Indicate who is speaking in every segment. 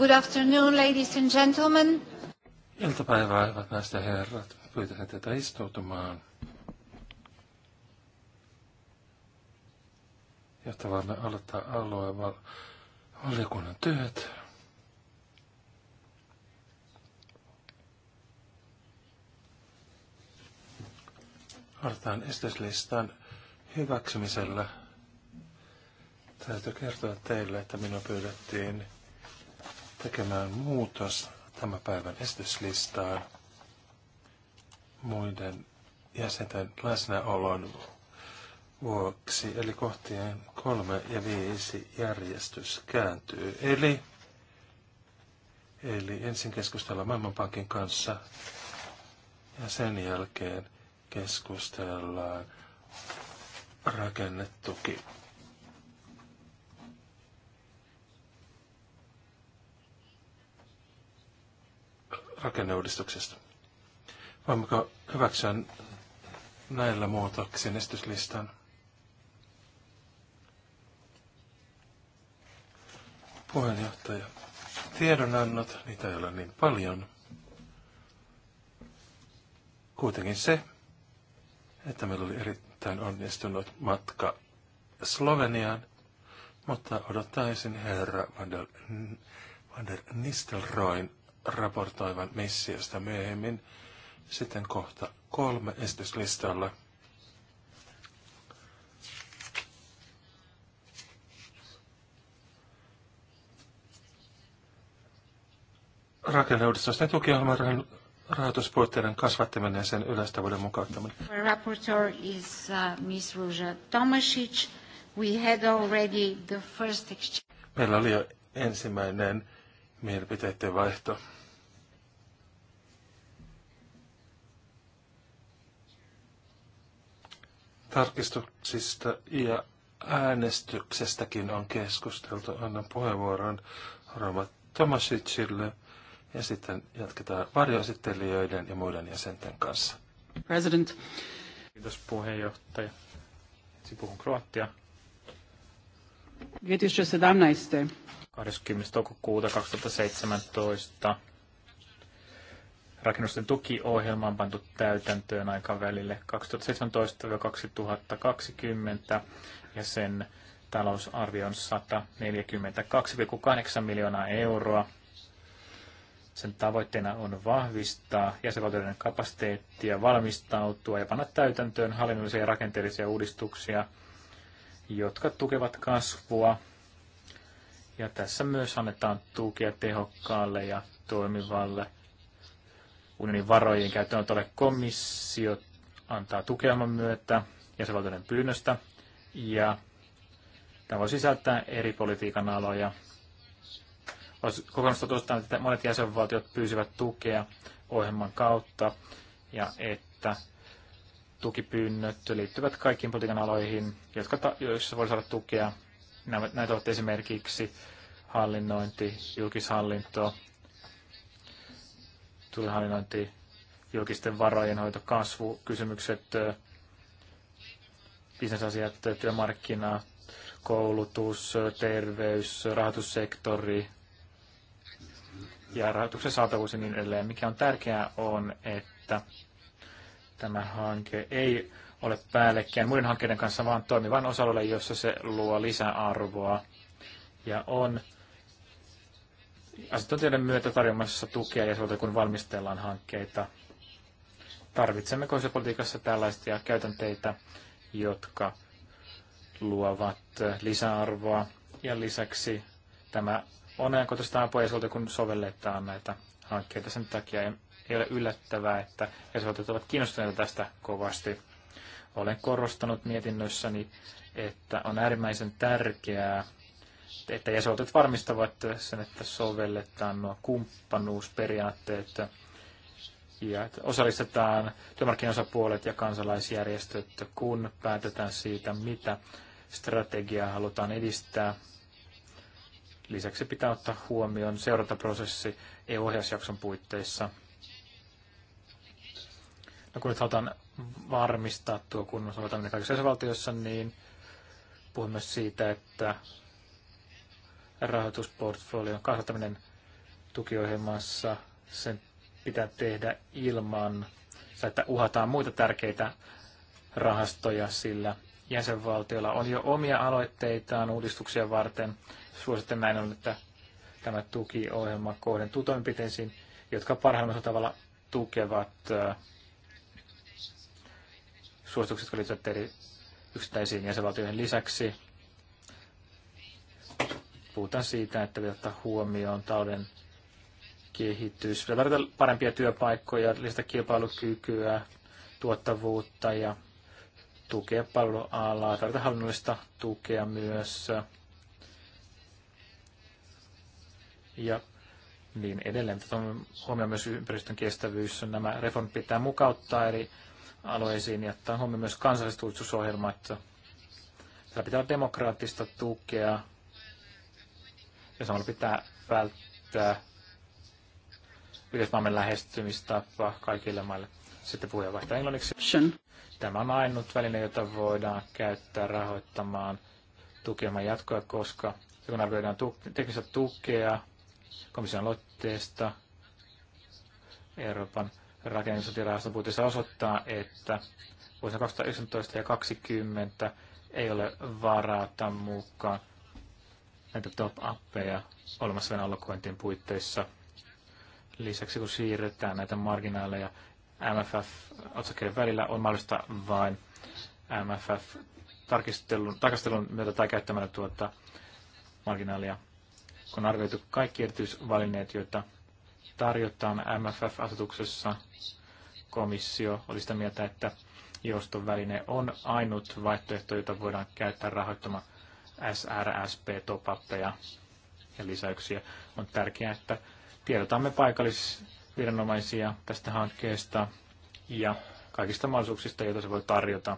Speaker 1: Good afternoon, ladies and gentlemen.
Speaker 2: Iltapäivää, hyvät naiset ja herrat. Pyytäisin teitä istuutumaan. Jotta voimme aloittaa alueen valiokunnan työt. Aloitetaan esityslistan hyväksymisellä. Täytyy kertoa teille, että minua pyydettiin tekemään muutos tämän päivän esityslistaan muiden jäsenten läsnäolon vuoksi, eli kohtien kolme ja viisi järjestys kääntyy. Eli, eli ensin keskustellaan Maailmanpankin kanssa ja sen jälkeen keskustellaan rakennetuki rakenneuudistuksesta. Voimmeko hyväksyä näillä muutoksen esityslistan? Puheenjohtaja. Tiedonannot, niitä ei ole niin paljon. Kuitenkin se, että meillä oli erittäin onnistunut matka Sloveniaan, mutta odottaisin herra Van der, Van der Nistelroin raportoivan missiosta myöhemmin. Sitten kohta kolme esityslistalla. Rakenneuudistusten tukiohjelman rahoituspuitteiden kasvattaminen ja sen yleistävyyden mukauttaminen.
Speaker 1: Rapporteur is uh, Miss Ruja Tomasic. We had already the first exchange.
Speaker 2: Meillä oli jo ensimmäinen mielipiteiden vaihto. Tarkistuksista ja äänestyksestäkin on keskusteltu. Annan puheenvuoron Roma Tomasicille ja sitten jatketaan varjoesittelijöiden ja muiden jäsenten kanssa.
Speaker 3: President. Kiitos puheenjohtaja. Sitten puhun kroattia.
Speaker 1: 2017.
Speaker 3: 20. toukokuuta 2017 rakennusten tukiohjelma on pantu täytäntöön aikavälille 2017-2020 ja sen talousarvio on 142,8 miljoonaa euroa. Sen tavoitteena on vahvistaa jäsenvaltioiden kapasiteettia, valmistautua ja panna täytäntöön hallinnollisia ja rakenteellisia uudistuksia – jotka tukevat kasvua. Ja tässä myös annetaan tukea tehokkaalle ja toimivalle unionin varojen tuolle Komissio antaa tukeaman myötä jäsenvaltioiden pyynnöstä. Ja tämä voi sisältää eri politiikan aloja. Kokemusta tuosta että monet jäsenvaltiot pyysivät tukea ohjelman kautta ja että tukipyynnöt liittyvät kaikkiin politiikan aloihin, jotka ta- joissa voi saada tukea. Näitä ovat esimerkiksi hallinnointi, julkishallinto, tulihallinnointi, julkisten varojen hoito, kasvu, kysymykset, bisnesasiat, työmarkkina, koulutus, terveys, rahoitussektori ja rahoituksen saatavuus ja niin edelleen. Mikä on tärkeää on, että tämä hanke ei ole päällekkäin muiden hankkeiden kanssa, vaan toimivan osa jossa se luo lisäarvoa ja on asiantuntijoiden myötä tarjoamassa tukea ja sieltä, kun valmistellaan hankkeita. Tarvitsemme politiikassa tällaisia käytänteitä, jotka luovat lisäarvoa ja lisäksi tämä on ajankohtaista apua ja sieltä, kun sovelletaan näitä hankkeita sen takia. Ei ole yllättävää, että jäsenvaltiot ovat kiinnostuneita tästä kovasti. Olen korostanut mietinnössäni, että on äärimmäisen tärkeää, että jäsenvaltiot varmistavat sen, että sovelletaan nuo kumppanuusperiaatteet ja että osallistetaan työmarkkinaosapuolet ja kansalaisjärjestöt, kun päätetään siitä, mitä strategiaa halutaan edistää. Lisäksi pitää ottaa huomioon seurantaprosessi EU-ohjausjakson puitteissa. No kun nyt halutaan varmistaa tuo kunnon soveltaminen kaikissa jäsenvaltioissa, niin puhumme myös siitä, että rahoitusportfolion kasvattaminen tukiohjelmassa sen pitää tehdä ilman, että uhataan muita tärkeitä rahastoja, sillä jäsenvaltioilla on jo omia aloitteitaan uudistuksia varten. Suosittelen näin on, että tämä tukiohjelma kohdentuu toimenpiteisiin, jotka parhaimmassa tavalla tukevat suositukset, jotka liittyvät eri yksittäisiin jäsenvaltioihin lisäksi. Puhutaan siitä, että pitää ottaa huomioon talouden kehitys, pitää tarjota parempia työpaikkoja, lisätä kilpailukykyä, tuottavuutta ja tukea palvelualaa, tarvitaan hallinnollista tukea myös ja niin edelleen. on huomioon myös ympäristön kestävyys. Nämä reformit pitää mukauttaa eri alueisiin ja ottaa huomioon myös kansalliset että siellä pitää olla demokraattista tukea ja samalla pitää välttää yhdysmaamme lähestymistapa kaikille maille. Sitten puhuja vaihtaa englanniksi. Tämä on ainut väline, jota voidaan käyttää rahoittamaan tukemaan jatkoa, koska kun arvioidaan tuk- teknistä tukea komission aloitteesta Euroopan rakennusotirahaston puitteissa osoittaa, että vuosina 2019 ja 2020 ei ole varata mukaan näitä top-appeja olemassa Venäjän allokointien puitteissa. Lisäksi kun siirretään näitä marginaaleja mff otsakkeiden välillä, on mahdollista vain MFF-tarkastelun myötä tai käyttämällä tuota marginaalia. Kun on arvioitu kaikki erityisvalinneet, joita tarjotaan MFF-asetuksessa. Komissio oli sitä mieltä, että jouston väline on ainut vaihtoehto, jota voidaan käyttää rahoittamaan SRSP topappeja ja lisäyksiä. On tärkeää, että tiedotamme paikallisviranomaisia tästä hankkeesta ja kaikista mahdollisuuksista, joita se voi tarjota,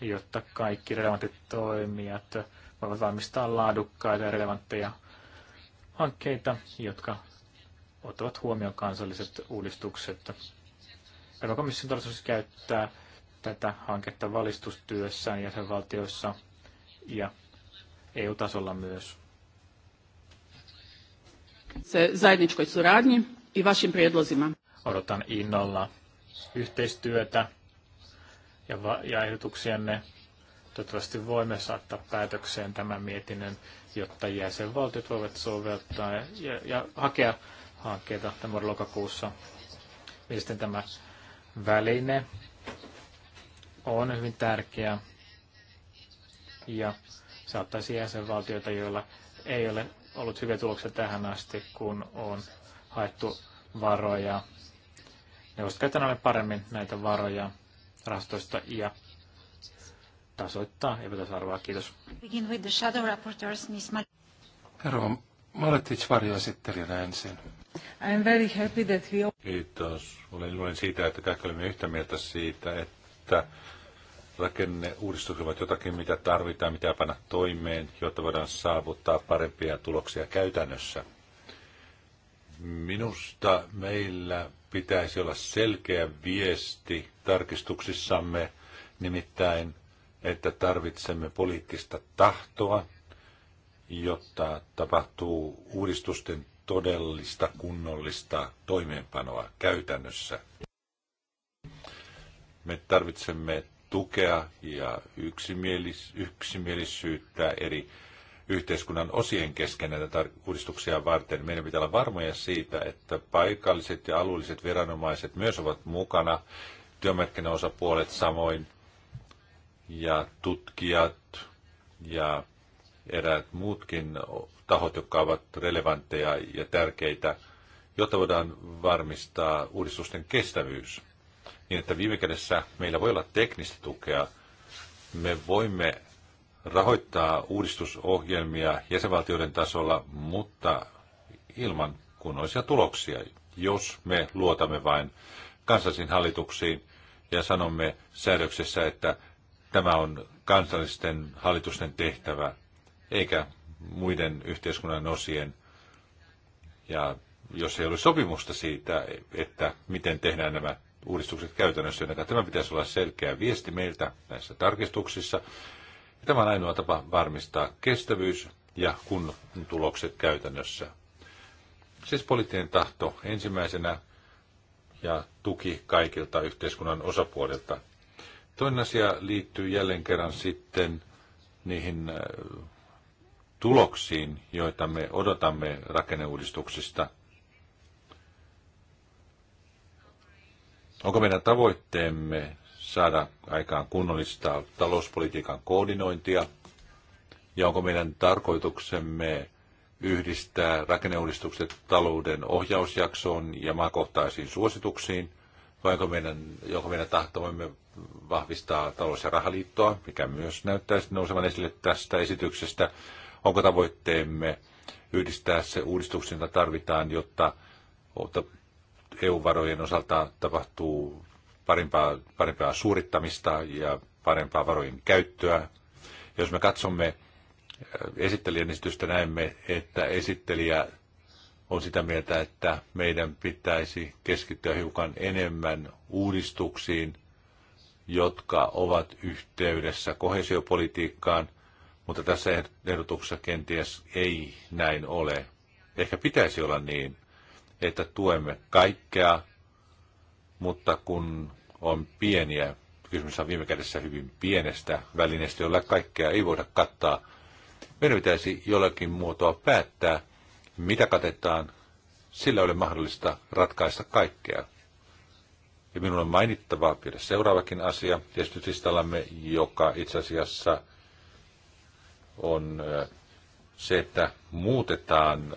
Speaker 3: jotta kaikki relevantit toimijat voivat valmistaa laadukkaita ja relevantteja hankkeita, jotka ottavat huomioon kansalliset uudistukset. Euroopan komission tarkoitus käyttää tätä hanketta valistustyössään jäsenvaltioissa ja EU-tasolla myös.
Speaker 1: Se zajedničkoj suradnji i vašim predlozima.
Speaker 3: Odotan innolla yhteistyötä ja, va- ja ehdotuksienne. Toivottavasti voimme saattaa päätökseen tämän mietinnön, jotta jäsenvaltiot voivat soveltaa ja, ja, ja hakea hankkeita tämän vuoden lokakuussa. Ja sitten tämä väline on hyvin tärkeä ja saattaisi jäsenvaltioita, joilla ei ole ollut hyviä tuloksia tähän asti, kun on haettu varoja. Ne voisivat käyttää paremmin näitä varoja rahastoista ja tasoittaa epätasarvoa. Kiitos.
Speaker 4: Herra Maletic varjoesittelijänä ensin.
Speaker 1: I'm very happy that we...
Speaker 4: Kiitos. Olen iloinen siitä, että kaikki olemme yhtä mieltä siitä, että rakenneuudistukset ovat jotakin, mitä tarvitaan, mitä panna toimeen, jotta voidaan saavuttaa parempia tuloksia käytännössä. Minusta meillä pitäisi olla selkeä viesti tarkistuksissamme, nimittäin, että tarvitsemme poliittista tahtoa, jotta tapahtuu uudistusten todellista kunnollista toimeenpanoa käytännössä. Me tarvitsemme tukea ja yksimielis- yksimielisyyttä eri yhteiskunnan osien kesken näitä uudistuksia varten. Meidän pitää olla varmoja siitä, että paikalliset ja alueelliset viranomaiset myös ovat mukana, työmarkkinaosapuolet samoin, ja tutkijat ja eräät muutkin tahot, jotka ovat relevantteja ja tärkeitä, jotta voidaan varmistaa uudistusten kestävyys. Niin, että viime kädessä meillä voi olla teknistä tukea. Me voimme rahoittaa uudistusohjelmia jäsenvaltioiden tasolla, mutta ilman kunnollisia tuloksia, jos me luotamme vain kansallisiin hallituksiin ja sanomme säädöksessä, että tämä on kansallisten hallitusten tehtävä eikä muiden yhteiskunnan osien. Ja jos ei ole sopimusta siitä, että miten tehdään nämä uudistukset käytännössä, niin tämä pitäisi olla selkeä viesti meiltä näissä tarkistuksissa. Ja tämä on ainoa tapa varmistaa kestävyys ja kun tulokset käytännössä. Siis poliittinen tahto ensimmäisenä ja tuki kaikilta yhteiskunnan osapuolilta. Toinen asia liittyy jälleen kerran sitten niihin äh, tuloksiin, joita me odotamme rakenneuudistuksista? Onko meidän tavoitteemme saada aikaan kunnollista talouspolitiikan koordinointia? Ja onko meidän tarkoituksemme yhdistää rakenneuudistukset talouden ohjausjaksoon ja maakohtaisiin suosituksiin? Vai onko meidän, onko meidän tahtomme vahvistaa talous- ja rahaliittoa, mikä myös näyttäisi nousevan esille tästä esityksestä? Onko tavoitteemme yhdistää se uudistuksen, jota tarvitaan, jotta EU-varojen osalta tapahtuu parempaa, parempaa suurittamista ja parempaa varojen käyttöä. Jos me katsomme äh, esittelijän esitystä, näemme, että esittelijä on sitä mieltä, että meidän pitäisi keskittyä hiukan enemmän uudistuksiin, jotka ovat yhteydessä kohesiopolitiikkaan, mutta tässä ehdotuksessa kenties ei näin ole. Ehkä pitäisi olla niin, että tuemme kaikkea, mutta kun on pieniä, kysymys on viime kädessä hyvin pienestä välineestä, jolla kaikkea ei voida kattaa, meidän pitäisi jollakin muotoa päättää, mitä katetaan, sillä ei ole mahdollista ratkaista kaikkea. Ja minun on mainittava vielä seuraavakin asia, tietysti listallamme, joka itse asiassa – on se, että muutetaan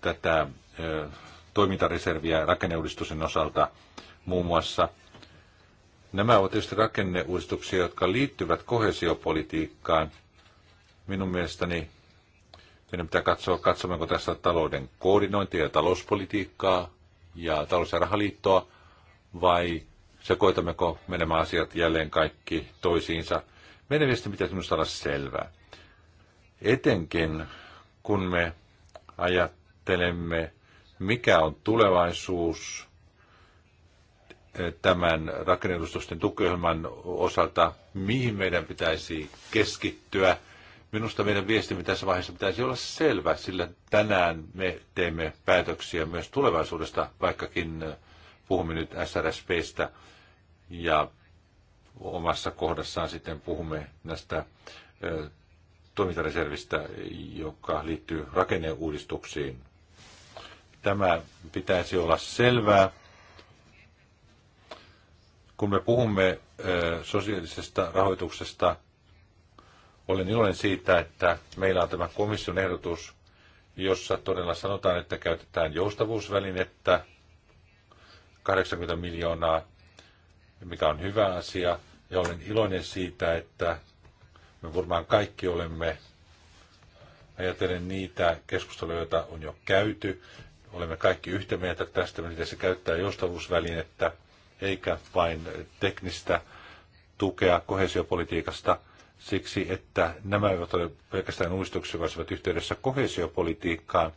Speaker 4: tätä toimintareserviä rakenneuudistuksen osalta muun muassa. Nämä ovat tietysti rakenneuudistuksia, jotka liittyvät kohesiopolitiikkaan. Minun mielestäni meidän pitää katsoa, katsommeko tässä talouden koordinointia ja talouspolitiikkaa ja talous- ja rahaliittoa vai Sekoitammeko menemään asiat jälleen kaikki toisiinsa? Meidän viesti pitäisi minusta olla selvää. Etenkin kun me ajattelemme, mikä on tulevaisuus eh, tämän rakennetustusten tukiohjelman osalta, mihin meidän pitäisi keskittyä. Minusta meidän viestimme tässä vaiheessa pitäisi olla selvä, sillä tänään me teemme päätöksiä myös tulevaisuudesta, vaikkakin eh, puhumme nyt SRSPstä ja omassa kohdassaan sitten puhumme näistä toimintareservistä, joka liittyy rakenneuudistuksiin. Tämä pitäisi olla selvää. Kun me puhumme sosiaalisesta rahoituksesta, olen iloinen siitä, että meillä on tämä komission ehdotus, jossa todella sanotaan, että käytetään joustavuusvälinettä 80 miljoonaa mikä on hyvä asia. Ja olen iloinen siitä, että me varmaan kaikki olemme, ajatellen niitä keskusteluja, joita on jo käyty, olemme kaikki yhtä mieltä tästä, miten se käyttää joustavuusvälinettä, eikä vain teknistä tukea kohesiopolitiikasta siksi, että nämä eivät ole pelkästään uudistuksia, vaan ovat yhteydessä kohesiopolitiikkaan,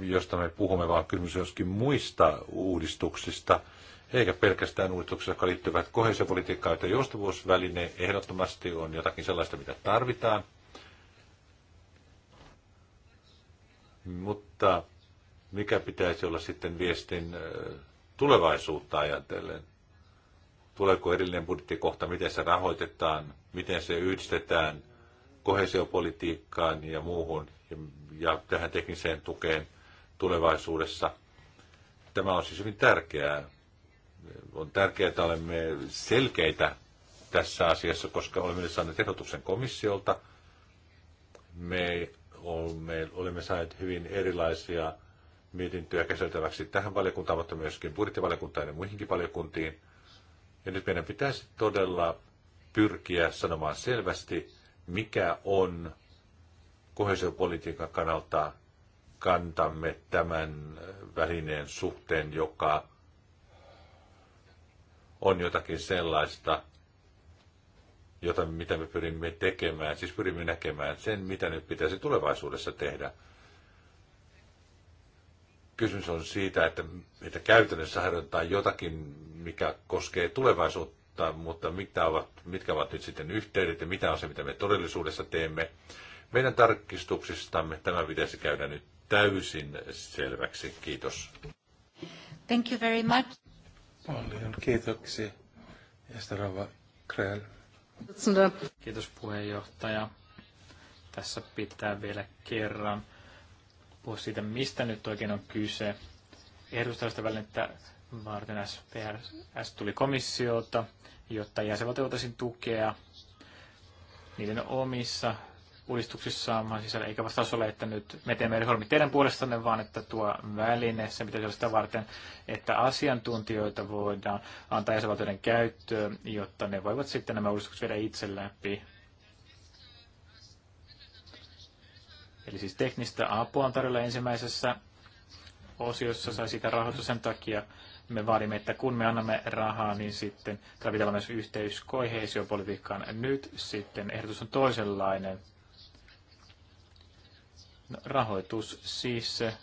Speaker 4: josta me puhumme, vaan kysymys joskin muista uudistuksista – eikä pelkästään uudistuksia, jotka liittyvät kohesiopolitiikkaan, joten joustavuusväline ehdottomasti on jotakin sellaista, mitä tarvitaan. Mutta mikä pitäisi olla sitten viestin tulevaisuutta ajatellen? Tuleeko erillinen budjettikohta, miten se rahoitetaan, miten se yhdistetään kohesiopolitiikkaan ja muuhun ja tähän tekniseen tukeen tulevaisuudessa? Tämä on siis hyvin tärkeää on tärkeää, että olemme selkeitä tässä asiassa, koska olemme saaneet ehdotuksen komissiolta. Me olemme, olemme saaneet hyvin erilaisia mietintöjä käsiteltäväksi tähän valiokuntaan, mutta myöskin budjettivaliokuntaan ja muihinkin valiokuntiin. Ja nyt meidän pitäisi todella pyrkiä sanomaan selvästi, mikä on kohesiopolitiikan kannalta kantamme tämän välineen suhteen, joka on jotakin sellaista, jota, mitä me pyrimme tekemään. Siis pyrimme näkemään sen, mitä nyt pitäisi tulevaisuudessa tehdä. Kysymys on siitä, että, että käytännössä harjoitetaan jotakin, mikä koskee tulevaisuutta, mutta mitkä ovat, mitkä ovat nyt sitten yhteydet ja mitä on se, mitä me todellisuudessa teemme. Meidän tarkistuksistamme tämä pitäisi käydä nyt täysin selväksi. Kiitos.
Speaker 1: Thank you very much.
Speaker 2: Paljon
Speaker 3: kiitoksia. Ja Krell. Kiitos puheenjohtaja. Tässä pitää vielä kerran puhua siitä, mistä nyt oikein on kyse. Ehdotusta välinettä varten SPRS tuli komissiota, jotta jäsenvaltio voitaisiin tukea niiden omissa uudistuksissaamaan sisällä, eikä vastaus ole, että nyt me teemme reformi teidän puolestanne, vaan että tuo väline, se pitäisi olla sitä varten, että asiantuntijoita voidaan antaa jäsenvaltioiden käyttöön, jotta ne voivat sitten nämä uudistukset viedä itse läpi. Eli siis teknistä apua on tarjolla ensimmäisessä osiossa sai sitä rahoitus sen takia, me vaadimme, että kun me annamme rahaa, niin sitten tarvitaan myös yhteys koheesiopolitiikkaan. Nyt sitten ehdotus on toisenlainen. No, rahoitus siis eh,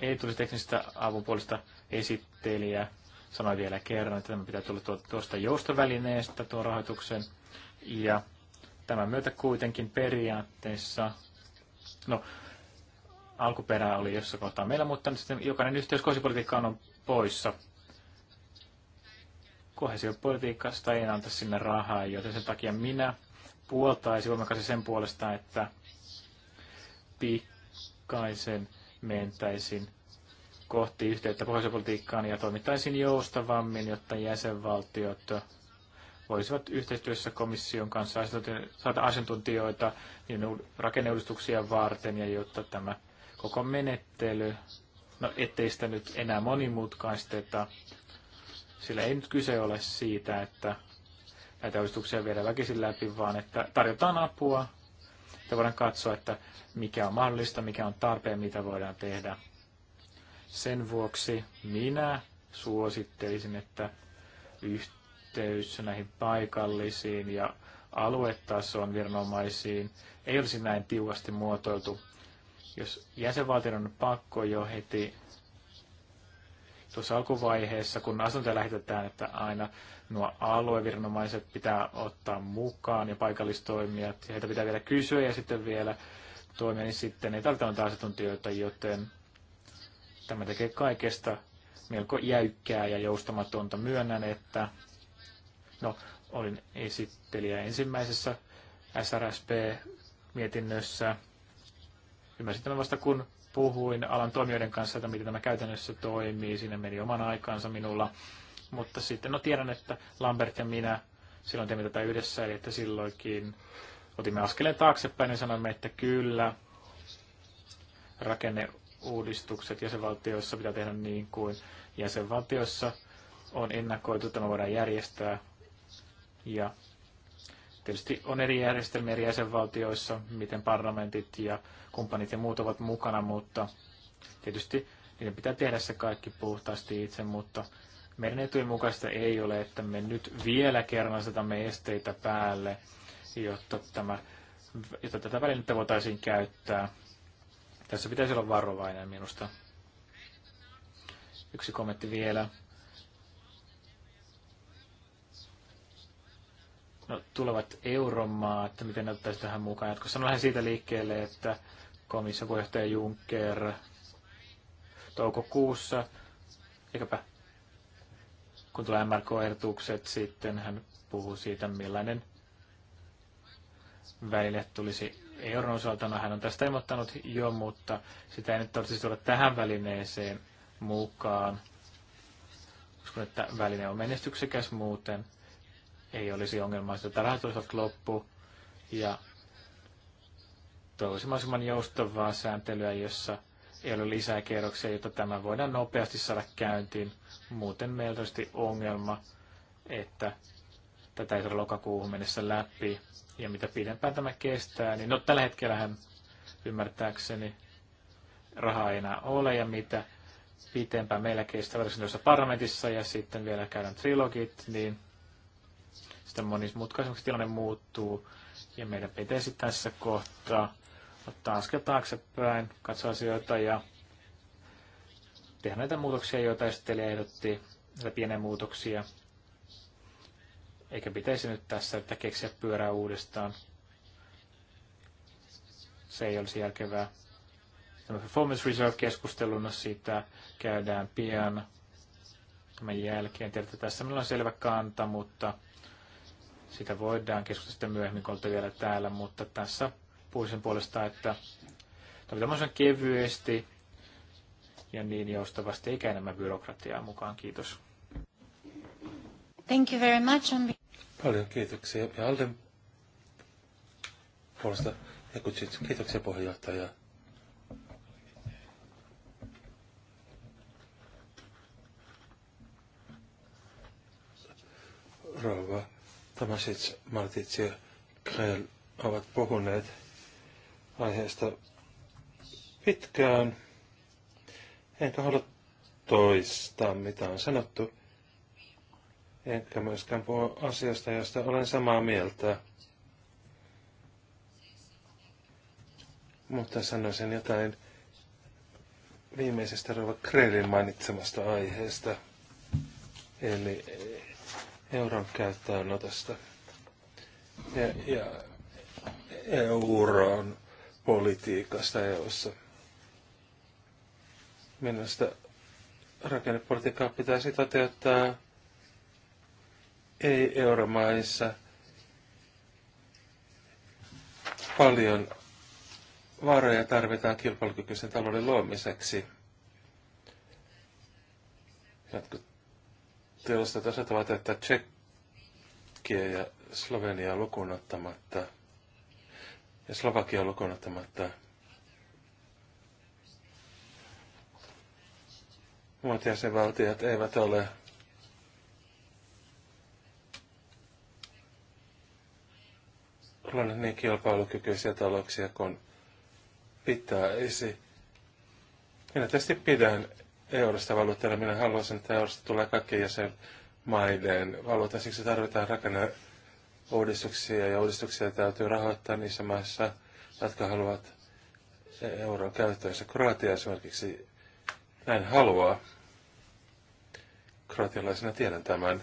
Speaker 3: ei tulisi teknisestä puolesta esittelijä. Sanoin vielä kerran, että tämä pitää tulla tuosta joustovälineestä tuon rahoituksen. Ja tämän myötä kuitenkin periaatteessa, no alkuperää oli jossa kohtaa meillä, mutta nyt sitten jokainen yhteys kohesiopolitiikkaan on poissa. Kohesiopolitiikasta ei anta sinne rahaa, joten sen takia minä puoltaisin voimakkaasti sen puolesta, että pikaisen mentäisin kohti yhteyttä pohjoispolitiikkaan ja toimittaisiin joustavammin, jotta jäsenvaltiot voisivat yhteistyössä komission kanssa saada asiantuntijoita niin rakenneuudistuksia varten ja jotta tämä koko menettely, no ettei sitä nyt enää monimutkaisteta, sillä ei nyt kyse ole siitä, että näitä uudistuksia viedään väkisin läpi, vaan että tarjotaan apua ja voidaan katsoa, että mikä on mahdollista, mikä on tarpeen, mitä voidaan tehdä. Sen vuoksi minä suosittelisin, että yhteys näihin paikallisiin ja aluetason viranomaisiin ei olisi näin tiukasti muotoiltu. Jos jäsenvaltio on pakko jo heti tuossa alkuvaiheessa, kun asuntoja lähetetään, että aina nuo alueviranomaiset pitää ottaa mukaan ja paikallistoimijat, ja heitä pitää vielä kysyä ja sitten vielä toimia, niin sitten ei tarvitse noita asiantuntijoita, joten tämä tekee kaikesta melko jäykkää ja joustamatonta. Myönnän, että no, olin esittelijä ensimmäisessä SRSP-mietinnössä. Ymmärsin tämän vasta, kun puhuin alan toimijoiden kanssa, että miten tämä käytännössä toimii. Siinä meni oman aikansa minulla mutta sitten, no tiedän, että Lambert ja minä silloin teimme tätä yhdessä, eli että silloinkin otimme askeleen taaksepäin ja sanoimme, että kyllä, rakenneuudistukset jäsenvaltioissa pitää tehdä niin kuin jäsenvaltioissa on ennakoitu, me voidaan järjestää. Ja tietysti on eri järjestelmiä eri jäsenvaltioissa, miten parlamentit ja kumppanit ja muut ovat mukana, mutta tietysti niiden pitää tehdä se kaikki puhtaasti itse, mutta meidän etujen mukaista ei ole, että me nyt vielä kerran asetamme esteitä päälle, jotta, tämä, jotta tätä välinettä voitaisiin käyttää. Tässä pitäisi olla varovainen minusta. Yksi kommentti vielä. no, tulevat euromaat, miten ne ottaisiin tähän mukaan jatkossa. Mä lähden siitä liikkeelle, että komission puheenjohtaja Juncker toukokuussa, eikäpä kun tulee MRK-ehdotukset, sitten hän puhuu siitä, millainen väline tulisi euron osalta. No, hän on tästä ilmoittanut jo, mutta sitä ei nyt tarvitsisi tulla tähän välineeseen mukaan. Uskon, että väline on menestyksekäs muuten. Ei olisi ongelmaa, että rahat olisivat loppu. Ja toivoisin mahdollisimman joustavaa sääntelyä, jossa ei ole lisää kerroksia, jotta tämä voidaan nopeasti saada käyntiin Muuten meillä olisi ongelma, että tätä ei saada lokakuuhun mennessä läpi. Ja mitä pidempään tämä kestää, niin no tällä hetkellähän ymmärtääkseni rahaa ei enää ole ja mitä pitempään meillä kestää tuossa parlamentissa ja sitten vielä käydään trilogit, niin sitten monimutkaisemmaksi tilanne muuttuu ja meidän pitäisi tässä kohtaa ottaa askel taaksepäin, katsoa asioita ja tehdä näitä muutoksia, joita esittelijä ehdotti, näitä pieniä muutoksia. Eikä pitäisi nyt tässä että keksiä pyörää uudestaan. Se ei olisi järkevää. Tämä Performance reserve keskustelun no siitä käydään pian tämän jälkeen. Tiedätte, tässä meillä on selvä kanta, mutta sitä voidaan keskustella sitten myöhemmin, kun vielä täällä, mutta tässä puhuisin puolesta, että tämä on kevyesti ja niin joustavasti eikä enemmän byrokratiaa mukaan. Kiitos.
Speaker 1: Thank you very much. On...
Speaker 3: Paljon kiitoksia.
Speaker 2: Ja Alden puolesta ja kiitoksia puheenjohtaja. Rouva Tamasic, Martic ja Krell ovat puhuneet aiheesta pitkään. Enkä halua toistaa, mitä on sanottu. Enkä myöskään puhu asiasta, josta olen samaa mieltä. Mutta sanoisin jotain viimeisestä Rova Krelin mainitsemasta aiheesta, eli euron käyttöönotosta ja, ja euron politiikasta EUssa. Minusta rakennepolitiikkaa pitäisi toteuttaa ei-euromaissa paljon varoja tarvitaan kilpailukykyisen talouden luomiseksi. Jotkut teostat osoittavat, että Tsekkiä ja Slovenia lukuun ottamatta ja Slovakia lukuun ottamatta Muut jäsenvaltiot eivät ole luonut niin kilpailukykyisiä talouksia kuin pitäisi. Minä tietysti pidän eurosta valuuttana. Minä haluaisin, että eurosta tulee kaikkien jäsenmaiden valuutta. Siksi tarvitaan uudistuksia ja uudistuksia täytyy rahoittaa niissä maissa, jotka haluavat euron käyttöönsä. Kroatia esimerkiksi näin haluaa. Kroatialaisena tiedän tämän.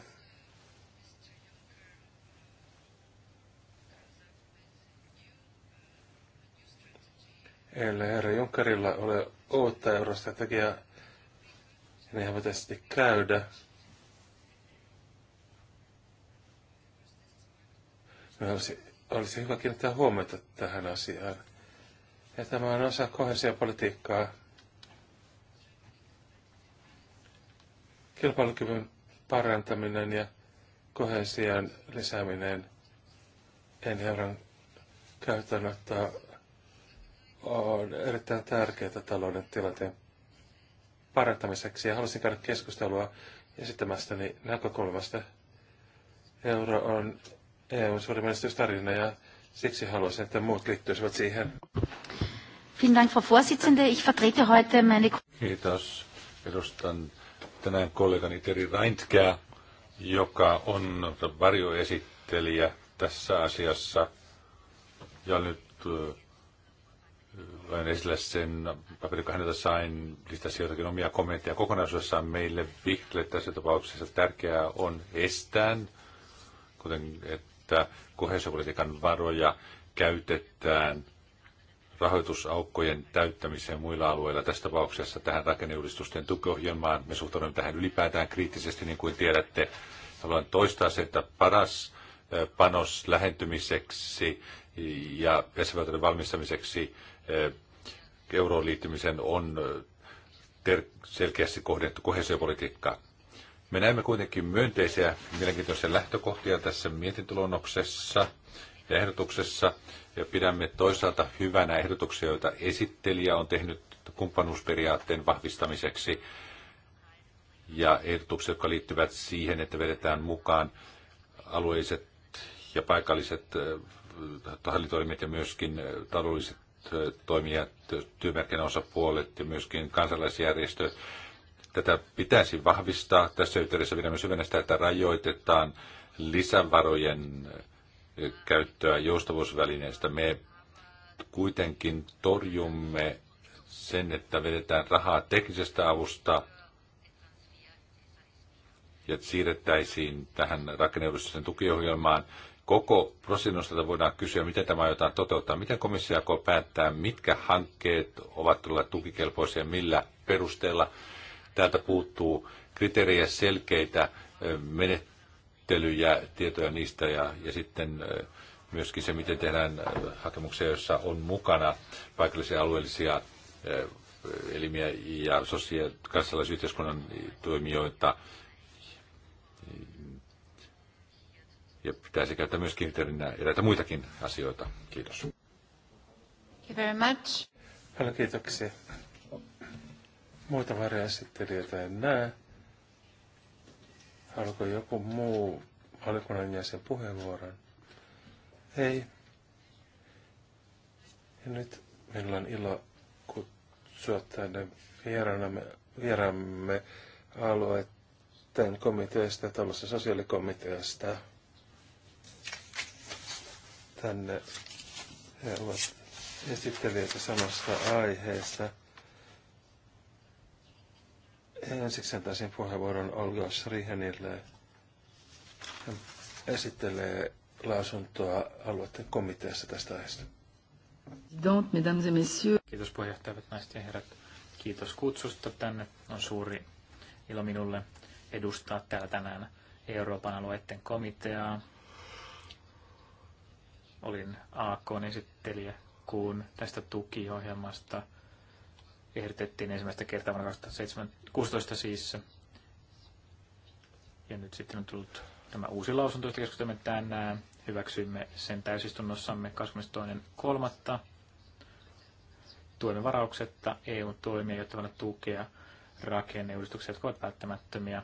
Speaker 2: Eli herra Junckerilla ole uutta eurostrategiaa, ja niinhän sitten käydä. olisi, olisi hyvä kiinnittää huomiota tähän asiaan. Ja tämä on osa kohesiopolitiikkaa. politiikkaa. Kilpailukyvyn parantaminen ja kohesian lisääminen en euron käyttöönottoa on erittäin tärkeää talouden tilanteen parantamiseksi. Ja haluaisin käydä keskustelua esittämästäni näkökulmasta. Euro on EUn suuri menestystarina ja siksi haluaisin, että muut liittyisivät siihen.
Speaker 1: Vielen Dank, Frau Vorsitzende. Ich vertrete heute meine...
Speaker 4: Kiitos. Edustan tänään kollegani Teri Raintkää, joka on varjoesittelijä tässä asiassa. Ja nyt äh, olen esillä sen paperin, joka häneltä sain, listasi jotakin omia kommentteja. Kokonaisuudessaan meille Vihtille tässä tapauksessa tärkeää on estään, kuten että kohesiopolitiikan varoja käytetään – rahoitusaukkojen täyttämiseen muilla alueilla, tässä tapauksessa tähän rakenneuudistusten tukiohjelmaan. Me suhtaudumme tähän ylipäätään kriittisesti, niin kuin tiedätte. Haluan toistaa se, että paras panos lähentymiseksi ja jäsenvaltioiden valmistamiseksi euroon liittymisen on selkeästi kohdennettu kohesiopolitiikkaa. Me näemme kuitenkin myönteisiä, mielenkiintoisia lähtökohtia tässä mietintöluonnoksessa ehdotuksessa ja pidämme toisaalta hyvänä ehdotuksia, joita esittelijä on tehnyt kumppanuusperiaatteen vahvistamiseksi ja ehdotukset, jotka liittyvät siihen, että vedetään mukaan alueiset ja paikalliset hallintoimet ja myöskin taloudelliset toimijat, osapuolet ja myöskin kansalaisjärjestö. Tätä pitäisi vahvistaa. Tässä yhteydessä pidämme syvennä sitä, että rajoitetaan lisävarojen käyttöä joustavuusvälineestä. Me kuitenkin torjumme sen, että vedetään rahaa teknisestä avusta ja siirrettäisiin tähän rakenneuudistuksen tukiohjelmaan. Koko prosessin voidaan kysyä, miten tämä aiotaan toteuttaa. Miten komissio aikoo päättää, mitkä hankkeet ovat tulla tukikelpoisia, millä perusteella. Täältä puuttuu kriteerejä selkeitä menettelyjä ja tietoja niistä ja, ja sitten myöskin se, miten tehdään hakemuksia, joissa on mukana paikallisia alueellisia elimiä ja kansalaisyhteiskunnan toimijoita. Ja pitäisi käyttää myöskin eräitä muitakin asioita. Kiitos. Thank
Speaker 1: you very much.
Speaker 2: Paljon kiitoksia. Muita varjoesittelijöitä en näe. Haluatko joku muu valiokunnan jäsen puheenvuoron? Ei. Ja nyt meillä on ilo kutsua tänne vieraamme, vieraamme alueiden komiteasta, tuollaisesta sosiaalikomiteasta. Tänne he ovat esittelijöitä samasta aiheesta. Ensiksi antaisin puheenvuoron Olga Srihenille. Hän esittelee lausuntoa
Speaker 3: alueiden komiteassa tästä aiheesta. Kiitos puheenjohtajat, naiset ja herrat. Kiitos kutsusta tänne. On suuri ilo minulle edustaa täällä tänään Euroopan alueiden komiteaa. Olin AK-esittelijä, kuun tästä tukiohjelmasta – ehdotettiin ensimmäistä kertaa vuonna 2016 siis. Ja nyt sitten on tullut tämä uusi lausunto, josta keskustelemme tänään. Hyväksyimme sen täysistunnossamme 22.3. Tuemme varauksetta EU-toimia, jotta voidaan tukea rakenneuudistuksia, jotka ovat välttämättömiä.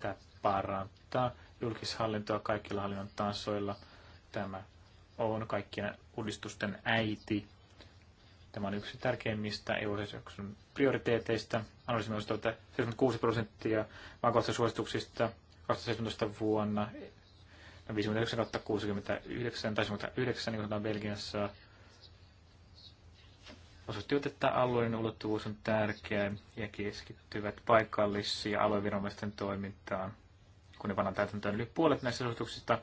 Speaker 3: Tämä parantaa julkishallintoa kaikilla hallinnon tasoilla. Tämä on kaikkien uudistusten äiti Tämä on yksi tärkeimmistä EU-sosiaalisen prioriteeteista. Analyysimme on 76 prosenttia maakohtaisista suosituksista 2017 vuonna 59 kautta 69 tai 79, niin sanotaan Belgiassa, osoittivat, että alueen ulottuvuus on tärkeä ja keskittyvät paikallisiin ja alueviranomaisten toimintaan, kun ne pannaan täytäntöön yli puolet näistä suosituksista.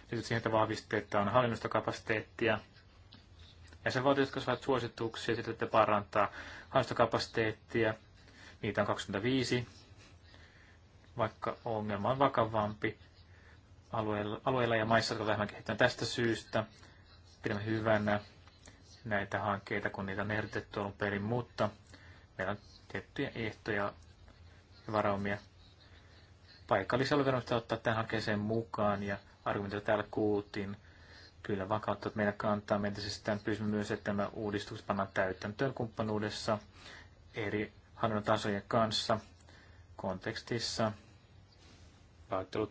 Speaker 3: Liittyy siihen, että vahvistetaan hallinnosta kapasiteettia vaatii, jotka saavat suosituksia, sitten että parantaa haastokapasiteettia. Niitä on 25, vaikka ongelma on vakavampi alueilla, alueella ja maissa, jotka vähemmän kehitetään tästä syystä. Pidämme hyvänä näitä hankkeita, kun niitä on ehdotettu alun perin, mutta meillä on tiettyjä ehtoja ja varaumia paikallisalueverosta ottaa tähän hankkeeseen mukaan ja argumentoida täällä kuultiin kyllä vakautta meidän kantaa. Meitä siis tämän pyysimme myös, että tämä uudistus pannaan täytäntöön kumppanuudessa eri hallinnon kanssa kontekstissa. Päättelut.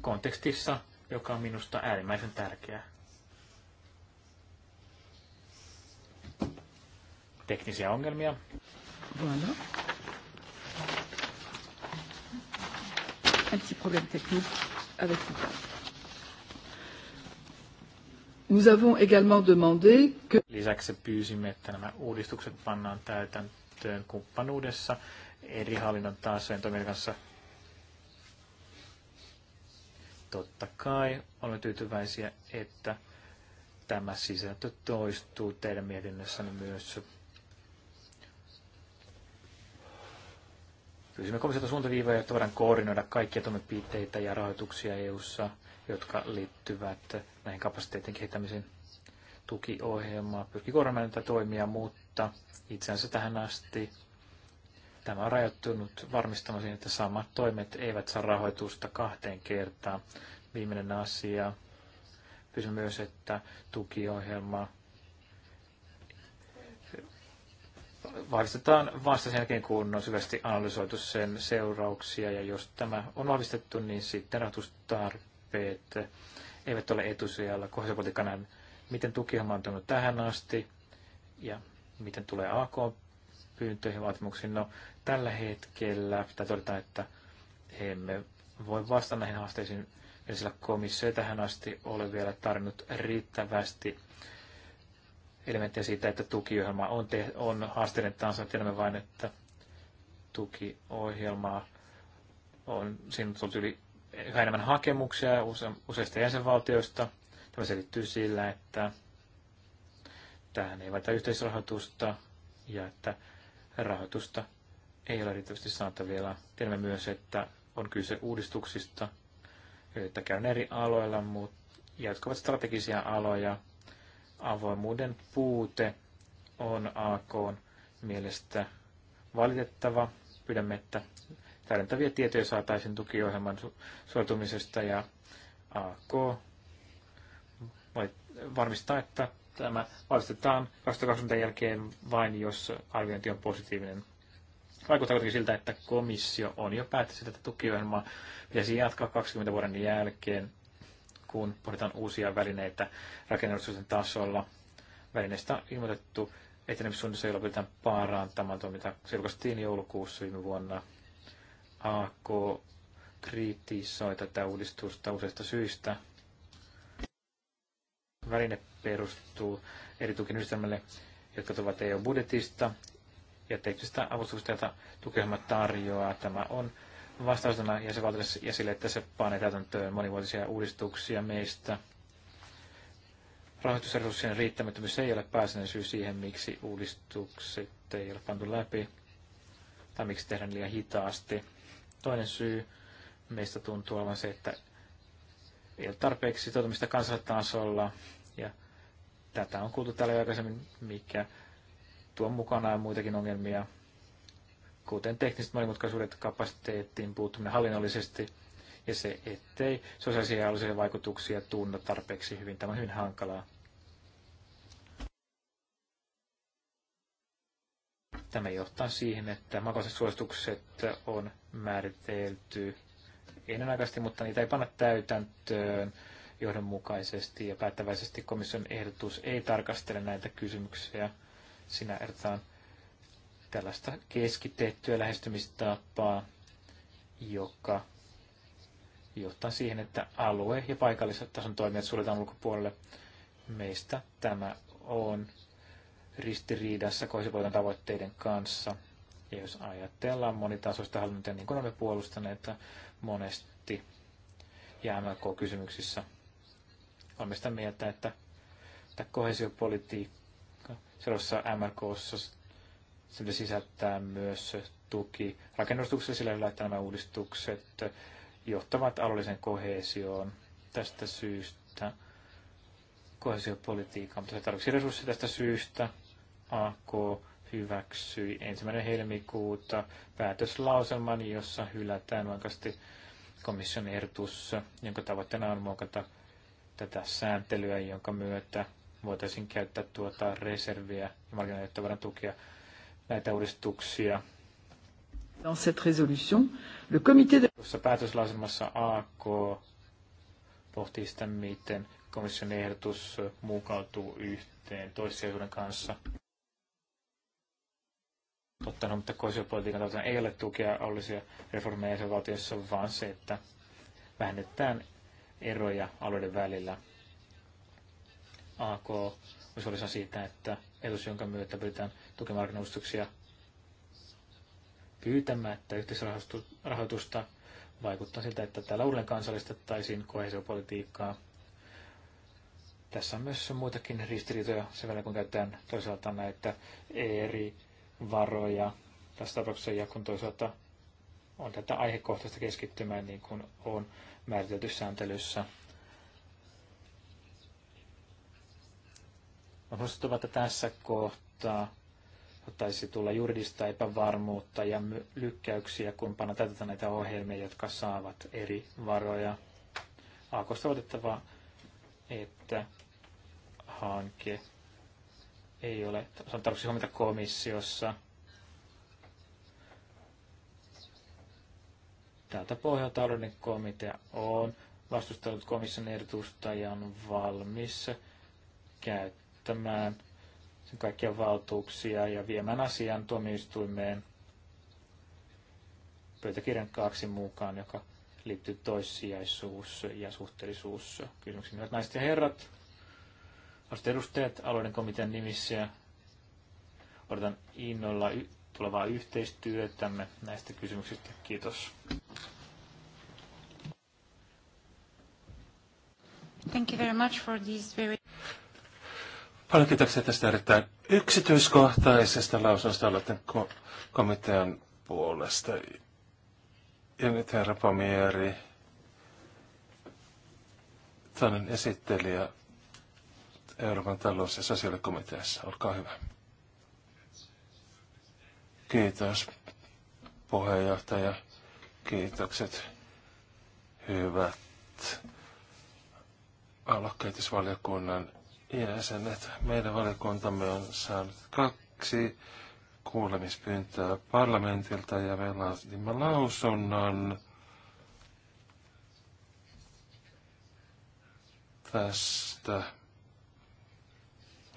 Speaker 3: Kontekstissa, joka on minusta äärimmäisen tärkeää. Teknisiä ongelmia.
Speaker 1: Voilà. Un petit problème technique avec l'ICAP. Nous avons également demandé
Speaker 3: que... Lisäksi pyysimme, että nämä uudistukset pannaan täytäntöön kumppanuudessa eri hallinnon toimijoiden kanssa. Totta kai olemme tyytyväisiä, että tämä sisältö toistuu teidän mietinnössänne myös Pyysimme komissiota suuntaviivoja, jotta voidaan koordinoida kaikkia toimenpiteitä ja rahoituksia EU:ssa, jotka liittyvät näihin kapasiteetin kehittämiseen. Tukiohjelma pyrki koordinoimaan näitä toimia, mutta itseänsä tähän asti tämä on rajoittunut varmistamaan että samat toimet eivät saa rahoitusta kahteen kertaan. Viimeinen asia. Pyysimme myös, että tukiohjelma vahvistetaan vasta sen jälkeen, kun on syvästi analysoitu sen seurauksia, ja jos tämä on vahvistettu, niin sitten rahoitustarpeet eivät ole etusijalla kohdallisuuspolitiikan miten tukiohjelma on tullut tähän asti, ja miten tulee AK-pyyntöihin vaatimuksiin. No, tällä hetkellä pitää todeta, että emme voi vastata näihin haasteisiin, sillä komissio tähän asti ole vielä tarjonnut riittävästi elementtejä siitä, että tukiohjelma on, te- on haasteinen tahansa. Tiedämme vain, että tukiohjelmaa on, siinä on tullut yli yhä enemmän hakemuksia use- useista jäsenvaltioista. Tämä selittyy sillä, että tähän ei vaita yhteisrahoitusta ja että rahoitusta ei ole riittävästi saatavilla. Tiedämme myös, että on kyse uudistuksista, joita käyn eri aloilla, mutta jotka ovat strategisia aloja, avoimuuden puute on AKn mielestä valitettava. Pyydämme, että täydentäviä tietoja saataisiin tukiohjelman suoritumisesta ja AK varmistaa, että tämä valistetaan 2020 jälkeen vain, jos arviointi on positiivinen. Vaikuttaa kuitenkin siltä, että komissio on jo päättänyt, että tukiohjelmaa pitäisi jatkaa 20 vuoden jälkeen kun pohditaan uusia välineitä rakennusten tasolla. Välineistä on ilmoitettu etenemissuunnissa, jolla pyritään parantamaan tuo, mitä se julkaistiin joulukuussa viime vuonna. AK kritisoi tätä uudistusta useista syistä. Väline perustuu eri tukiyhdistelmälle, jotka tuovat EU-budjetista ja teknisistä avustuksista, joita tukiohjelma tarjoaa. Tämä on vastausena jäsenvaltioiden ja sille, että se panee täytäntöön monivuotisia uudistuksia meistä. Rahoitusresurssien riittämättömyys ei ole pääsinen syy siihen, miksi uudistukset ei ole pantu läpi tai miksi tehdään liian hitaasti. Toinen syy meistä tuntuu olevan se, että ei ole tarpeeksi sitoutumista kansallistasolla ja tätä on kuultu täällä jo aikaisemmin, mikä tuo mukanaan muitakin ongelmia, kuten tekniset monimutkaisuudet, kapasiteettiin puuttuminen hallinnollisesti ja se, ettei sosiaalisia vaikutuksia tunna tarpeeksi hyvin. Tämä on hyvin hankalaa. Tämä johtaa siihen, että makaiset suositukset on määritelty ennenaikaisesti, mutta niitä ei panna täytäntöön johdonmukaisesti ja päättäväisesti komission ehdotus ei tarkastele näitä kysymyksiä. Sinä ehdotetaan tällaista keskitettyä lähestymistapaa, joka johtaa siihen, että alue- ja paikallistason toimijat suljetaan ulkopuolelle. Meistä tämä on ristiriidassa kohdistupolitiikan tavoitteiden kanssa. Ja jos ajatellaan monitasoista hallinnointia, niin kuin olemme puolustaneet että monesti ja kysymyksissä olemme sitä mieltä, että, että kohesiopolitiikka seuraavassa MLKssa sille sisältää myös tuki rakennustukselle sillä että nämä uudistukset johtavat alueelliseen kohesioon. Tästä syystä kohesiopolitiikan, mutta se tarvitsi resursseja tästä syystä. AK hyväksyi ensimmäinen helmikuuta päätöslauselman, jossa hylätään vankasti komission ehdotus, jonka tavoitteena on muokata tätä sääntelyä, jonka myötä voitaisiin käyttää tuota reserviä ja markkinoiden voidaan tukea näitä uudistuksia.
Speaker 1: Dans cette résolution, le comité de...
Speaker 3: Tuossa päätöslausemassa AK pohtii sitä, miten komission ehdotus mukautuu yhteen toissijaisuuden kanssa. Totta, mutta koisiopolitiikan tavoitteena ei ole tukea alueellisia reformeja valtiossa, vaan se, että vähennetään eroja alueiden välillä. AK jos olisi siitä, että ehdotus, jonka myötä pyritään pyytämään, pyytämättä yhteisrahoitusta, vaikuttaa siltä, että täällä uudelleen kansallistettaisiin kohesiopolitiikkaa. Tässä on myös muitakin ristiriitoja sen verran, kun käytetään toisaalta näitä eri varoja tässä tapauksessa ja kun toisaalta on tätä aihekohtaista keskittymää niin kuin on määritelty sääntelyssä. On huolestuttavaa, että tässä kohtaa ottaisi tulla juridista epävarmuutta ja lykkäyksiä, kun panna täytetään näitä ohjelmia, jotka saavat eri varoja. Aakosta otettava, että hanke ei ole, se on tarkoitus huomata komissiossa. Täältä pohjalta taloudellinen komitea on vastustanut komission ehdotusta ja on valmis käyttämään käyttämään sen kaikkia valtuuksia ja viemään asian tuomioistuimeen pöytäkirjan kaksi mukaan, joka liittyy toissijaisuus- ja Kysymyksiin Hyvät naiset ja herrat, arvoisat edustajat alueiden komitean nimissä ja odotan innolla tulevaa yhteistyötämme näistä kysymyksistä. Kiitos.
Speaker 1: Thank you very much for this very...
Speaker 2: Paljon kiitoksia tästä erittäin yksityiskohtaisesta lausunnosta aloitteen ko- komitean puolesta. Ja nyt herra Pomieri, toinen esittelijä Euroopan talous- ja sosiaalikomiteassa. Olkaa hyvä. Kiitos puheenjohtaja. Kiitokset hyvät aluekehitysvaliokunnan jäsenet. Meidän valiokuntamme on saanut kaksi kuulemispyyntöä parlamentilta ja me laatimme lausunnon tästä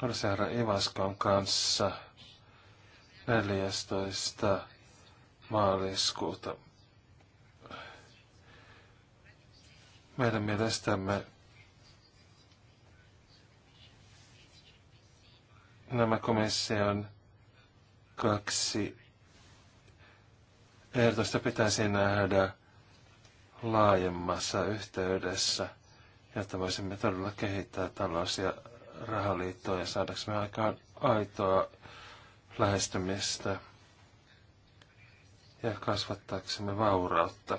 Speaker 2: Arseara Ivaskan kanssa 14. maaliskuuta. Meidän mielestämme nämä komission kaksi ehdotusta pitäisi nähdä laajemmassa yhteydessä, jotta voisimme todella kehittää talous- ja rahaliittoa ja saadaksemme aikaan aitoa lähestymistä ja kasvattaaksemme vaurautta.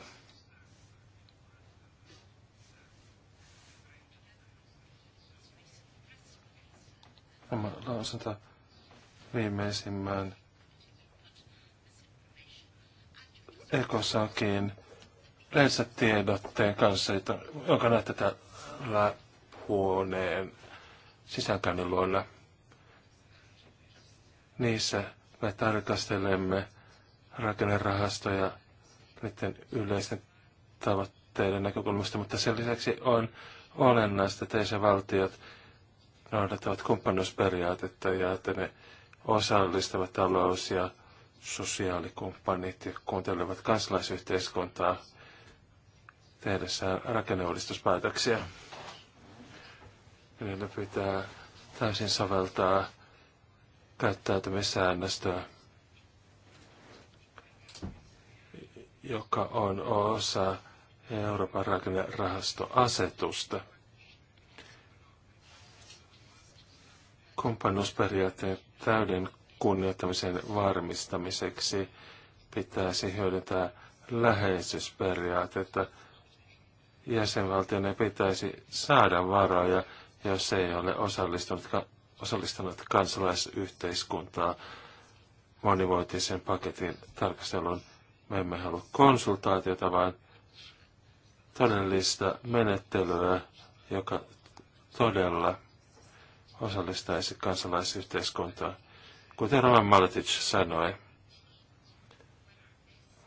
Speaker 2: Tämä lausunto viimeisimmän Ekosakin lensätiedotteen kanssa, jonka näette täällä huoneen sisäänkäynnin luona. Niissä me tarkastelemme rakennerahastoja niiden yleisten tavoitteiden näkökulmasta, mutta sen lisäksi on olennaista, että valtiot noudattavat kumppanuusperiaatetta ja että ne osallistavat talous- ja sosiaalikumppanit ja kuuntelevat kansalaisyhteiskuntaa tehdessään rakenneuudistuspäätöksiä. Niillä pitää täysin soveltaa käyttäytymissäännöstöä, joka on osa Euroopan rakennerahastoasetusta. kumppanuusperiaatteen täyden kunnioittamisen varmistamiseksi pitäisi hyödyntää läheisyysperiaatetta. Jäsenvaltioiden pitäisi saada varoja, jos se ei ole osallistunut, osallistunut kansalaisyhteiskuntaa monivuotisen paketin tarkastelun. Me emme halua konsultaatiota, vaan todellista menettelyä, joka todella osallistaisi kansalaisyhteiskuntaa. Kuten Roman Maletic sanoi,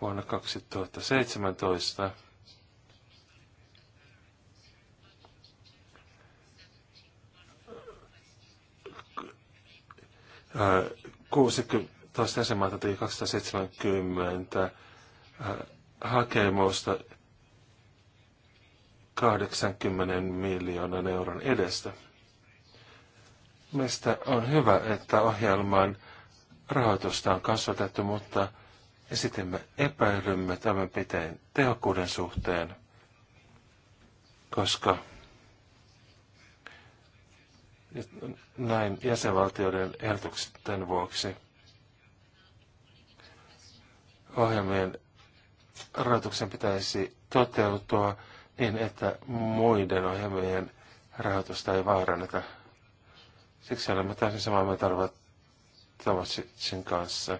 Speaker 2: vuonna 2017 16 jäsenmaata teki 270 äh, hakemusta 80 miljoonan euron edestä. Mistä on hyvä, että ohjelman rahoitusta on kasvatettu, mutta esitimme epäilymme toimenpiteen tehokkuuden suhteen, koska näin jäsenvaltioiden ehdotuksen vuoksi ohjelmien rahoituksen pitäisi toteutua niin, että muiden ohjelmien rahoitusta ei vaaranneta. Siksi olemme täysin samaa mieltä Tomasicin kanssa.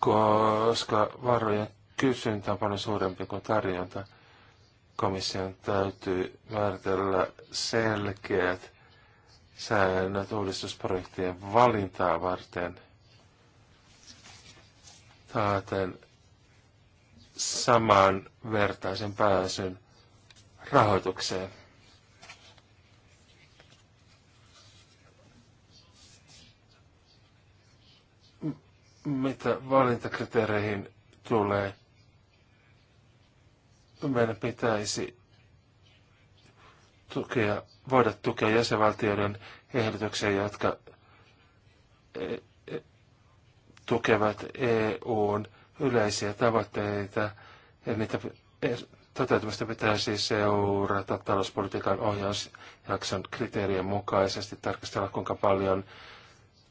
Speaker 2: Koska varojen kysyntä on paljon suurempi kuin tarjonta, komission täytyy määritellä selkeät säännöt uudistusprojektien valintaa varten taaten samanvertaisen vertaisen pääsyn rahoitukseen. mitä valintakriteereihin tulee, meidän pitäisi tukea, voida tukea jäsenvaltioiden ehdotuksia, jotka e, e, tukevat EUn yleisiä tavoitteita ja niitä e, toteutumista pitää siis seurata talouspolitiikan ohjausjakson kriteerien mukaisesti, tarkastella kuinka paljon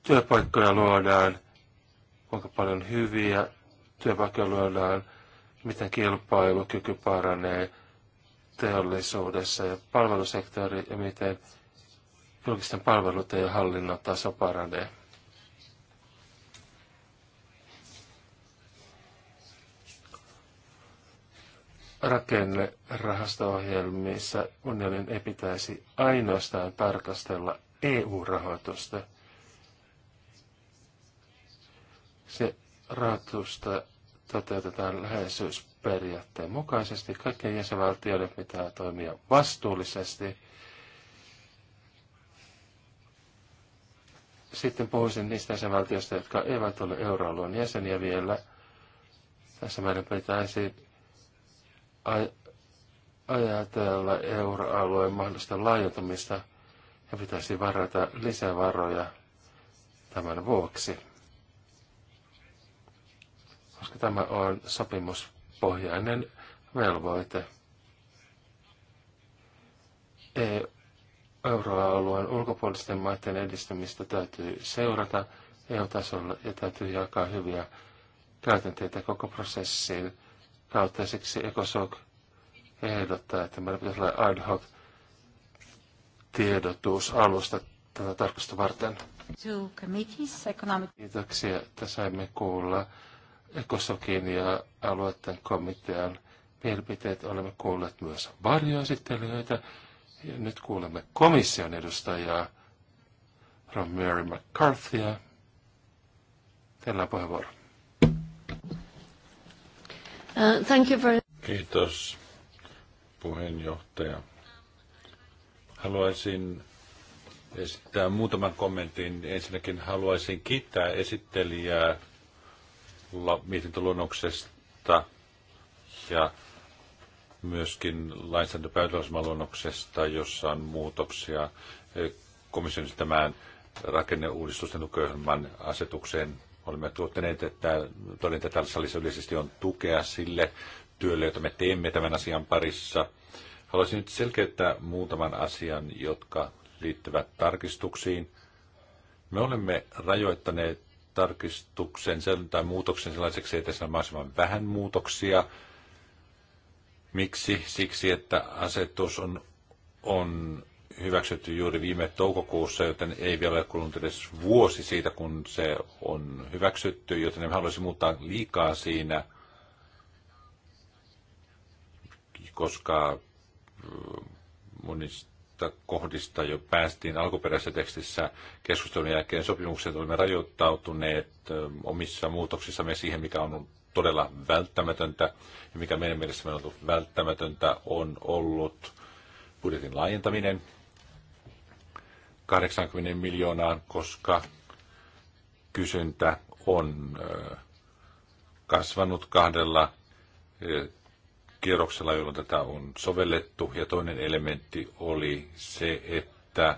Speaker 2: työpaikkoja luodaan – kuinka paljon hyviä työpaikkoja lyödään, miten kilpailukyky paranee teollisuudessa ja palvelusektori ja miten julkisten palveluiden ja hallinnon taso paranee. rakennerahasto-ohjelmissa unionin ei pitäisi ainoastaan tarkastella EU-rahoitusta – Se raatusta toteutetaan läheisyysperiaatteen mukaisesti. Kaikkien jäsenvaltioiden pitää toimia vastuullisesti. Sitten puhuisin niistä jäsenvaltioista, jotka eivät ole euroalueen jäseniä vielä. Tässä meidän pitäisi ajatella euroalueen mahdollista laajentumista ja pitäisi varata lisävaroja tämän vuoksi koska tämä on sopimuspohjainen velvoite. E- euroalueen ulkopuolisten maiden edistämistä täytyy seurata EU-tasolla ja täytyy jakaa hyviä käytänteitä koko prosessiin kautta. Siksi ECOSOC ehdottaa, että meillä pitäisi olla ad hoc tiedotusalusta tätä tarkastusta varten. Kiitoksia, että saimme kuulla Ekosokin ja alueiden komitean mielipiteet olemme kuulleet myös varjoesittelijöitä. Ja nyt kuulemme komission edustajaa, from Mary McCarthyä.
Speaker 4: Teillä on puheenvuoro. Uh,
Speaker 1: thank you
Speaker 3: very.
Speaker 4: Kiitos, puheenjohtaja. Haluaisin esittää muutaman kommentin. Ensinnäkin haluaisin kiittää esittelijää mietintöluonnoksesta ja myöskin lainsäädäntöpäätösmaluonnoksesta, jossa on muutoksia komission tämän rakenneuudistusten tukeohjelman asetukseen. Olemme tuottaneet, että todenta tällä salissa yleisesti on tukea sille työlle, jota me teemme tämän asian parissa. Haluaisin nyt selkeyttää muutaman asian, jotka liittyvät tarkistuksiin. Me olemme rajoittaneet tarkistuksen tai muutoksen sellaiseksi, että siinä on mahdollisimman vähän muutoksia. Miksi? Siksi, että asetus on, on hyväksytty juuri viime toukokuussa, joten ei vielä ole kulunut edes vuosi siitä, kun se on hyväksytty, joten en haluaisi muuttaa liikaa siinä, koska mm, monista monista kohdista jo päästiin alkuperäisessä tekstissä keskustelun jälkeen sopimukset olemme rajoittautuneet omissa muutoksissamme siihen, mikä on todella välttämätöntä ja mikä meidän mielessämme on ollut välttämätöntä on ollut budjetin laajentaminen 80 miljoonaan, koska kysyntä on kasvanut kahdella kierroksella, jolloin tätä on sovellettu. Ja toinen elementti oli se, että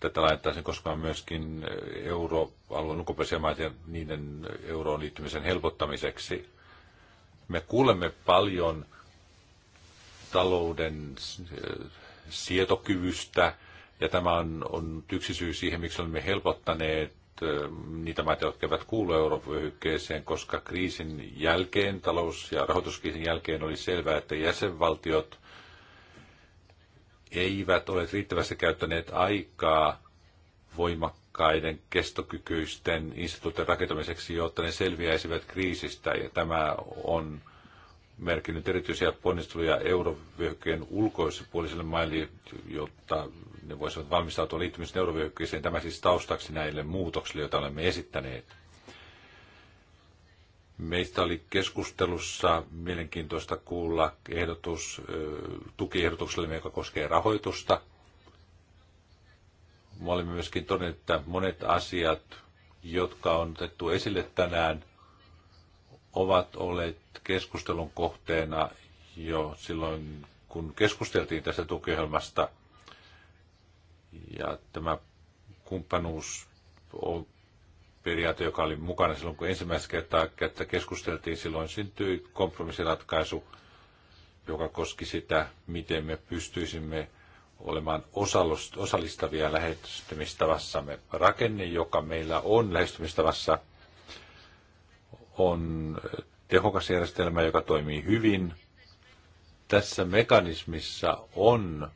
Speaker 4: tätä laitettaisiin koskaan myöskin euroalueen ulkopuolisia maita ja niiden euroon liittymisen helpottamiseksi. Me kuulemme paljon talouden sietokyvystä, ja tämä on, on yksi syy siihen, miksi olemme helpottaneet niitä maita, jotka eivät kuulu eurovyöhykkeeseen, koska kriisin jälkeen, talous- ja rahoituskriisin jälkeen oli selvää, että jäsenvaltiot eivät ole riittävästi käyttäneet aikaa voimakkaiden, kestokykyisten instituutin rakentamiseksi, jotta ne selviäisivät kriisistä. Ja tämä on merkinnyt erityisiä ponnisteluja eurovyöhykkeen ulkoisille maille, jotta ne voisivat valmistautua liittymisen eurovyöhykkeeseen. Tämä siis taustaksi näille muutoksille, joita olemme esittäneet. Meistä oli keskustelussa mielenkiintoista kuulla ehdotus, tukiehdotukselle, joka koskee rahoitusta. Me olemme myöskin todenneet, että monet asiat, jotka on otettu esille tänään, ovat olleet keskustelun kohteena jo silloin, kun keskusteltiin tästä tukiohjelmasta – ja tämä kumppanuus on periaate, joka oli mukana silloin, kun ensimmäistä kertaa että keskusteltiin, silloin syntyi kompromissiratkaisu, joka koski sitä, miten me pystyisimme olemaan osallistavia lähestymistavassamme. Rakenne, joka meillä on lähestymistavassa, on tehokas järjestelmä, joka toimii hyvin. Tässä mekanismissa on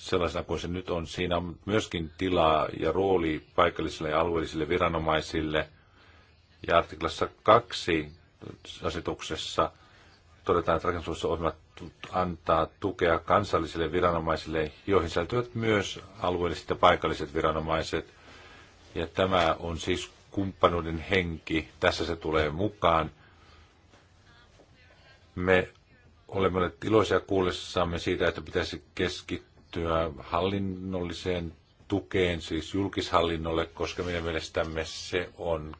Speaker 4: sellaisena kuin se nyt on. Siinä on myöskin tilaa ja rooli paikallisille ja alueellisille viranomaisille. Ja artiklassa kaksi asetuksessa todetaan, että rakennusohjelmat antaa tukea kansallisille viranomaisille, joihin sisältyvät myös alueelliset ja paikalliset viranomaiset. Ja tämä on siis kumppanuuden henki. Tässä se tulee mukaan. Me olemme olleet iloisia kuullessamme siitä, että pitäisi keskittyä liittyä hallinnolliseen tukeen, siis julkishallinnolle, koska meidän mielestämme se on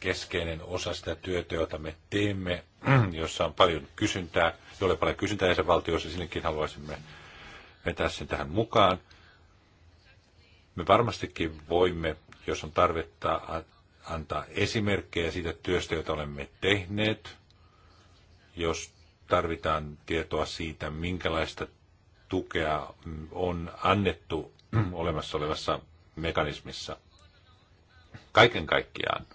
Speaker 4: keskeinen osa sitä työtä, jota me teemme, jossa on paljon kysyntää, jolle paljon kysyntää jäsenvaltioissa, sinnekin haluaisimme vetää sen tähän mukaan. Me varmastikin voimme, jos on tarvetta, antaa esimerkkejä siitä työstä, jota olemme tehneet, jos tarvitaan tietoa siitä, minkälaista tukea on annettu olemassa olevassa mekanismissa. Kaiken kaikkiaan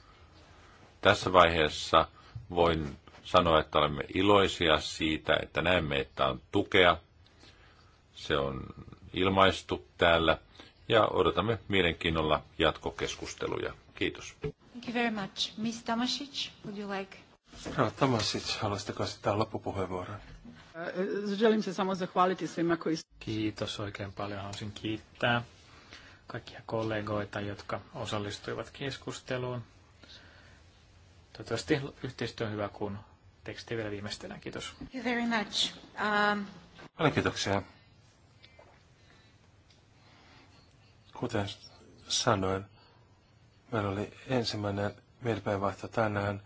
Speaker 4: tässä vaiheessa voin sanoa, että olemme iloisia siitä, että näemme, että on tukea. Se on ilmaistu täällä ja odotamme mielenkiinnolla jatkokeskusteluja. Kiitos. Thank
Speaker 1: you very much. Miss Tamasic, would you like?
Speaker 4: Rauha Tamasic, haluaisitko esittää loppupuheenvuoron?
Speaker 1: Eh, želim se samo zahvaliti svima koji...
Speaker 3: Kiitos oikein paljon. Haluaisin kiittää kaikkia kollegoita, jotka osallistuivat keskusteluun. Toivottavasti yhteistyö on hyvä, kun teksti vielä viimeistellään. Kiitos.
Speaker 1: Thank you very much. Um...
Speaker 3: Paljon kiitoksia. Kuten
Speaker 2: sanoin, meillä oli ensimmäinen mielipäinvaihto tänään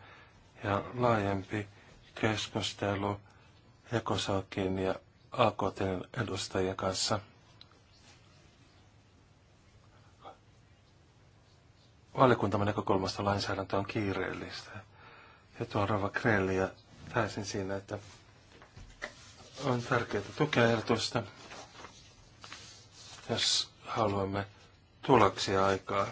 Speaker 2: ja laajempi keskustelu Jakosakin ja AKT edustajien kanssa. Valiokuntamme näkökulmasta lainsäädäntö on kiireellistä. Ja tuo Rova Krelli ja täysin siinä, että on tärkeää tukea ehdotusta, jos haluamme tuloksia aikaa.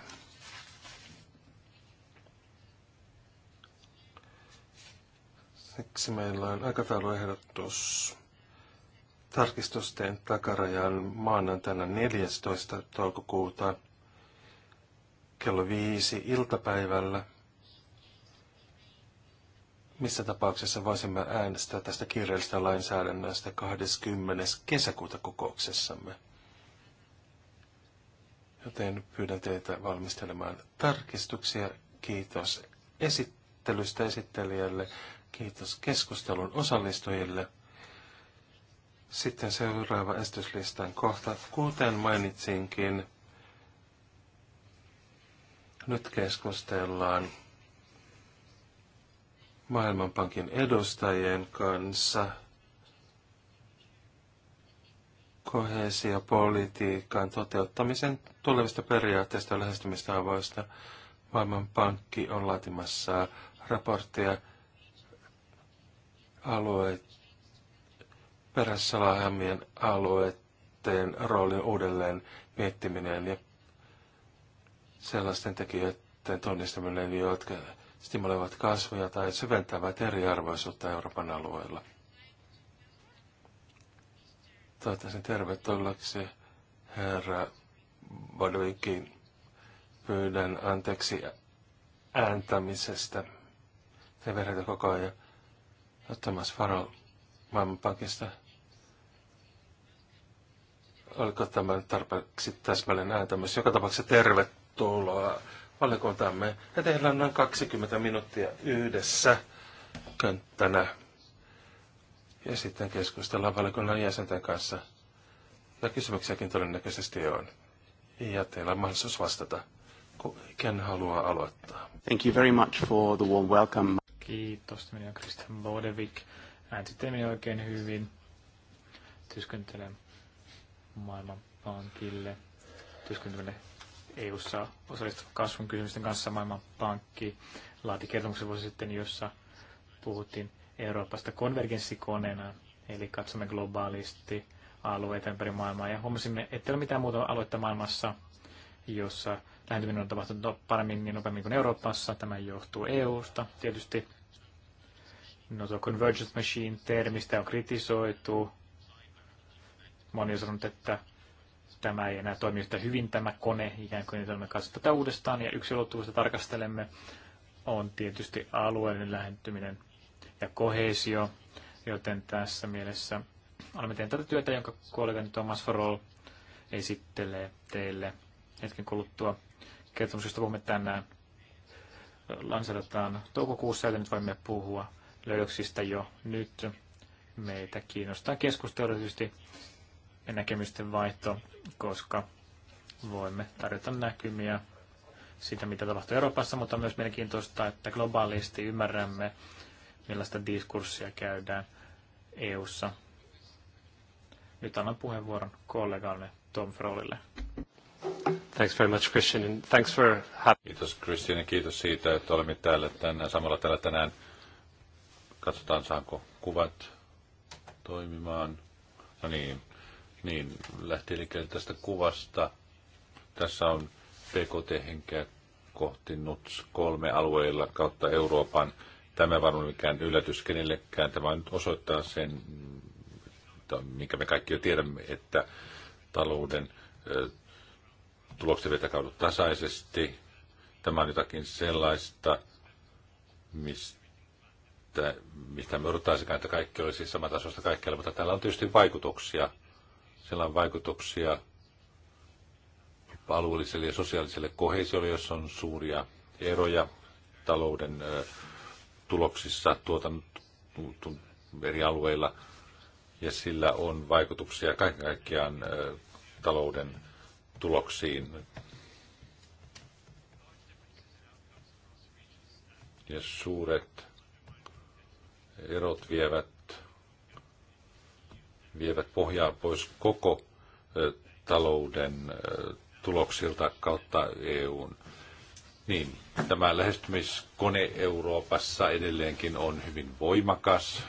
Speaker 2: Siksi meillä on aikatauluehdotus tarkistusten takarajan maanantaina 14. toukokuuta kello 5 iltapäivällä. Missä tapauksessa voisimme äänestää tästä kirjallisesta lainsäädännöstä 20. kesäkuuta kokouksessamme? Joten pyydän teitä valmistelemaan tarkistuksia. Kiitos esittelystä esittelijälle. Kiitos keskustelun osallistujille. Sitten seuraava estyslistan kohta. Kuten mainitsinkin, nyt keskustellaan Maailmanpankin edustajien kanssa kohesiopolitiikan toteuttamisen tulevista periaatteista ja lähestymistavoista. Maailmanpankki on laatimassa raporttia alueet, perässä alueiden roolin uudelleen miettiminen ja sellaisten tekijöiden tunnistaminen, jotka stimuloivat kasvua tai syventävät eriarvoisuutta Euroopan alueella. Toivottavasti tervetulleeksi herra Bodwikin. Pyydän anteeksi ääntämisestä. Se verheitä koko ajan ja Thomas Farrell Maailmanpankista. Oliko tämä tarpeeksi täsmällinen ääntämys? Joka tapauksessa tervetuloa valiokuntaamme. Me teillä on noin 20 minuuttia yhdessä könttänä. Ja sitten keskustellaan valiokunnan jäsenten kanssa. Ja kysymyksiäkin todennäköisesti on. Ja teillä on mahdollisuus vastata. Ken haluaa aloittaa. Thank you very much for the warm welcome.
Speaker 3: Kiitos, on Christian Bodevik. sitten meni oikein hyvin. Työskentelen Maailmanpankille. Työskentelen EU-ssa osallistuvan kasvun kysymysten kanssa Maailmanpankki laati kertomuksen vuosi sitten, jossa puhuttiin Euroopasta konvergenssikoneena, eli katsomme globaalisti alueita ympäri maailmaa ja huomasimme, että ei ole mitään muuta aluetta maailmassa, jossa lähentyminen on tapahtunut paremmin ja nopeammin kuin Euroopassa. Tämä johtuu EU-sta tietysti, No tuo Convergence Machine-termistä on kritisoitu. Moni on sanonut, että tämä ei enää toimi yhtä hyvin tämä kone, ikään kuin nyt olemme kanssa tätä uudestaan. Ja yksi ulottuvuus, tarkastelemme, on tietysti alueellinen lähentyminen ja kohesio, joten tässä mielessä olemme tehneet tätä työtä, jonka kollegani Thomas Farol esittelee teille hetken kuluttua kertomus, josta puhumme tänään. Lanseerataan toukokuussa, joten nyt voimme puhua löydöksistä jo nyt. Meitä kiinnostaa keskustella tietysti ja näkemysten vaihto, koska voimme tarjota näkymiä siitä, mitä tapahtuu Euroopassa, mutta on myös mielenkiintoista, että globaalisti ymmärrämme, millaista diskurssia käydään EU:ssa. Nyt annan puheenvuoron kollegalle Tom Frollille. Thanks very much, Christian, and
Speaker 4: thanks for having... Kiitos Christian ja kiitos siitä, että olemme täällä tänään, samalla täällä tänään Katsotaan, saanko kuvat toimimaan. No niin, niin lähti liikkeelle tästä kuvasta. Tässä on PKT-henkeä kohti NUTS kolme alueilla kautta Euroopan. Tämä ei varmaan mikään yllätys kenellekään. Tämä nyt osoittaa sen, mikä me kaikki jo tiedämme, että talouden tulokset vetäkaudut tasaisesti. Tämä on jotakin sellaista, mistä että mistä me odottaisikaan, että kaikki olisi samantasoista kaikkialla, mutta täällä on tietysti vaikutuksia. Siellä on vaikutuksia alueelliselle ja sosiaaliselle kohesiolle, jossa on suuria eroja talouden tuloksissa tuotan, eri alueilla, ja sillä on vaikutuksia kaiken kaikkiaan talouden tuloksiin. Ja suuret erot vievät, vievät pohjaa pois koko talouden tuloksilta kautta EUn. Niin, tämä lähestymiskone Euroopassa edelleenkin on hyvin voimakas,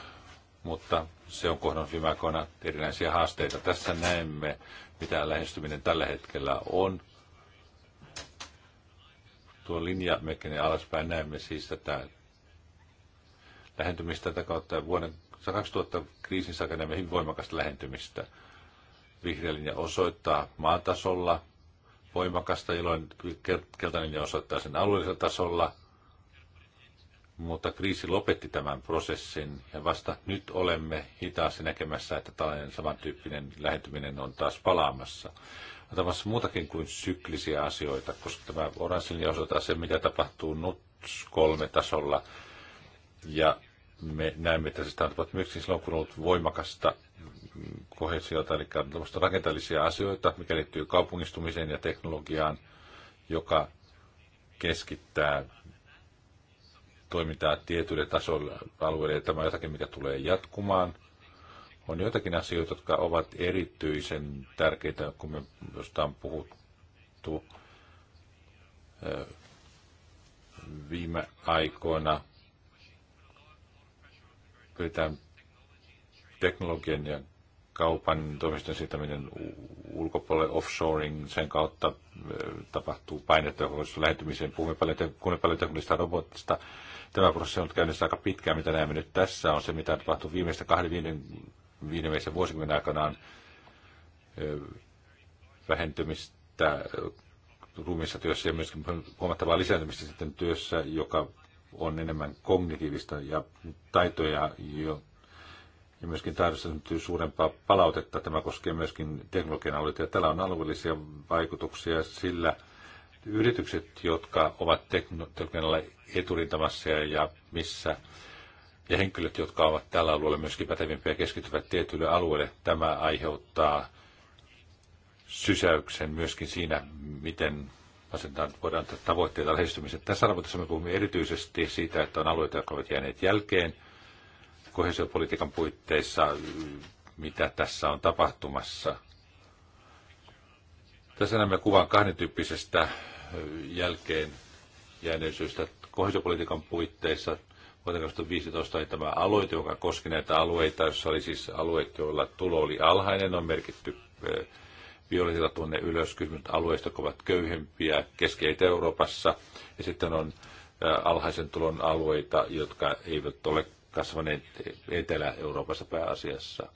Speaker 4: mutta se on kohdannut viime erinäisiä haasteita. Tässä näemme, mitä lähestyminen tällä hetkellä on. Tuo linja menee alaspäin, näemme siis tätä lähentymistä tätä kautta. Vuonna 2000 kriisin sakenemme hyvin voimakasta lähentymistä. Vihreä linja osoittaa maatasolla voimakasta, jolloin keltainen linja osoittaa sen alueellisella tasolla, mutta kriisi lopetti tämän prosessin ja vasta nyt olemme hitaasti näkemässä, että tällainen samantyyppinen lähentyminen on taas palaamassa Otamassa muutakin kuin syklisiä asioita, koska tämä oranssi linja osoittaa sen, mitä tapahtuu NUTS 3 tasolla. Ja me näemme, että se on myöskin silloin, kun on ollut voimakasta kohesiota, eli rakentallisia asioita, mikä liittyy kaupungistumiseen ja teknologiaan, joka keskittää toimintaa tietyille tasoille alueille, ja tämä on jotakin, mikä tulee jatkumaan. On joitakin asioita, jotka ovat erityisen tärkeitä, kun me jostain puhuttu viime aikoina – pyritään teknologian ja kaupan toimiston siirtäminen ulkopuolelle offshoring, sen kautta tapahtuu painetehokkuudesta lähentymiseen. Puhumme paljon, paljon teknologista robotista. Tämä prosessi on käynnissä aika pitkään, mitä näemme nyt tässä, on se, mitä tapahtuu viimeistä kahden viiden, viimeisen vuosikymmenen aikanaan vähentymistä ruumiissa työssä ja myöskin huomattavaa lisääntymistä sitten työssä, joka on enemmän kognitiivista ja taitoja, jo, ja myöskin taidossa syntyy suurempaa palautetta. Tämä koskee myöskin teknologian alueita, ja tällä on alueellisia vaikutuksia, sillä yritykset, jotka ovat teknologian eturintamassa ja missä ja henkilöt, jotka ovat tällä alueella myöskin pätevimpiä keskittyvät tietylle alueelle, tämä aiheuttaa sysäyksen myöskin siinä, miten asetetaan, voidaan antaa tavoitteita lähestymiset. Tässä raportissa me puhumme erityisesti siitä, että on alueita, jotka ovat jääneet jälkeen kohesiopolitiikan puitteissa, mitä tässä on tapahtumassa. Tässä näemme kuvan kahden tyyppisestä jälkeen jääneisyystä kohesiopolitiikan puitteissa. Vuonna 2015 oli tämä aloite, joka koski näitä alueita, jossa oli siis alueet, joilla tulo oli alhainen, on merkitty violetilla tuonne ylös, kysymys alueista, jotka ovat köyhempiä keski Euroopassa, ja sitten on alhaisen tulon alueita, jotka eivät ole kasvaneet Etelä-Euroopassa pääasiassa.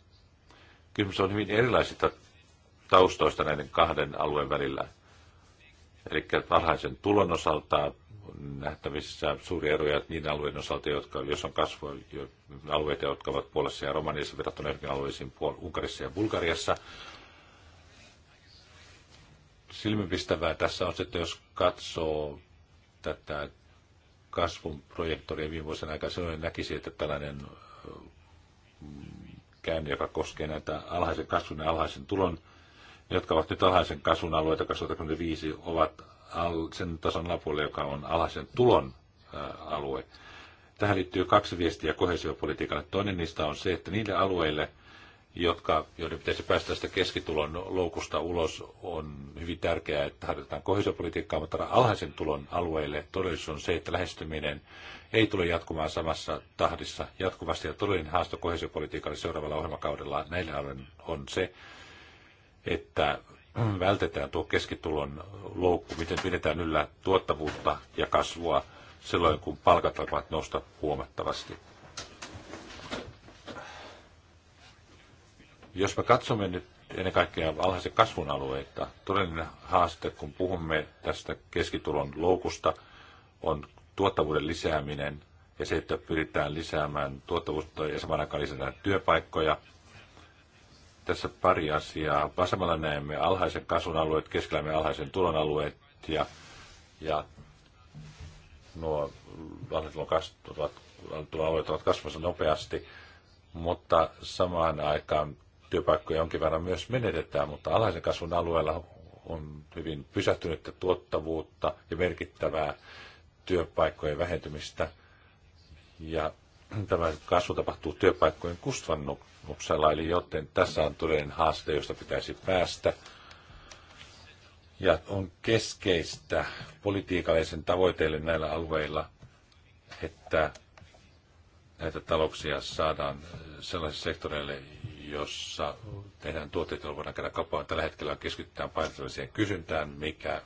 Speaker 4: Kysymys on hyvin erilaisista taustoista näiden kahden alueen välillä. Eli alhaisen tulon osalta on nähtävissä suuria eroja niiden alueiden osalta, jotka, jos on kasvua, alueita, jotka ovat Puolassa ja Romaniassa verrattuna johonkin alueisiin Unkarissa ja Bulgariassa silmipistävää tässä on se, että jos katsoo tätä kasvun projektoria viime vuosien aikana, silloin näkisi, että tällainen mm, käänne, joka koskee näitä alhaisen kasvun ja alhaisen tulon, jotka ovat nyt alhaisen kasvun alueita 2025, ovat sen tason alapuolella, joka on alhaisen tulon alue. Tähän liittyy kaksi viestiä kohesiopolitiikalle. Toinen niistä on se, että niille alueille – jotka, joiden pitäisi päästä tästä keskitulon loukusta ulos, on hyvin tärkeää, että harjoitetaan kohesiopolitiikkaa, mutta alhaisen tulon alueille todellisuus on se, että lähestyminen ei tule jatkumaan samassa tahdissa jatkuvasti. Ja todellinen haasto kohesiopolitiikalle seuraavalla ohjelmakaudella näille alueille on se, että vältetään tuo keskitulon loukku, miten pidetään yllä tuottavuutta ja kasvua silloin, kun palkat alkavat nousta huomattavasti. Jos me katsomme nyt ennen kaikkea alhaisen kasvun alueita, todellinen haaste, kun puhumme tästä keskitulon loukusta, on tuottavuuden lisääminen ja se, että pyritään lisäämään tuottavuutta ja samaan aikaan lisätään työpaikkoja. Tässä pari asiaa. Vasemmalla näemme alhaisen kasvun alueet, keskellä me alhaisen tulon alueet ja, ja nuo alhaisen tulon alueet ovat kasvamassa nopeasti, mutta samaan aikaan työpaikkoja jonkin verran myös menetetään, mutta alhaisen kasvun alueella on hyvin pysähtynyttä tuottavuutta ja merkittävää työpaikkojen vähentymistä. Ja tämä kasvu tapahtuu työpaikkojen kustannuksella, eli joten tässä on todellinen haaste, josta pitäisi päästä. Ja on keskeistä politiikallisen tavoitteille näillä alueilla, että näitä talouksia saadaan sellaisille sektoreille, jossa tehdään tuotteita, joilla voidaan käydä kauppaa. Tällä hetkellä keskitytään paikalliseen kysyntään, mikä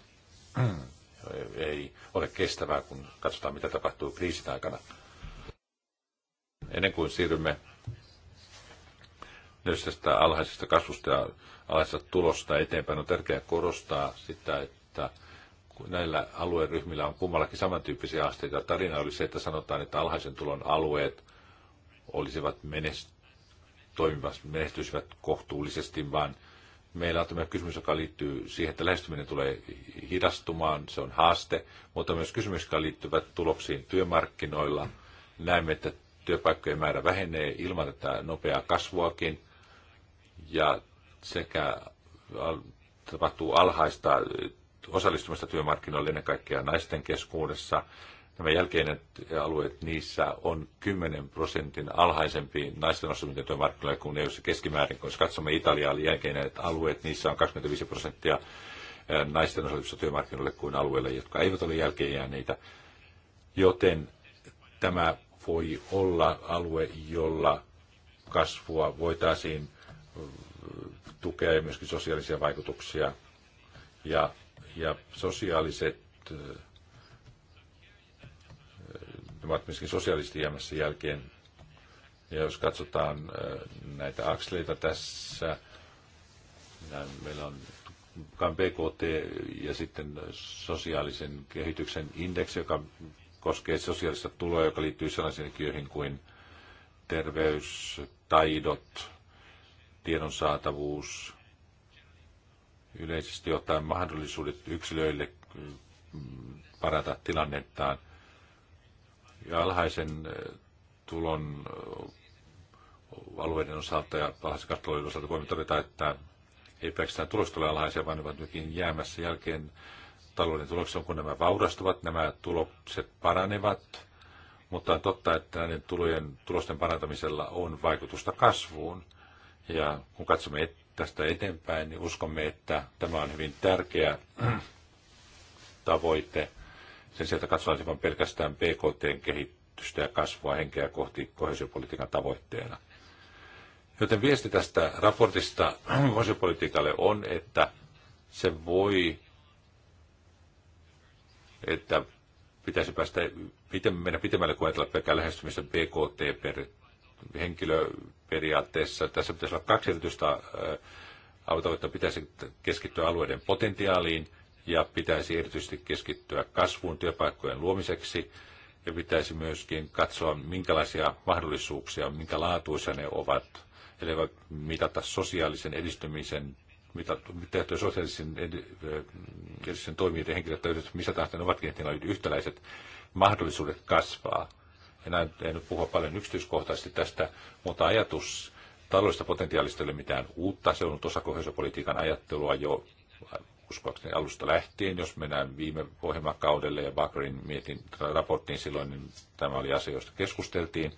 Speaker 4: ei ole kestävää, kun katsotaan, mitä tapahtuu kriisin aikana. Ennen kuin siirrymme myös tästä alhaisesta kasvusta ja alhaisesta tulosta eteenpäin, on tärkeää korostaa sitä, että näillä alueryhmillä on kummallakin samantyyppisiä asteita. Tarina oli se, että sanotaan, että alhaisen tulon alueet olisivat menestyneet toimivat, menestyisivät kohtuullisesti, vaan meillä on tämä kysymys, joka liittyy siihen, että lähestyminen tulee hidastumaan, se on haaste, mutta myös kysymys, joka liittyvät tuloksiin työmarkkinoilla. Näemme, että työpaikkojen määrä vähenee ilman tätä nopeaa kasvuakin ja sekä tapahtuu alhaista osallistumista työmarkkinoille ennen kaikkea naisten keskuudessa. Nämä jälkeiset alueet, niissä on 10 prosentin alhaisempi naisten osallistuminen työmarkkinoilla kuin eu keskimäärin. Kun katsomme Italiaa, niin jälkeiset alueet, niissä on 25 prosenttia naisten osallistumista työmarkkinoille kuin alueille, jotka eivät ole jälkeenjääneitä. Joten tämä voi olla alue, jolla kasvua voitaisiin tukea ja myöskin sosiaalisia vaikutuksia. Ja, ja sosiaaliset ovat myöskin sosiaalisesti jäämässä jälkeen. Ja jos katsotaan äh, näitä akseleita tässä, meillä on BKT ja sitten sosiaalisen kehityksen indeksi, joka koskee sosiaalista tuloa, joka liittyy sellaisiin kyöihin kuin terveys, taidot, tiedon saatavuus, yleisesti ottaen mahdollisuudet yksilöille mm, parata tilannettaan ja alhaisen eh, tulon eh, alueiden osalta ja alhaisen kasvatulojen osalta voimme todeta, että ei pelkästään tulokset ole alhaisia, vaan ne ovat nytkin jäämässä jälkeen talouden tuloksen, kun nämä vaurastuvat, nämä tulokset paranevat, mutta on totta, että näiden tulojen, tulosten parantamisella on vaikutusta kasvuun. Ja kun katsomme tästä eteenpäin, niin uskomme, että tämä on hyvin tärkeä tavoite sen sieltä katsotaan vain pelkästään BKT kehitystä ja kasvua henkeä kohti kohesiopolitiikan tavoitteena. Joten viesti tästä raportista kohesiopolitiikalle on, että se voi, että pitäisi päästä mennä pitemmälle kuin ajatella pelkää lähestymistä BKT per henkilöperiaatteessa. Tässä pitäisi olla kaksi erityistä autoita, pitäisi keskittyä alueiden potentiaaliin ja pitäisi erityisesti keskittyä kasvuun työpaikkojen luomiseksi ja pitäisi myöskin katsoa, minkälaisia mahdollisuuksia, minkä laatuisia ne ovat, eli mitata sosiaalisen edistymisen tehtyä sosiaalisen edistymisen toimijoiden ja henkilöt, missä tahansa ne ovatkin, että on yhtäläiset mahdollisuudet kasvaa. En, en nyt puhua paljon yksityiskohtaisesti tästä, mutta ajatus taloudellista potentiaalista ei ole mitään uutta. Se on ollut osa ajattelua jo uskoakseni alusta lähtien, jos mennään viime ohjelmakaudelle ja Bakrin mietin raporttiin silloin, niin tämä oli asia, josta keskusteltiin.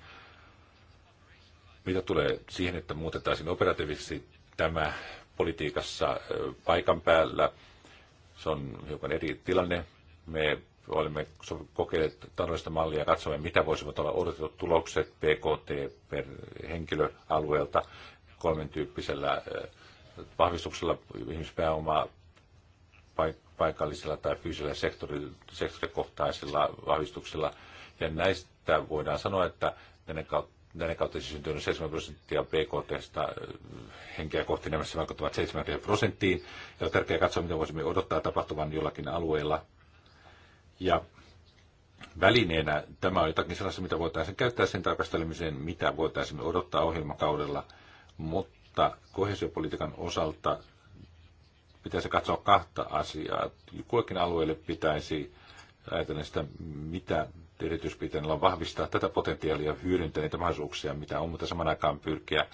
Speaker 4: Mitä tulee siihen, että muutettaisiin operatiivisesti tämä politiikassa paikan päällä, se on hiukan eri tilanne. Me olemme kokeilleet taloudellista mallia ja katsomme, mitä voisivat olla odotetut tulokset PKT per henkilöalueelta kolmen tyyppisellä vahvistuksella ihmispääomaa paikallisella tai fyysillä sektori- sektorikohtaisilla vahvistuksilla. Ja näistä voidaan sanoa, että näiden kautta Tänne kautta siis syntynyt 7 prosenttia BKT henkeä kohti nämä vaikuttavat 70 prosenttiin. Ja on tärkeää katsoa, mitä voisimme odottaa tapahtuvan jollakin alueella. Ja välineenä tämä on jotakin sellaista, mitä voitaisiin käyttää sen tarkastelemiseen, mitä voitaisiin odottaa ohjelmakaudella, mutta kohesiopolitiikan osalta pitäisi katsoa kahta asiaa. Kuokin alueelle pitäisi ajatella sitä, mitä erityispiirtein olla vahvistaa tätä potentiaalia, hyödyntää niitä mahdollisuuksia, mitä on, mutta saman aikaan pyrkiä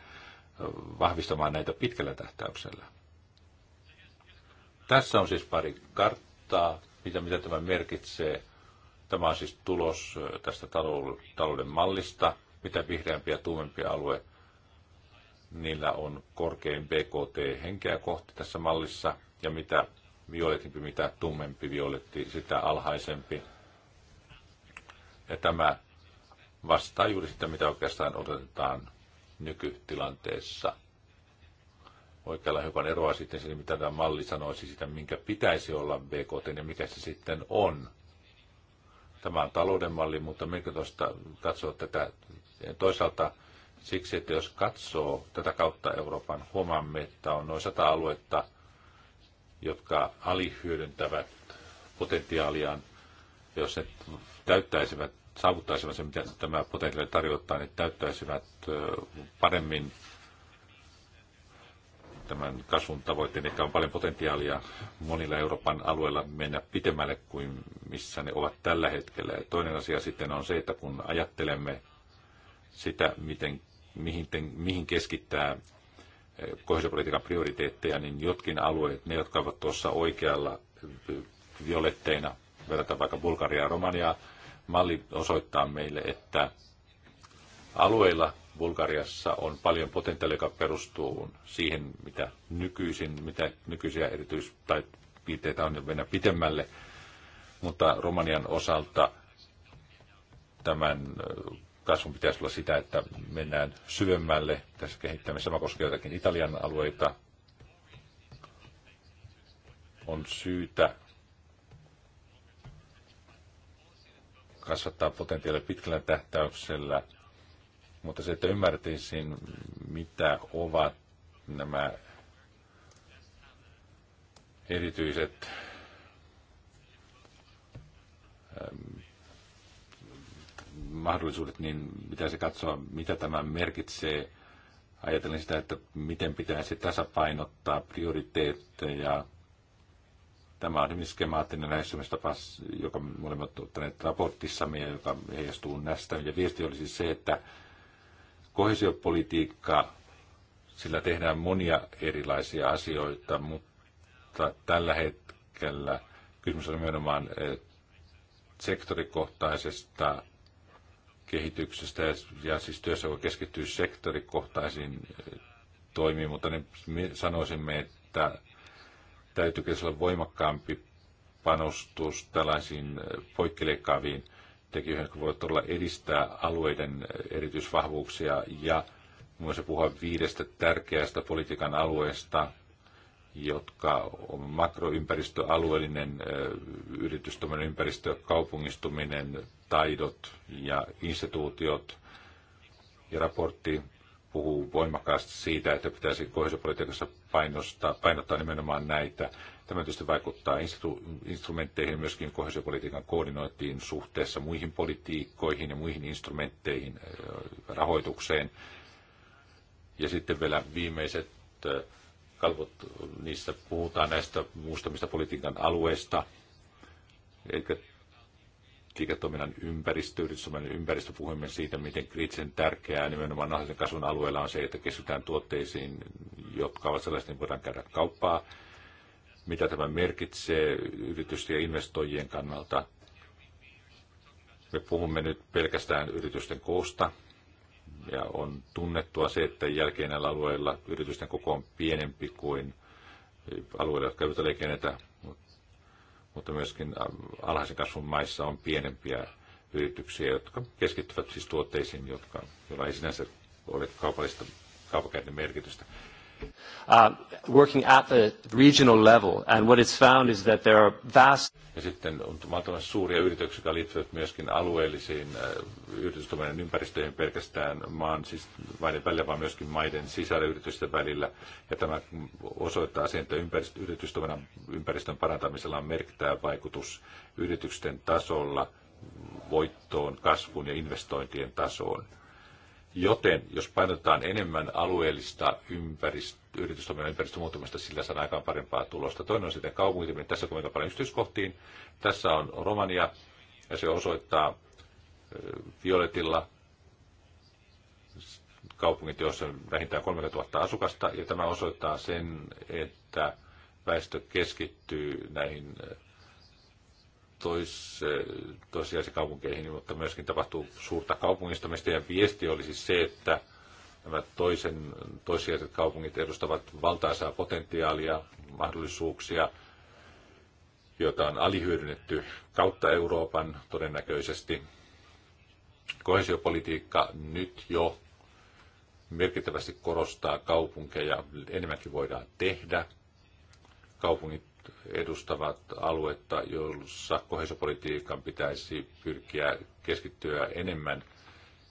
Speaker 4: vahvistamaan näitä pitkällä tähtäyksellä. Tässä on siis pari karttaa, mitä, mitä tämä merkitsee. Tämä on siis tulos tästä talouden mallista, mitä vihreämpi ja tuumempi alue – Niillä on korkein BKT-henkeä kohti tässä mallissa, ja mitä violetimpi, mitä tummempi violetti, sitä alhaisempi. Ja tämä vastaa juuri sitä, mitä oikeastaan odotetaan nykytilanteessa. Oikealla hiukan eroa sitten siitä, mitä tämä malli sanoisi sitä, minkä pitäisi olla BKT ja mikä se sitten on. Tämä on talouden malli, mutta minkä tuosta katsoa tätä toisaalta Siksi, että jos katsoo tätä kautta Euroopan, huomaamme, että on noin sata aluetta, jotka alihyödyntävät potentiaaliaan. Jos ne täyttäisivät, saavuttaisivat se, mitä tämä potentiaali tarjottaa, niin täyttäisivät paremmin tämän kasvun tavoitteen, että on paljon potentiaalia monilla Euroopan alueilla mennä pitemmälle kuin missä ne ovat tällä hetkellä. Ja toinen asia sitten on se, että kun ajattelemme sitä, miten mihin, te, mihin keskittää eh, kohdistopolitiikan prioriteetteja, niin jotkin alueet, ne jotka ovat tuossa oikealla eh, violetteina, verrataan vaikka Bulgaria ja Romaniaa, malli osoittaa meille, että alueilla Bulgariassa on paljon potentiaalia, joka perustuu siihen, mitä nykyisin, mitä nykyisiä erityis- tai piirteitä on mennä pitemmälle, mutta Romanian osalta tämän eh, kasvun pitäisi olla sitä, että mennään syvemmälle tässä kehittämisessä. Sama koskee jotakin Italian alueita. On syytä kasvattaa potentiaalia pitkällä tähtäyksellä, mutta se, että ymmärtäisin, mitä ovat nämä erityiset mahdollisuudet, niin pitäisi katsoa, mitä tämä merkitsee. Ajatellen sitä, että miten pitäisi tasapainottaa prioriteetteja. Tämä on hyvin skemaattinen lähestymistapa, joka me olemme ottaneet raportissamme ja joka heijastuu näistä. Ja viesti oli siis se, että kohesiopolitiikka, sillä tehdään monia erilaisia asioita, mutta tällä hetkellä kysymys on nimenomaan eh, sektorikohtaisesta kehityksestä ja, ja siis työssä voi keskittyä sektorikohtaisiin eh, toimiin, mutta niin me sanoisimme, että täytyy olla voimakkaampi panostus tällaisiin eh, poikkileikkaaviin tekijöihin, jotka voivat todella edistää alueiden eh, erityisvahvuuksia ja muun muassa puhua viidestä tärkeästä politiikan alueesta, jotka on makroympäristö, alueellinen yritys, ympäristö, kaupungistuminen, taidot ja instituutiot. Ja raportti puhuu voimakkaasti siitä, että pitäisi kohdallisuuspolitiikassa painostaa, painottaa nimenomaan näitä. Tämä tietysti vaikuttaa instru- instrumentteihin myöskin kohdallisuuspolitiikan koordinointiin suhteessa muihin politiikkoihin ja muihin instrumentteihin rahoitukseen. Ja sitten vielä viimeiset kalvot, niissä puhutaan näistä muustamista politiikan alueista, eikä liiketoiminnan ympäristö, yritysomainen ympäristö, puhumme siitä, miten kriittisen tärkeää nimenomaan naisen kasvun alueella on se, että keskitytään tuotteisiin, jotka ovat sellaisia, niin voidaan käydä kauppaa, mitä tämä merkitsee yritysten ja investoijien kannalta. Me puhumme nyt pelkästään yritysten koosta, ja on tunnettua se, että jälkeen näillä alueilla yritysten koko on pienempi kuin alueilla, jotka eivät ole kenetä, mutta myöskin alhaisen kasvun maissa on pienempiä yrityksiä, jotka keskittyvät siis tuotteisiin, jotka, joilla ei sinänsä ole kaupallista kaupankäynnin merkitystä. Uh, working at the regional level, and what it's found is that there are vast... Ja sitten on valtavan suuria yrityksiä, jotka liittyvät myöskin alueellisiin äh, yritystoiminnan ympäristöihin pelkästään maan siis maiden välillä, vaan myöskin maiden sisällä yritysten välillä. Ja tämä osoittaa sen, että yritystoiminnan ympäristön parantamisella on merkittävä vaikutus yritysten tasolla, voittoon, kasvuun ja investointien tasoon. Joten jos painotetaan enemmän alueellista ympäristö, yritystoiminnan ympäristön sillä saadaan aikaan parempaa tulosta. Toinen on sitten kaupunkiteminen. Tässä on paljon yksityiskohtiin. Tässä on Romania ja se osoittaa violetilla kaupungit, joissa on vähintään 30 000 asukasta, ja tämä osoittaa sen, että väestö keskittyy näihin tois, toisiaisiin kaupunkeihin, niin, mutta myöskin tapahtuu suurta kaupungistamista. Ja viesti oli siis se, että nämä toisen, toisiaiset kaupungit edustavat valtaisaa potentiaalia, mahdollisuuksia, joita on alihyödynnetty kautta Euroopan todennäköisesti. Kohesiopolitiikka nyt jo merkittävästi korostaa kaupunkeja, enemmänkin voidaan tehdä. Kaupungit edustavat aluetta, jossa kohesopolitiikan pitäisi pyrkiä keskittyä enemmän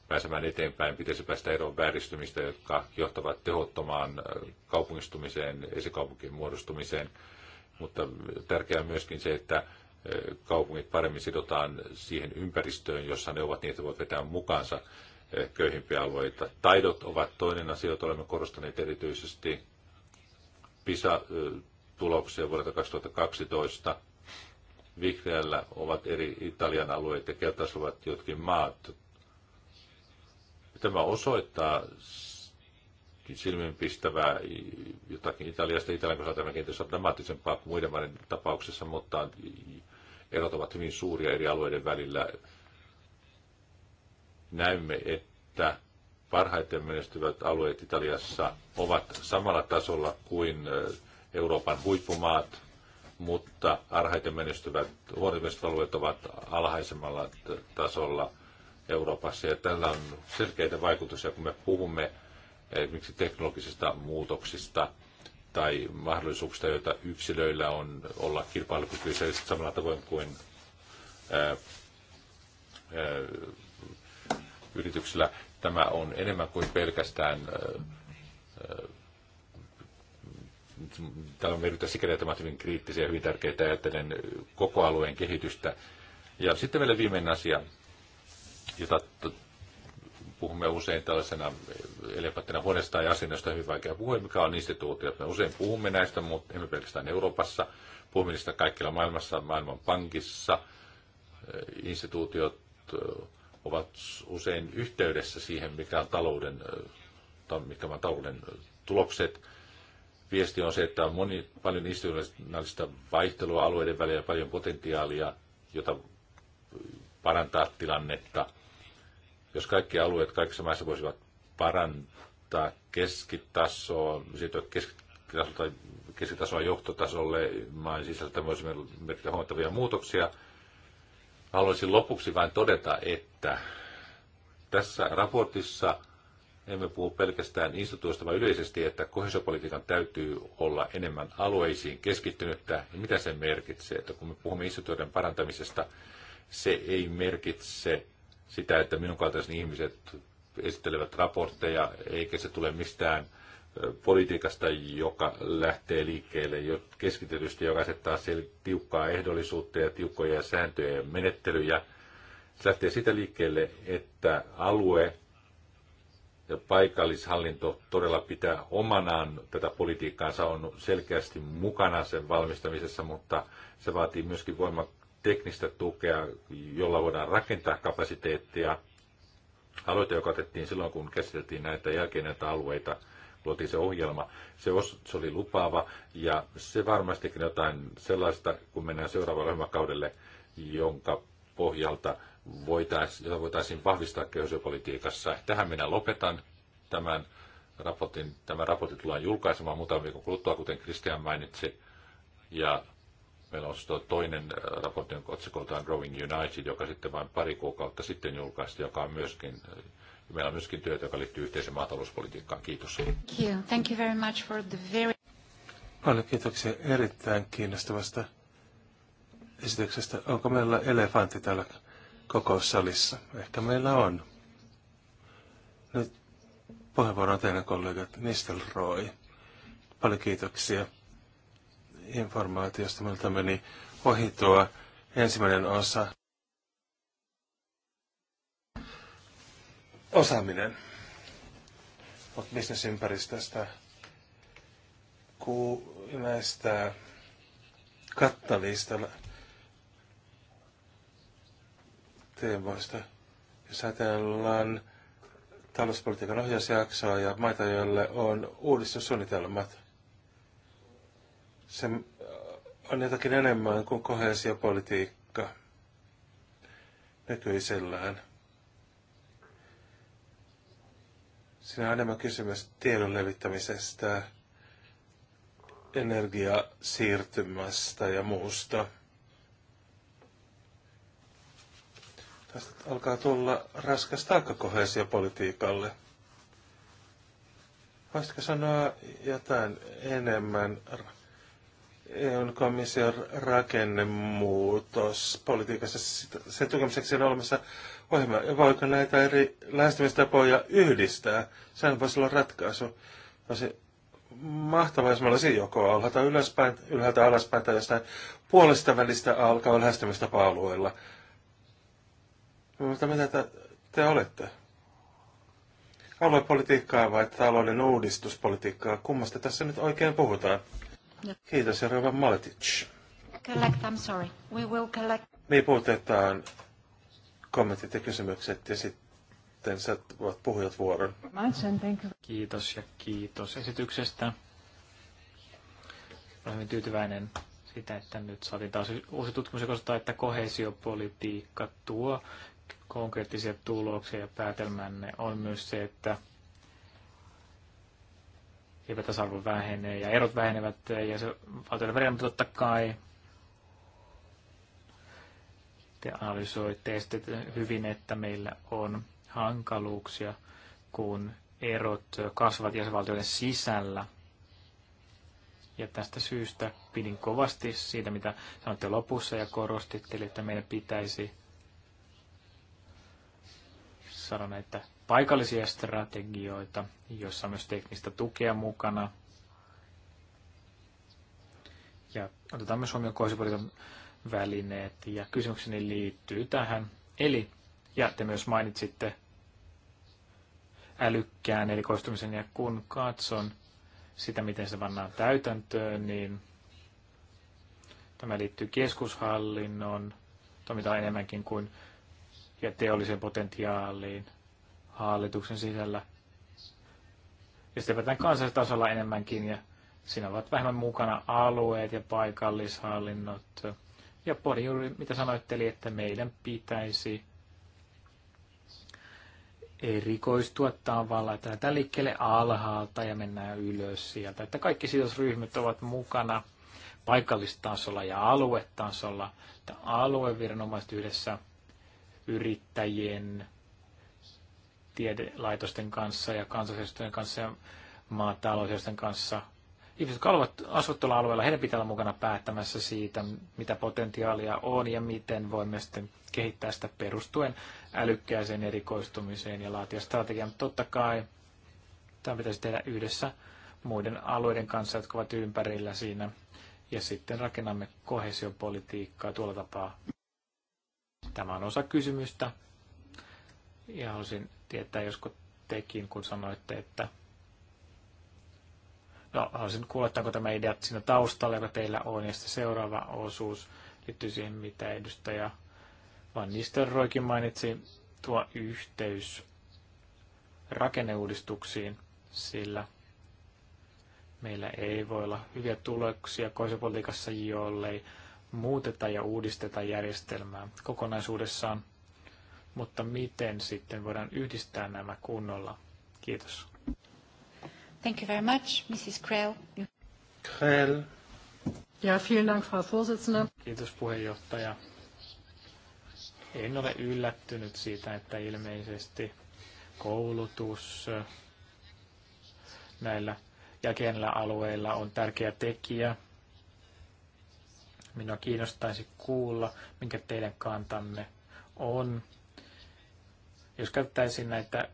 Speaker 4: pääsemään eteenpäin, pitäisi päästä eroon vääristymistä, jotka johtavat tehottomaan kaupungistumiseen, esikaupunkien muodostumiseen. Mutta tärkeää on myöskin se, että kaupungit paremmin sidotaan siihen ympäristöön, jossa ne ovat niin, että voivat vetää mukaansa köyhimpiä alueita. Taidot ovat toinen asia, jota olemme korostaneet erityisesti. PISA tuloksia vuodelta 2012. Vihreällä ovat eri Italian alueet ja keltaisuvat jotkin maat. Tämä osoittaa silmiinpistävää jotakin Italiasta. Italian kanssa tämä kenties on dramaattisempaa kuin muiden maiden tapauksessa, mutta erot ovat hyvin suuria eri alueiden välillä. Näemme, että parhaiten menestyvät alueet Italiassa ovat samalla tasolla kuin Euroopan huippumaat, mutta arhaiten menestyvät huonommiset ovat alhaisemmalla tasolla Euroopassa. Ja tällä on selkeitä vaikutuksia, kun me puhumme esimerkiksi teknologisista muutoksista tai mahdollisuuksista, joita yksilöillä on olla kilpailukykyisiä samalla tavoin kuin ää, ää, yrityksillä. Tämä on enemmän kuin pelkästään ää, täällä on merkitystä sikäli, että hyvin kriittisiä ja hyvin tärkeitä ajattelen koko alueen kehitystä. Ja sitten vielä viimeinen asia, jota puhumme usein tällaisena elefanttina huoneesta ja asennosta hyvin vaikea puhua, mikä on instituutio. Me usein puhumme näistä, mutta emme pelkästään Euroopassa. Puhumme niistä kaikilla maailmassa, maailman pankissa. Instituutiot ovat usein yhteydessä siihen, mikä on talouden, mikä on talouden tulokset viesti on se, että on moni, paljon institutionaalista vaihtelua alueiden välillä, paljon potentiaalia, jota parantaa tilannetta. Jos kaikki alueet kaikissa maissa voisivat parantaa keskitasoa, siirtyä tai keskitasoa johtotasolle maan sisältä, voisimme merkitä huomattavia muutoksia. Haluaisin lopuksi vain todeta, että tässä raportissa – emme puhu pelkästään instituutioista, vaan yleisesti, että kohesiopolitiikan täytyy olla enemmän alueisiin keskittynyttä. Ja mitä se merkitsee? Että kun me puhumme instituutioiden parantamisesta, se ei merkitse sitä, että minun kaltaiseni ihmiset esittelevät raportteja, eikä se tule mistään politiikasta, joka lähtee liikkeelle jo keskitetysti, joka asettaa tiukkaa ehdollisuutta ja tiukkoja sääntöjä ja menettelyjä. Se lähtee sitä liikkeelle, että alue ja paikallishallinto todella pitää omanaan tätä politiikkaansa, on selkeästi mukana sen valmistamisessa, mutta se vaatii myöskin voimateknistä teknistä tukea, jolla voidaan rakentaa kapasiteettia. Aloite, joka otettiin silloin, kun käsiteltiin näitä jälkeen näitä alueita, luotiin se ohjelma, se, os, se oli lupaava ja se varmastikin jotain sellaista, kun mennään seuraavalle ohjelmakaudelle, jonka pohjalta voitaisiin, jota voitaisiin vahvistaa kehityspolitiikassa. Tähän minä lopetan tämän raportin. Tämä raportti tullaan julkaisemaan muutaman viikon kuluttua, kuten Kristian mainitsi. Ja meillä on toinen äh, raportti, jonka otsikoltaan Growing United, joka sitten vain pari kuukautta sitten julkaistiin, joka on myöskin äh, Meillä on myöskin työtä, joka liittyy yhteiseen maatalouspolitiikkaan. Kiitos.
Speaker 1: Thank you. Thank you very much for the very...
Speaker 4: Anna, kiitoksia erittäin kiinnostavasta esityksestä.
Speaker 2: Onko meillä elefantti täällä kokoussalissa. Ehkä meillä on. Nyt on teidän kollegat Roy. Paljon kiitoksia informaatiosta. Meiltä meni ohi tuo ensimmäinen osa. Osaaminen. Mutta bisnesympäristöstä ku näistä kattavista teemoista. Jos ajatellaan talouspolitiikan ohjausjaksoa ja maita, joille on uudistussuunnitelmat, se on jotakin enemmän kuin kohesiopolitiikka nykyisellään. Siinä on enemmän kysymys tiedon levittämisestä, energiasiirtymästä ja muusta. Tästä alkaa tulla raskas taakka kohesiopolitiikalle. Voisitko sanoa jotain enemmän EUn komission rakennemuutos politiikassa sen tukemiseksi on olemassa ohjelma. Voiko näitä eri lähestymistapoja yhdistää? Sehän voisi olla ratkaisu. Voisi mahtavaa, jos me olisi joko alhaalta ylöspäin, ylhäältä alaspäin tai jostain puolesta välistä alkaa lähestymistapa-alueella. Mutta mitä te, te olette? Aluepolitiikkaa vai talouden uudistuspolitiikkaa? Kummasta tässä nyt oikein puhutaan? Kiitos, Rova Maletic.
Speaker 1: Collect, I'm sorry. We will collect. Me
Speaker 2: niin, puutetaan kommentit ja kysymykset ja sitten sä voit
Speaker 3: puhujat vuoron. Kiitos ja kiitos esityksestä. Olen hyvin tyytyväinen sitä, että nyt saatiin taas uusi tutkimus, joka osoittaa, että kohesiopolitiikka tuo konkreettisia tuloksia ja päätelmänne on myös se, että epätasa-arvo vähenee ja erot vähenevät ja se valtioiden välillä, mutta totta kai te analysoitte sitten hyvin, että meillä on hankaluuksia, kun erot kasvavat jäsenvaltioiden sisällä. Ja tästä syystä pidin kovasti siitä, mitä sanoitte lopussa ja korostitte, että meidän pitäisi saada näitä paikallisia strategioita, joissa on myös teknistä tukea mukana. Ja otetaan myös huomioon kohdistuspolitiikan välineet ja kysymykseni liittyy tähän. Eli, ja te myös mainitsitte älykkään erikoistumisen ja kun katson sitä, miten se pannaan täytäntöön, niin tämä liittyy keskushallinnon toimintaan enemmänkin kuin ja teolliseen potentiaaliin hallituksen sisällä. Ja sitten päätään kansallistasolla enemmänkin ja siinä ovat vähemmän mukana alueet ja paikallishallinnot. Ja Pori juuri mitä sanoitte, eli että meidän pitäisi erikoistua tavalla, että lähdetään liikkeelle alhaalta ja mennään ylös sieltä. Että kaikki sidosryhmät ovat mukana paikallistasolla ja aluetasolla, että alueviranomaiset yhdessä yrittäjien, tiedelaitosten kanssa ja kansallisjärjestöjen kanssa ja maatalousjärjestöjen kanssa. Ihmiset, jotka asuvat, asuvat tuolla alueella, heidän pitää olla mukana päättämässä siitä, mitä potentiaalia on ja miten voimme sitten kehittää sitä perustuen älykkääseen erikoistumiseen ja laatia strategian. Totta kai tämä pitäisi tehdä yhdessä muiden alueiden kanssa, jotka ovat ympärillä siinä. Ja sitten rakennamme kohesiopolitiikkaa tuolla tapaa. Tämä on osa kysymystä. Ja halusin tietää, josko tekin, kun sanoitte, että... No, haluaisin kuulla, että onko tämä idea siinä taustalla, joka teillä on, ja sitten seuraava osuus liittyy siihen, mitä edustaja Van Nistelrooikin mainitsi, tuo yhteys rakenneuudistuksiin, sillä meillä ei voi olla hyviä tuloksia koisopolitiikassa, jollei muuteta ja uudisteta järjestelmää kokonaisuudessaan, mutta miten sitten voidaan yhdistää nämä kunnolla? Kiitos.
Speaker 1: Thank you very much, Mrs. Krell. Krell. Ja, vielen Dank, Frau Vorsitzende.
Speaker 3: Kiitos puheenjohtaja. En ole yllättynyt siitä, että ilmeisesti koulutus eh, näillä jäkenillä alueilla on tärkeä tekijä Minua kiinnostaisi kuulla, minkä teidän kantanne on. Jos käyttäisin näitä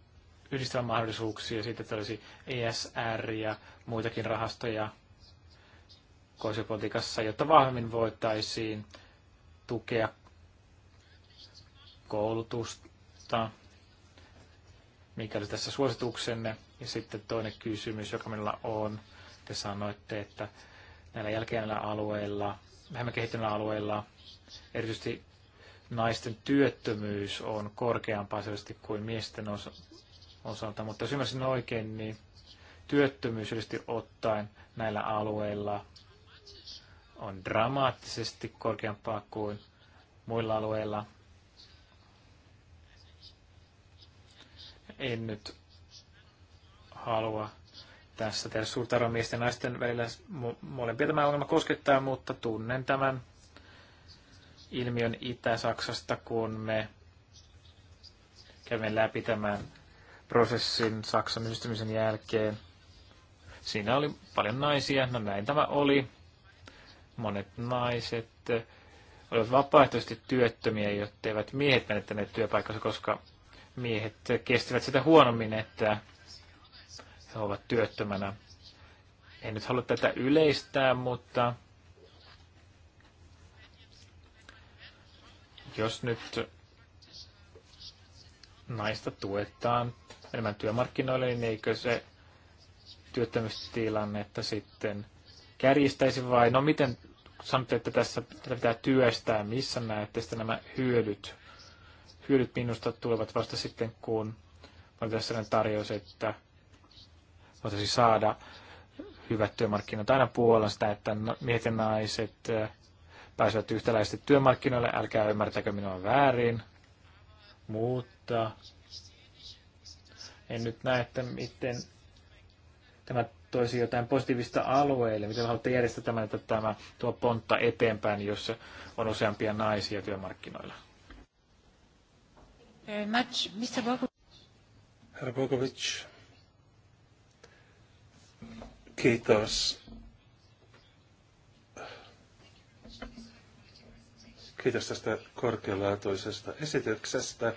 Speaker 3: yhdistelmämahdollisuuksia, siitä olisi ESR ja muitakin rahastoja koisopolitiikassa, jotta vahvemmin voitaisiin tukea koulutusta, mikä oli tässä suosituksenne. Ja sitten toinen kysymys, joka minulla on, te sanoitte, että näillä jälkeisillä alueilla vähemmän kehittyneillä alueilla, erityisesti naisten työttömyys on korkeampaa selvästi kuin miesten osa osalta, mutta jos ymmärsin oikein, niin työttömyys yleisesti ottaen näillä alueilla on dramaattisesti korkeampaa kuin muilla alueilla. En nyt halua tässä tehdä suurta eroa miesten ja naisten välillä. Molempia tämä ongelma koskettaa, mutta tunnen tämän ilmiön Itä-Saksasta, kun me kävimme läpi tämän prosessin Saksan yhdistymisen jälkeen. Siinä oli paljon naisia, no näin tämä oli. Monet naiset olivat vapaaehtoisesti työttömiä, jotta eivät miehet menettäneet työpaikkansa, koska miehet kestivät sitä huonommin, että ovat työttömänä. En nyt halua tätä yleistää, mutta jos nyt naista tuetaan enemmän työmarkkinoille, niin eikö se työttömyystilannetta sitten kärjistäisi vai no miten sanotte, että tässä tätä pitää työstää, missä näette sitten nämä hyödyt? Hyödyt minusta tulevat vasta sitten, kun on tässä tarjous, että voitaisiin saada hyvät työmarkkinat. Aina puolesta, että miehet ja naiset pääsevät yhtäläisesti työmarkkinoille, älkää ymmärtäkö minua väärin, mutta en nyt näe, että miten tämä toisi jotain positiivista alueille, miten haluatte järjestää tämän, että tämä tuo pontta eteenpäin, jos on useampia naisia työmarkkinoilla. Herra
Speaker 2: Bogovic. Kiitos. Kiitos tästä korkealaatuisesta esityksestä.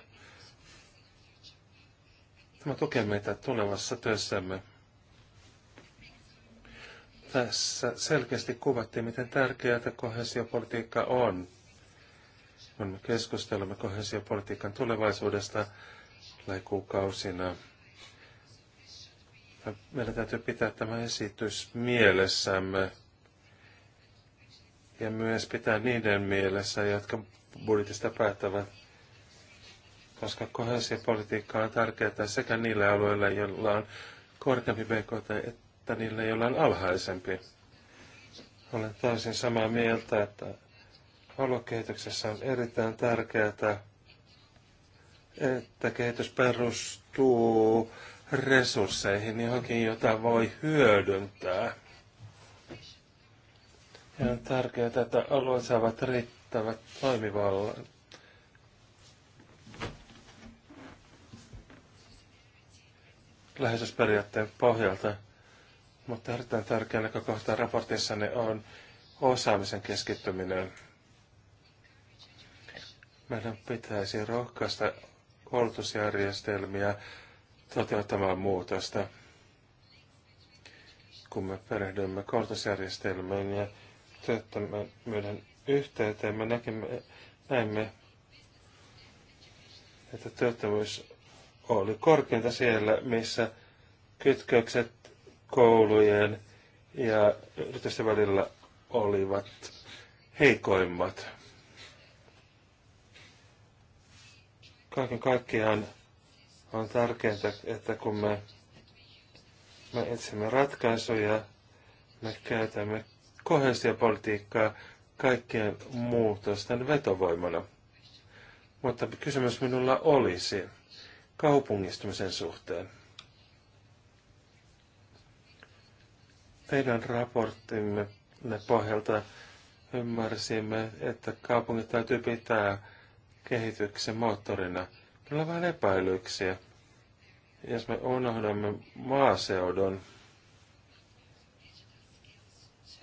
Speaker 2: Tämä tukee meitä tulevassa työssämme. Tässä selkeästi kuvattiin, miten tärkeää kohesiopolitiikka on. Kun me keskustelemme kohesiopolitiikan tulevaisuudesta lähikuukausina, meillä täytyy pitää tämä esitys mielessämme ja myös pitää niiden mielessä, jotka budjetista päättävät, koska kohesiopolitiikka on tärkeää sekä niille alueille, joilla on korkeampi BKT, että niille, joilla on alhaisempi. Olen täysin samaa mieltä, että aluekehityksessä on erittäin tärkeää, että kehitys perustuu resursseihin johonkin, jota voi hyödyntää. Ja on tärkeää, että alueet saavat riittävät toimivallan. läheisyysperiaatteen pohjalta, mutta erittäin tärkeä näkökohta raportissanne on osaamisen keskittyminen. Meidän pitäisi rohkaista koulutusjärjestelmiä toteuttamaan muutosta. Kun me perehdymme koulutusjärjestelmään ja työttömyyden yhteyteen, me näkemme, näemme, että työttömyys oli korkeinta siellä, missä kytkökset koulujen ja yritysten välillä olivat heikoimmat. Kaiken kaikkiaan on tärkeintä, että kun me, me etsimme ratkaisuja, me käytämme kohesiopolitiikkaa kaikkien muutosten vetovoimana. Mutta kysymys minulla olisi kaupungistumisen suhteen. Teidän raporttimme ne pohjalta ymmärsimme, että kaupungit täytyy pitää kehityksen moottorina – Meillä on vähän epäilyksiä. Jos me unohdamme maaseudun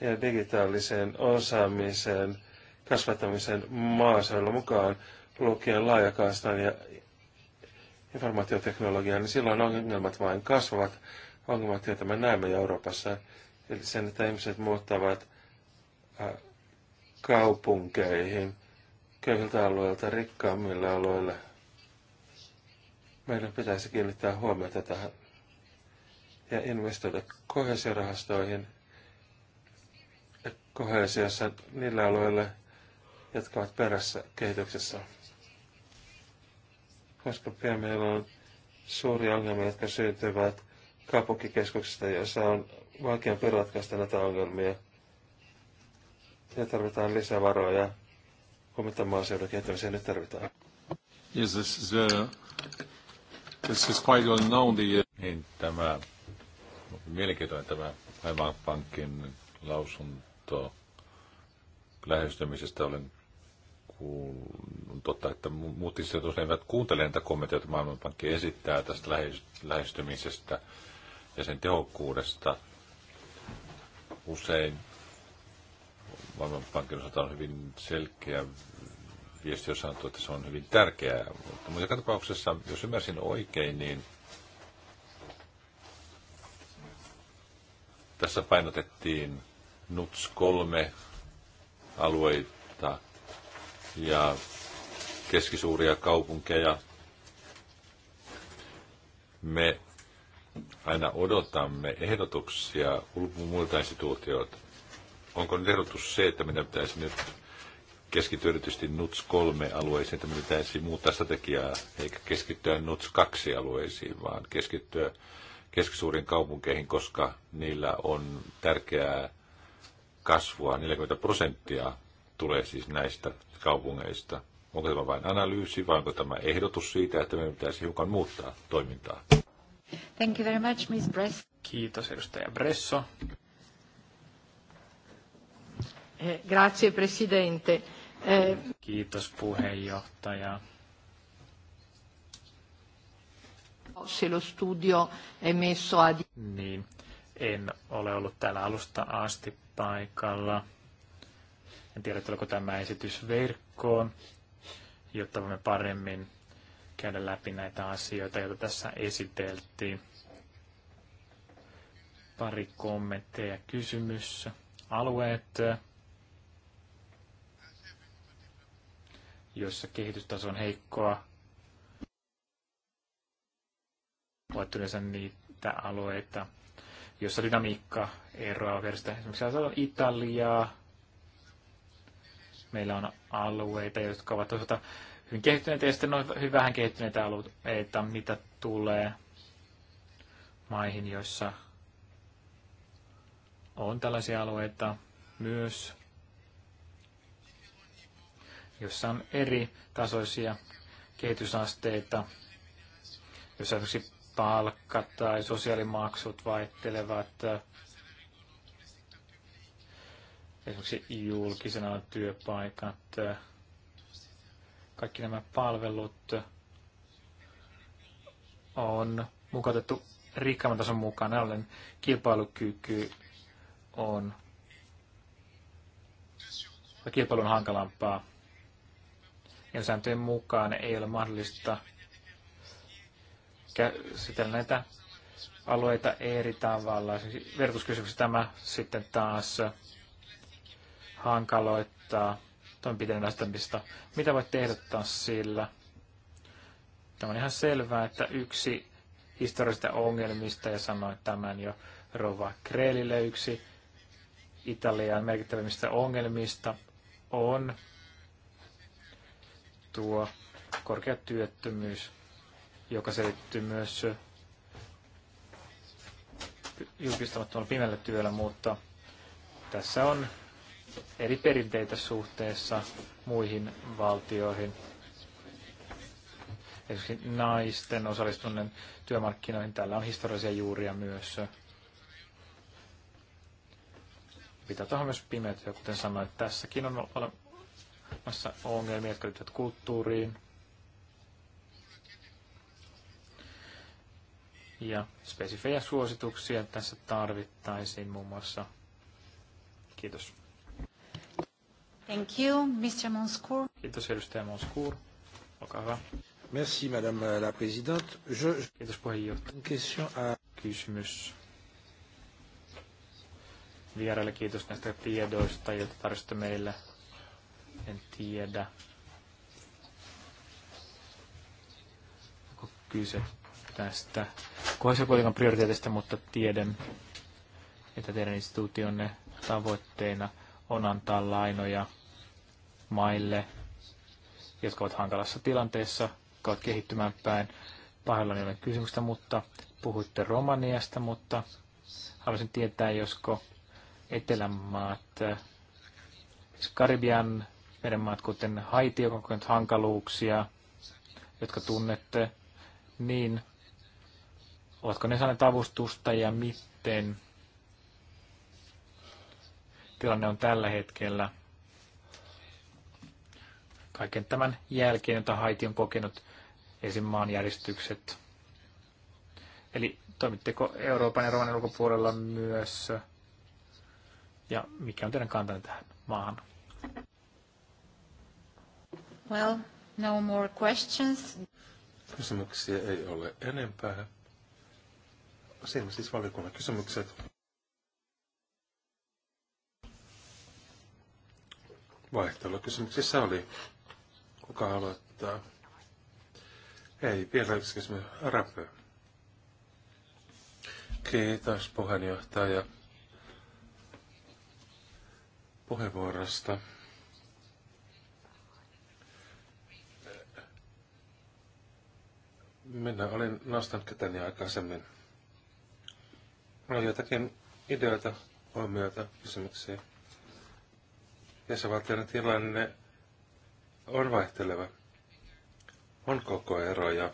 Speaker 2: ja digitaaliseen osaamiseen, kasvattamisen maaseudulla mukaan lukien laajakaistan ja informaatioteknologiaa, niin silloin ongelmat vain kasvavat. Ongelmat, joita me näemme Euroopassa, eli sen, että ihmiset muuttavat äh, kaupunkeihin köyhiltä alueilta rikkaammille alueille – meidän pitäisi kiinnittää huomiota tähän ja investoida kohesiorahastoihin ja kohesiossa niillä alueilla, jotka ovat perässä kehityksessä. Koska pian meillä on suuria ongelmia, jotka syntyvät kaupunkikeskuksista, joissa on vaikeampi ratkaista näitä ongelmia. Ja tarvitaan lisävaroja, kun mitä maaseudun kehittämiseen nyt tarvitaan.
Speaker 4: Yes, this is, uh, This is quite well known, the... Uh, niin, tämä, mielenkiintoinen tämä Maailmanpankin lausunto lähestymisestä olen kuullut. totta, että muut instituutiot eivät kuuntele niitä kommentteja, joita Maailmanpankki esittää tästä lähestymisestä ja sen tehokkuudesta. Usein Maailmanpankin osalta on hyvin selkeä viesti on sanottu, että se on hyvin tärkeää. Mutta joka tapauksessa, jos ymmärsin oikein, niin tässä painotettiin NUTS 3 alueita ja keskisuuria kaupunkeja. Me aina odotamme ehdotuksia muilta instituutioilta. Onko nyt ehdotus se, että meidän pitäisi nyt keskity erityisesti NUTS 3 alueisiin, että meidän pitäisi muuttaa strategiaa eikä keskittyä NUTS 2 alueisiin, vaan keskittyä keskisuuriin kaupunkeihin, koska niillä on tärkeää kasvua. 40 prosenttia tulee siis näistä kaupungeista. Onko tämä vain analyysi vai onko tämä ehdotus siitä, että meidän pitäisi hiukan muuttaa toimintaa?
Speaker 1: Thank you very much, Ms. Bress.
Speaker 4: Kiitos, edustaja Bresso.
Speaker 1: Eh, grazie, Presidente.
Speaker 3: Kiitos puheenjohtaja.
Speaker 1: Se lo studio
Speaker 4: è messo a...
Speaker 3: Niin, en ole ollut täällä alusta asti paikalla. En tiedä, tuleeko tämä esitys verkkoon, jotta voimme paremmin käydä läpi näitä asioita, joita tässä esiteltiin. Pari kommentteja ja kysymys. Alueet, joissa kehitystaso on heikkoa, Voit yleensä niitä alueita, joissa dynamiikka eroaa versiosta. Esimerkiksi on Italiaa. Meillä on alueita, jotka ovat toisaalta hyvin kehittyneitä ja sitten on hyvin vähän kehittyneitä alueita, mitä tulee maihin, joissa on tällaisia alueita myös jossa on eri tasoisia kehitysasteita, jossa esimerkiksi palkka tai sosiaalimaksut vaihtelevat. Äh, esimerkiksi julkisena työpaikat, äh, kaikki nämä palvelut äh, on mukautettu rikkaamman tason mukaan. Näin ollen kilpailukyky on on hankalampaa ja sääntöjen mukaan ei ole mahdollista käsitellä näitä alueita eri tavalla. Siis Vertuskysymys tämä sitten taas hankaloittaa toimenpiteiden asettamista. Mitä voit ehdottaa sillä? Tämä on ihan selvää, että yksi historiallisista ongelmista, ja sanoin tämän jo Rova Kreelille, yksi Italian merkittävimmistä ongelmista on tuo korkea työttömyys, joka selittyy myös julkistamattomalla pimeällä työllä, mutta tässä on eri perinteitä suhteessa muihin valtioihin. Esimerkiksi naisten osallistuminen työmarkkinoihin, tällä on historiallisia juuria myös. Pitää tuohon myös pimeätyö, kuten sanoin, että tässäkin on Euroopassa ongelmia, jotka liittyvät kulttuuriin. Ja spesifejä suosituksia tässä tarvittaisiin muun muassa. Kiitos.
Speaker 1: Thank you, Mr. Monscourt.
Speaker 3: Kiitos, edustaja Monscourt. Olkaa hyvä. Merci, madame la présidente. Je... Kiitos, puheenjohtaja. Question à... Kysymys vieraille kiitos näistä tiedoista, joita tarjositte meille en tiedä. Onko kyse tästä kohdallisuuspolitiikan prioriteetista, mutta tiedän, että teidän instituutionne tavoitteena on antaa lainoja maille, jotka ovat hankalassa tilanteessa, jotka ovat kehittymään päin. Pahoillani olen kysymystä, mutta puhuitte Romaniasta, mutta haluaisin tietää, josko Etelämaat, siis Karibian meidän kuten Haiti, on kokenut hankaluuksia, jotka tunnette, niin ovatko ne saaneet avustusta ja miten tilanne on tällä hetkellä kaiken tämän jälkeen, jota Haiti on kokenut esim. maanjäristykset. Eli toimitteko Euroopan ja Romanian ulkopuolella myös? Ja mikä on teidän kantanne tähän maahan?
Speaker 1: Well, no more questions.
Speaker 2: Kysymyksiä ei ole enempää. Siinä siis valiokunnan kysymykset. Vaihtelu kysymyksissä oli. Kuka aloittaa? Ei, vielä yksi kysymys. Rappö. Kiitos puheenjohtaja puheenvuorosta. Minä olin nostanut käteni aikaisemmin. Oli jotakin ideoita, huomioita, kysymyksiä. Jäsenvaltioiden tilanne on vaihteleva. On koko eroja.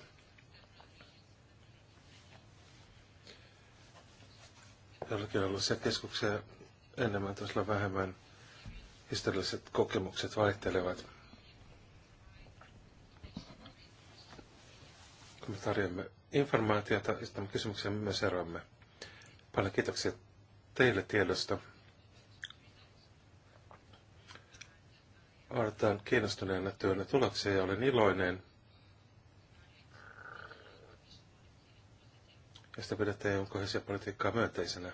Speaker 2: Jollakin on ollut se keskuksia enemmän, toisella vähemmän. Historialliset kokemukset vaihtelevat. Me tarjoamme informaatiota, esitämme kysymyksiä, me myös eroamme. Paljon kiitoksia teille tiedosta. Odotan kiinnostuneena työnä tuloksia ja olen iloinen. Ja sitä pidätte EUn politiikkaa myönteisenä.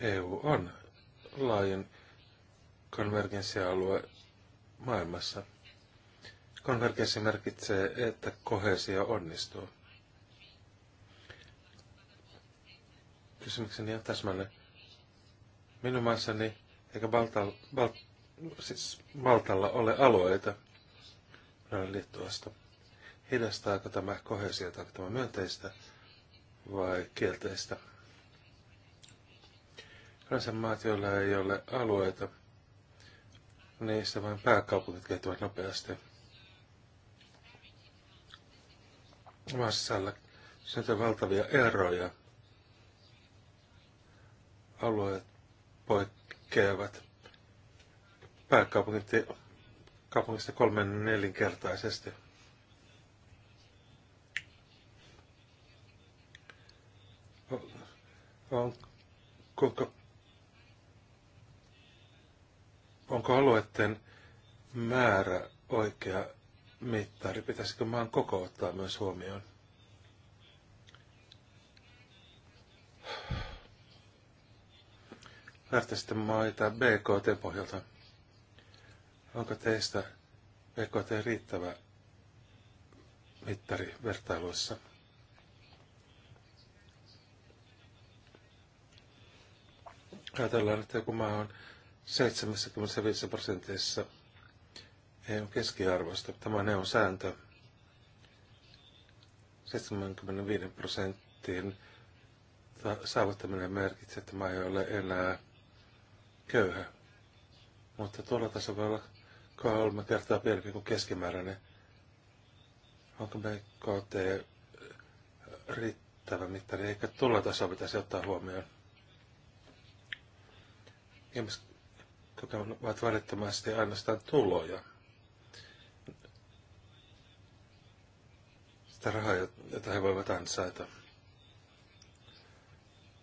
Speaker 2: EU on laajin konvergenssialue maailmassa. Konvergenssi merkitsee, että kohesio onnistuu. Kysymykseni on täsmälleen. Minun maassani eikä Baltal, Bal, siis Baltalla ole alueita liittuvasta. Hidastaako tämä kohesio onko tämä myönteistä vai kielteistä? Kansanmaat, joilla ei ole alueita, niistä vain pääkaupungit kehittyvät nopeasti. Maan sisällä syntyy valtavia eroja. Alueet poikkeavat kaupungista kolmen nelinkertaisesti. On, kuinka onko alueiden määrä oikea mittari? Pitäisikö maan koko ottaa myös huomioon? sitten maita BKT-pohjalta. Onko teistä BKT riittävä mittari vertailuissa? Ajatellaan, että joku maa on 75 prosentissa EUn keskiarvosta. Tämä on EUn sääntö. 75 prosenttiin saavuttaminen merkitsee, että maa ei ole enää köyhä. Mutta tuolla tasolla voi olla kolme kertaa pienempi kuin keskimääräinen. Onko me KT riittävä mittari? Eikä tuolla tasolla pitäisi ottaa huomioon. Ihmiset Tota, ovat välittömästi ainoastaan tuloja. Sitä rahaa, jota he voivat ansaita.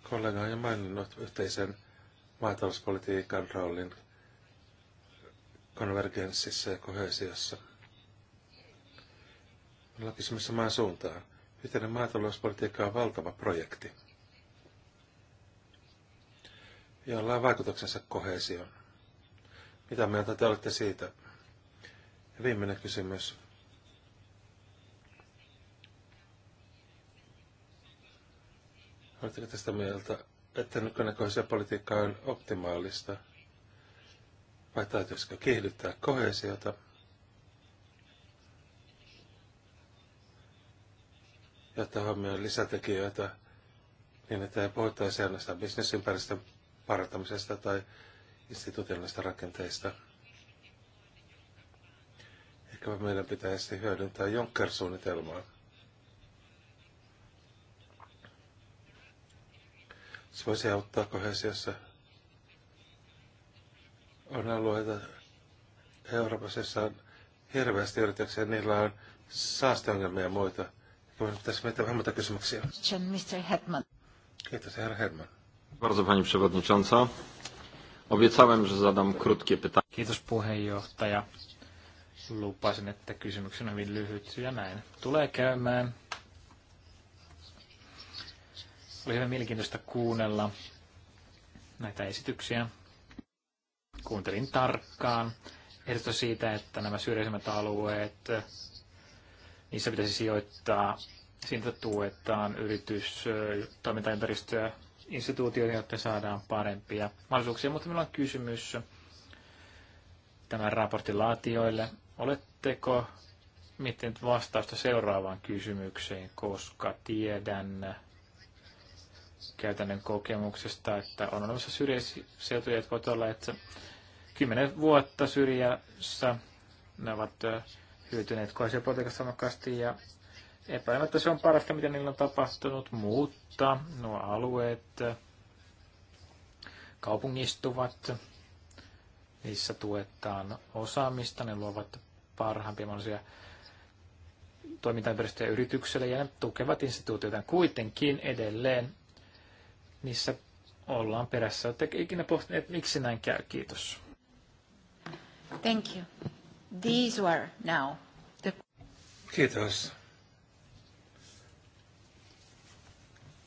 Speaker 2: Kollega on jo maininnut yhteisen maatalouspolitiikan roolin konvergenssissa ja kohesiossa. Ollaan kysymys samaan suuntaan. Yhteinen maatalouspolitiikka on valtava projekti, jolla on vaikutuksensa kohesioon. Mitä mieltä te olette siitä? Ja viimeinen kysymys. Oletteko tästä mieltä, että nykynäköisiä politiikkaa on optimaalista? Vai täytyisikö kiihdyttää kohesiota? Jotta huomioon lisätekijöitä niin, että ei puhuttaisi ainoastaan bisnesympäristön parantamisesta tai institutionaalisista rakenteista. Ehkä meidän pitäisi hyödyntää Jonker-suunnitelmaa. Se voisi auttaa kohesiossa. On alueita Euroopassa, jossa on hirveästi yrityksiä, niillä on saasteongelmia ja muita. Tässä meitä vähän muita kysymyksiä. Kiitos, herra Hedman.
Speaker 4: Bardzo Pani Przewodnicząca.
Speaker 3: Obiecałem, że zadam krótkie pytanie. Kiitos puheenjohtaja. Lupasin, että kysymyksen on hyvin lyhyt ja näin. Tulee käymään. Oli hyvin mielenkiintoista kuunnella näitä esityksiä. Kuuntelin tarkkaan. Ehdotus siitä, että nämä syrjäisemmät alueet, niissä pitäisi sijoittaa, siitä tuetaan yritys toimintaympäristöä instituutioita, jotta saadaan parempia mahdollisuuksia. Mutta meillä on kysymys tämän raportin laatijoille. Oletteko miettinyt vastausta seuraavaan kysymykseen, koska tiedän käytännön kokemuksesta, että on olemassa syrjäseutuja, jotka voivat olla, että kymmenen vuotta syrjässä ne ovat hyötyneet koisia politiikasta ja Epäilemättä se on parasta, mitä niillä on tapahtunut, mutta nuo alueet kaupungistuvat, niissä tuetaan osaamista, ne luovat parhaimpia mahdollisia toimintaympäristöjä yritykselle ja ne tukevat instituutioita kuitenkin edelleen. Niissä ollaan perässä. Oletteko ikinä pohtineet, miksi näin käy? Kiitos.
Speaker 1: Thank you. These were now the...
Speaker 3: Kiitos.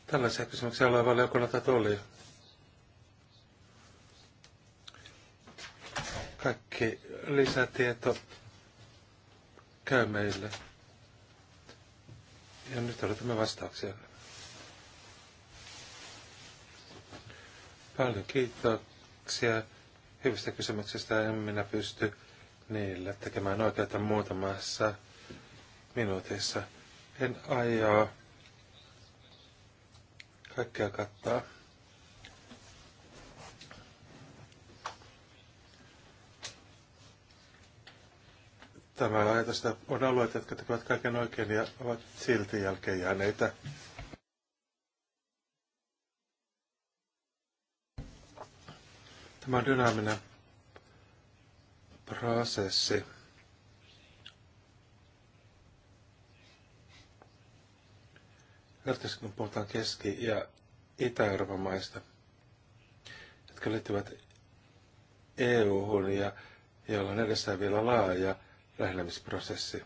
Speaker 2: Tällaisia kysymyksiä aluevaliokunnalta tuli. Kaikki lisätieto käy meille. Ja nyt odotamme vastauksia. Paljon kiitoksia hyvistä kysymyksistä. En minä pysty niille tekemään oikeutta muutamassa minuutissa. En aio kaikkea kattaa. Tämä ajatus on alueita, jotka tekevät kaiken oikein ja ovat silti jälkeen jääneitä. Tämä on dynaaminen prosessi. erityisesti kun puhutaan Keski- ja Itä-Euroopan maista, jotka liittyvät EU-hun ja joilla on edessään vielä laaja lähenemisprosessi.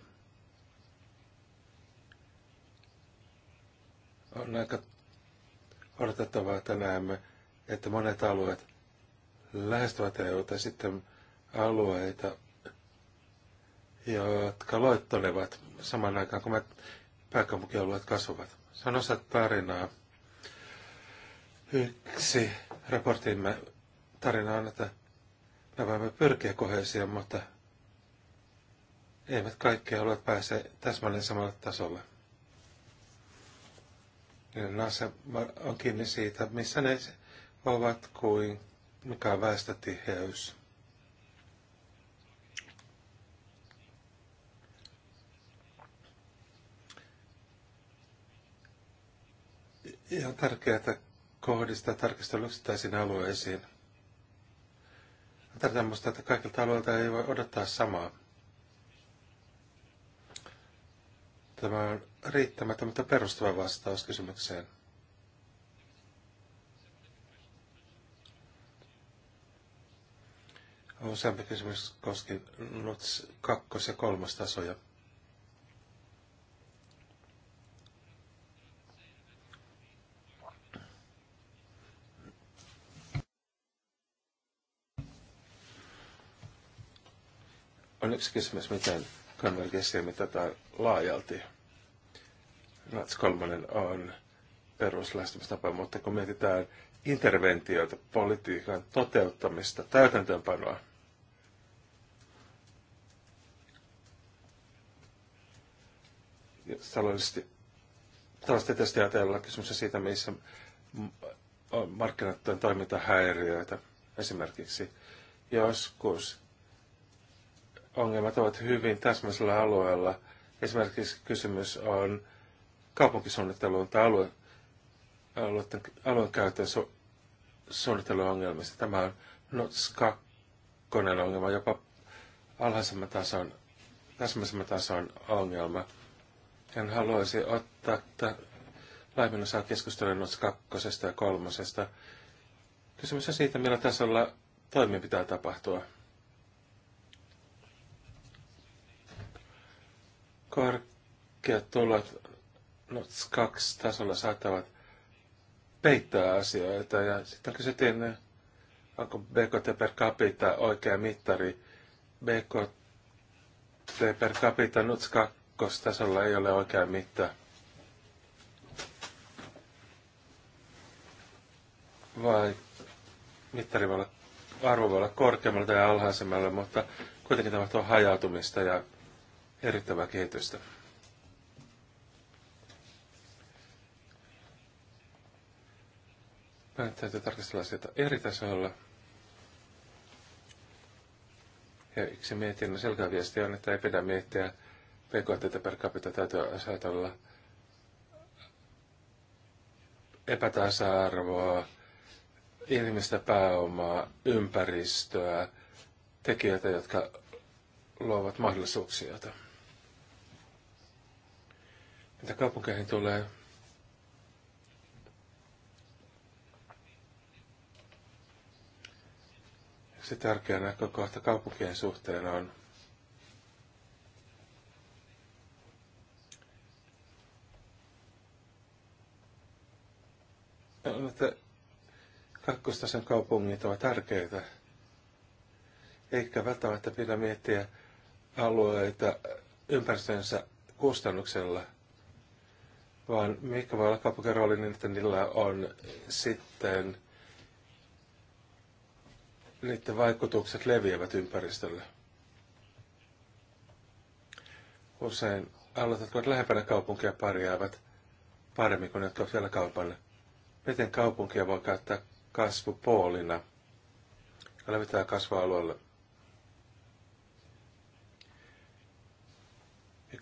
Speaker 2: On aika odotettavaa, että näemme, että monet alueet lähestyvät EU tai sitten alueita, jotka loittonevat saman aikaan, kun me pääkaupunkialueet kasvavat. Se on osa tarinaa. Yksi raportimme tarina on, että me voimme pyrkiä kohesioon, mutta eivät kaikki ole pääse täsmälleen samalle tasolle. Niiden asema on kiinni siitä, missä ne ovat kuin mikä on väestötiheys. ihan on tärkeää kohdistaa tarkastelu yksittäisiin alueisiin. On tärkeää että kaikilta alueilta ei voi odottaa samaa. Tämä on riittämätön, mutta perustava vastaus kysymykseen. Useampi kysymys koski NUTS 2 ja 3 tasoja. on yksi kysymys, miten konvergenssia mitataan laajalti. Rats kolmonen on peruslähestymistapa, mutta kun mietitään interventioita, politiikan toteuttamista, täytäntöönpanoa, taloudellisesti, taloudellisesti tietysti ajatellaan kysymys siitä, missä markkinoiden toimintahäiriöitä esimerkiksi. Joskus ongelmat ovat hyvin täsmäisellä alueella. Esimerkiksi kysymys on kaupunkisuunnitteluun tai alue, alueiden, alueenkäytön su, suunnittelun ongelmista. Tämä on NOTS 2 ongelma, jopa alhaisemman tason, täsmäisemmän tason ongelma. Hän haluaisi ottaa laimin osaa keskustella NOTS 2 ja 3. Kysymys on siitä, millä tasolla toimi pitää tapahtua. karkeat tulot NOTS 2 tasolla saattavat peittää asioita ja sitten kysyttiin, onko BKT per capita oikea mittari. BKT per capita NOTS 2 tasolla ei ole oikea mitta Vai mittari voi olla, arvo voi olla korkeammalla tai alhaisemmalla, mutta kuitenkin tämä on hajautumista ja erittävää kehitystä. Meidän täytyy tarkastella sieltä eri tasoilla. Ja yksi mietinnön selkeä viesti on, että ei pidä miettiä PKT per capita täytyy ajatella epätasa-arvoa, ihmistä pääomaa, ympäristöä, tekijöitä, jotka luovat mahdollisuuksia. Mitä kaupunkeihin tulee? Se tärkeä näkökohta kaupunkien suhteen on että sen kaupungit ovat tärkeitä. Eikä välttämättä pidä miettiä alueita ympäristönsä kustannuksella – vaan mikä voi olla kaupunkien rooli niin, että niillä on sitten niiden vaikutukset leviävät ympäristölle. Usein alueet, jotka ovat lähempänä kaupunkia, pärjäävät paremmin kuin ne, jotka ovat vielä kaupalla. Miten kaupunkia voi käyttää kasvupoolina ja levittää kasvua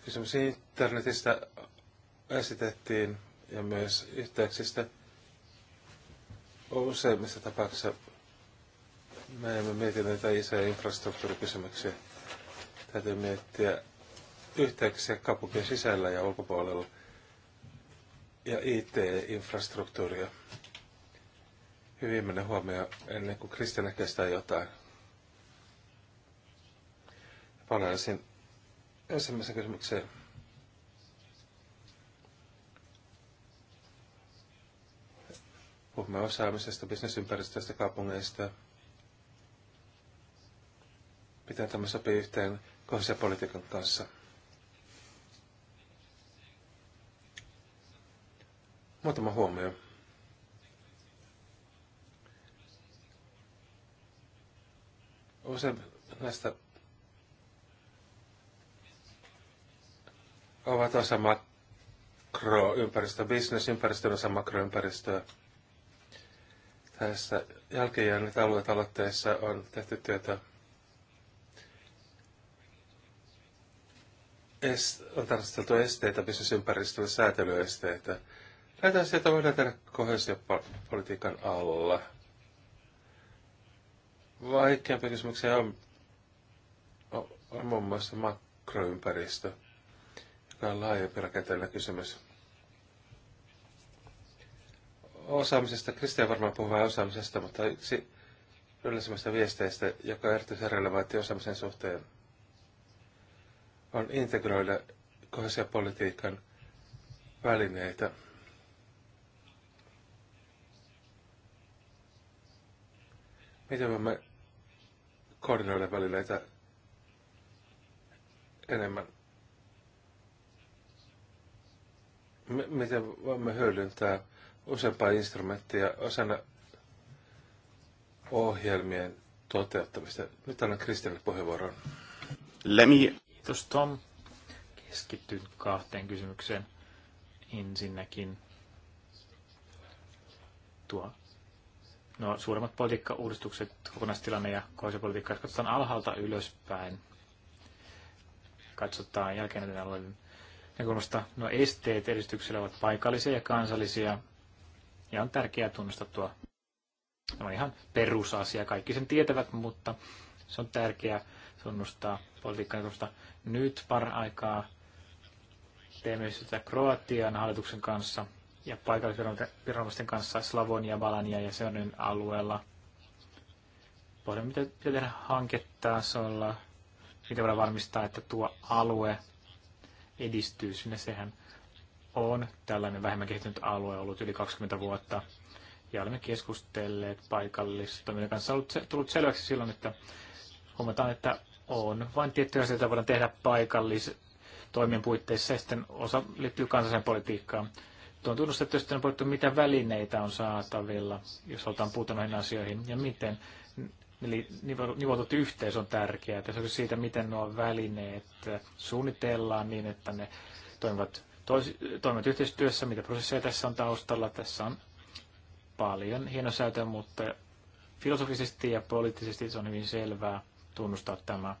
Speaker 2: kysymys internetistä esitettiin ja myös yhteyksistä useimmissa tapauksissa me emme mieti näitä isoja infrastruktuurikysymyksiä. Täytyy miettiä yhteyksiä kaupunkien sisällä ja ulkopuolella ja IT-infrastruktuuria. Hyvin mennä huomioon ennen kuin Kristi näkee sitä jotain. Palaisin ensimmäisen kysymykseen. Puhumme osaamisesta, bisnesympäristöstä, kaupungeista. Pitää tämä sopii yhteen kohdisen kanssa. Muutama huomio. Usein näistä ovat osa makroympäristöä, bisnesympäristön osa makroympäristöä. Tässä jälkeenjäänyt alueet aloitteessa on tehty työtä est, on tarkasteltu esteitä ympäristöllä säätelyesteitä. Näitä asioita voidaan tehdä kohesiopolitiikan alla. Vaikeampi kysymyksiä on, on, on muun muassa makroympäristö, joka on laajempi rakenteellinen kysymys osaamisesta, Kristian varmaan puhuu vähän osaamisesta, mutta yksi yleisimmistä viesteistä, joka on erityisen relevantti osaamisen suhteen, on integroida kohesiopolitiikan välineitä. Miten voimme koordinoida välineitä enemmän? miten voimme hyödyntää useampaa instrumenttia osana ohjelmien
Speaker 3: toteuttamista. Nyt annan Kristianille puheenvuoron. Lemi. Kiitos Tom. Keskityn kahteen kysymykseen. Ensinnäkin tuo no, suuremmat politiikkauudistukset, kokonaistilanne ja kohdallisuuspolitiikka, jos katsotaan alhaalta ylöspäin, katsotaan jälkeen alueiden näkökulmasta, no esteet edistyksellä ovat paikallisia ja kansallisia, ja on tärkeää tunnistaa tuo, on ihan perusasia, kaikki sen tietävät, mutta se on tärkeää tunnustaa politiikkaa nyt para-aikaa. teemme sitä Kroatian hallituksen kanssa ja paikallisviranomaisten kanssa Slavonia, Balania ja Seonin alueella. Pohdimme, mitä pitää tehdä hanketasolla, miten voidaan varmistaa, että tuo alue edistyy sinne. Sehän on tällainen vähemmän kehittynyt alue ollut yli 20 vuotta. Ja olemme keskustelleet paikallistoiminnan kanssa. On tullut selväksi silloin, että huomataan, että on vain tiettyjä asioita, voidaan tehdä paikallistoimien puitteissa. Ja sitten osa liittyy kansalliseen politiikkaan. Tuo on tunnustettu, että on puhuttu, mitä välineitä on saatavilla, jos halutaan puuttua noihin asioihin, ja miten Eli nivoutut yhteys on tärkeää. Tässä on siitä, miten nuo välineet suunnitellaan niin, että ne toimivat tois, yhteistyössä, mitä prosesseja tässä on taustalla. Tässä on paljon hienosäätöä, mutta filosofisesti ja poliittisesti se on hyvin selvää tunnustaa tämä.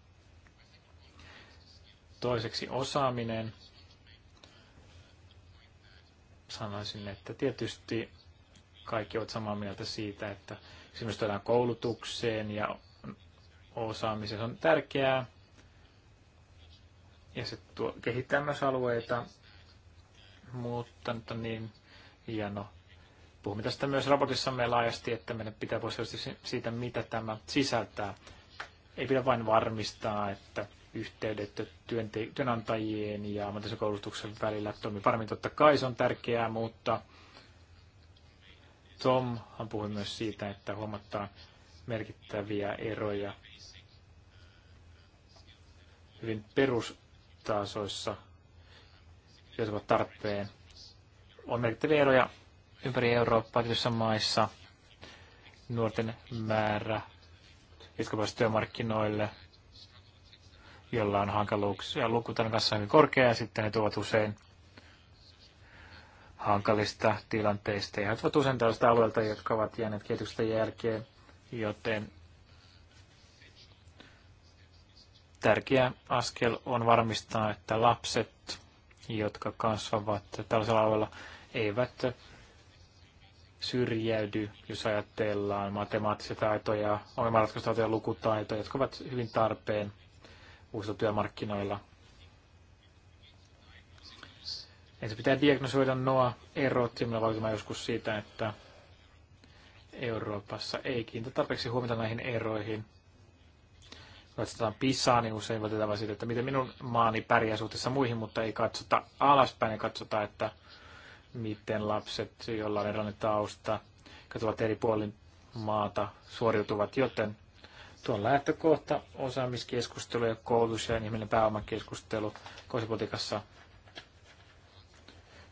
Speaker 3: Toiseksi osaaminen. Sanoisin, että tietysti kaikki ovat samaa mieltä siitä, että investoidaan koulutukseen ja osaamiseen. Se on tärkeää ja se tuo, kehittää myös alueita, on niin hieno. Puhumme tästä myös raportissamme laajasti, että meidän pitää pois siitä, mitä tämä sisältää. Ei pidä vain varmistaa, että yhteydet työnte- työnantajien ja ammatillisen koulutuksen välillä toimii paremmin. Totta kai se on tärkeää, mutta Tom puhui myös siitä, että huomataan merkittäviä eroja hyvin perustasoissa jotka ovat tarpeen. On merkittäviä eroja ympäri Eurooppaa tietyissä maissa. Nuorten määrä, jotka pääsevät työmarkkinoille, jolla on hankaluuksia lukutaidon kanssa hyvin korkea, ja sitten ne tuovat usein hankalista tilanteista. Ja he ovat usein tällaista alueelta, jotka ovat jääneet kehityksestä jälkeen, joten tärkeä askel on varmistaa, että lapset jotka kasvavat tällaisella alueella, eivät syrjäydy, jos ajatellaan matemaattisia taitoja, ongelmanratkaisutaitoja lukutaitoja, jotka ovat hyvin tarpeen uusilla työmarkkinoilla. Ensin pitää diagnosoida nuo erot, ja minä valitamme joskus siitä, että Euroopassa ei kiinnitä tarpeeksi huomiota näihin eroihin – katsotaan pisaa, niin usein vaan siitä, että miten minun maani pärjää suhteessa muihin, mutta ei katsota alaspäin ja katsota, että miten lapset, joilla on erilainen tausta, katsovat eri puolin maata, suoriutuvat, joten tuon lähtökohta, osaamiskeskustelu ja koulutus ja ihminen pääomakeskustelu koisipolitiikassa.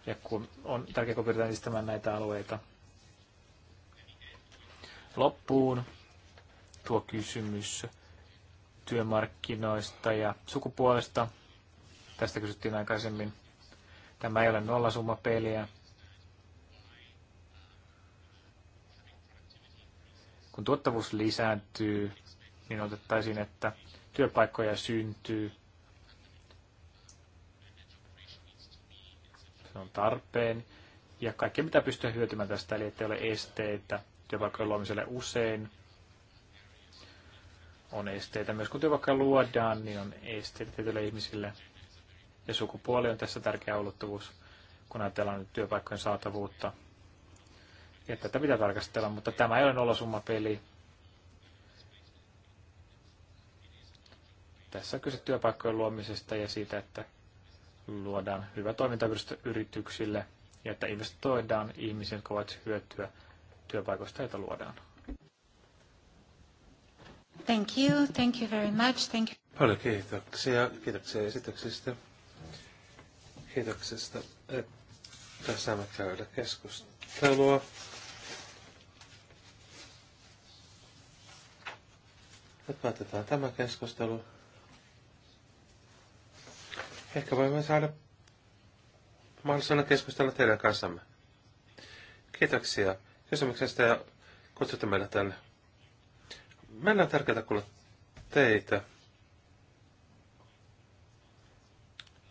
Speaker 3: Ja kun on tärkeää, kun pyritään edistämään näitä alueita. Loppuun tuo kysymys työmarkkinoista ja sukupuolesta. Tästä kysyttiin aikaisemmin. Tämä ei ole nollasummapeliä. Kun tuottavuus lisääntyy, niin otettaisiin, että työpaikkoja syntyy. Se on tarpeen. Ja kaikki mitä pystyy hyötymään tästä, eli ettei ole esteitä työpaikkojen luomiselle usein on esteitä. Myös kun työpaikka luodaan, niin on esteitä tietyille ihmisille. Ja sukupuoli on tässä tärkeä ulottuvuus, kun ajatellaan nyt työpaikkojen saatavuutta. Ja tätä pitää tarkastella, mutta tämä ei ole nollasummapeli. Tässä on kyse työpaikkojen luomisesta ja siitä, että luodaan hyvä toimintaympäristö yrityksille ja että investoidaan ihmisiin, jotka voivat hyötyä työpaikoista, joita luodaan.
Speaker 1: Thank you, thank you very much, thank you.
Speaker 2: Paljon kiitoksia, kiitoksia esityksistä. Kiitoksesta, että saamme käydä keskustelua. Nyt päätetään tämä keskustelu. Ehkä voimme saada mahdollisena keskustella teidän kanssamme. Kiitoksia kysymyksestä ja kutsutte meidät tänne. Mennään on tärkeää kuulla teitä.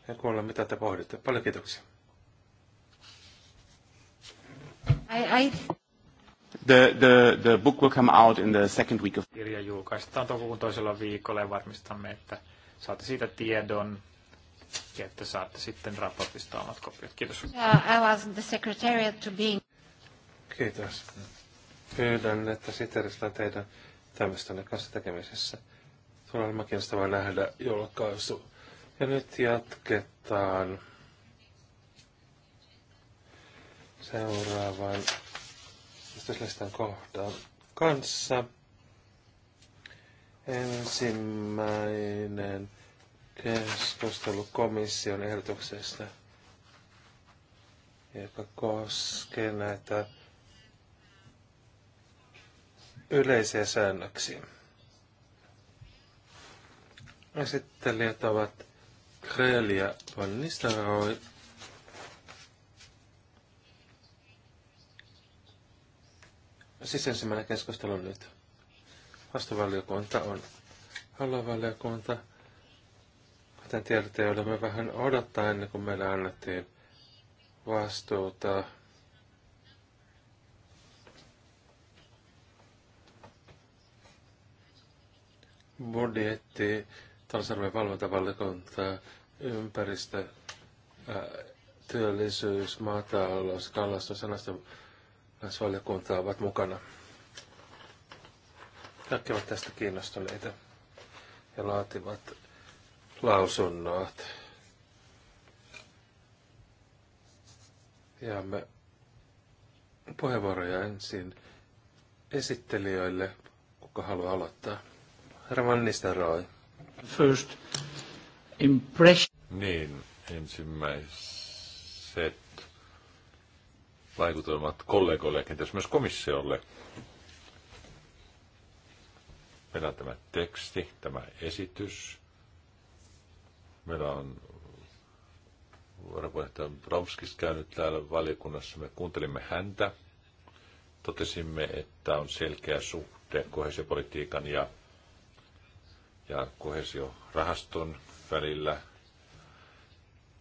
Speaker 2: Ja kuulla, mitä te pohditte. Paljon kiitoksia. I, I... The, the, the book will come out in the second week of...
Speaker 3: Kirja julkaistaan toukokuun toisella viikolla ja varmistamme, että saatte siitä tiedon ja että saatte sitten raportista omat kopiot. Kiitos. Uh, I
Speaker 1: was the secretariat to be...
Speaker 3: Kiitos. Pyydän, että siteristään teidän tämmöisten kanssa
Speaker 2: tekemisessä. Tulee olemaan kiinnostavaa nähdä julkaisu. Ja nyt jatketaan seuraavan listan kohtaan kanssa. Ensimmäinen keskustelu komission ehdotuksesta, joka koskee näitä yleisiä säännöksiä. Esittelijät ovat Krell ja Van Nistelrooy. Siis ensimmäinen keskustelu nyt. Vastuvaliokunta on halovaliokunta. Kuten tiedätte, olemme vähän odottaa ennen kuin meille annettiin vastuuta budjetti, talousarvojen valvontavaliokunta, ympäristö, ää, työllisyys, maatalous, kalastus, sanastovaliokunta ovat mukana. Kaikki ovat tästä kiinnostuneita ja laativat lausunnot. Ja me puheenvuoroja ensin esittelijöille, kuka haluaa aloittaa. Raman Nistaroi. First impression.
Speaker 4: Niin, ensimmäiset vaikutelmat kollegoille ja kenties myös komissiolle. Meillä on tämä teksti, tämä esitys. Meillä on varapuheenjohtaja Bromskis käynyt täällä valiokunnassa. Me kuuntelimme häntä. Totesimme, että on selkeä suhde kohesiopolitiikan ja ja kohesiorahaston välillä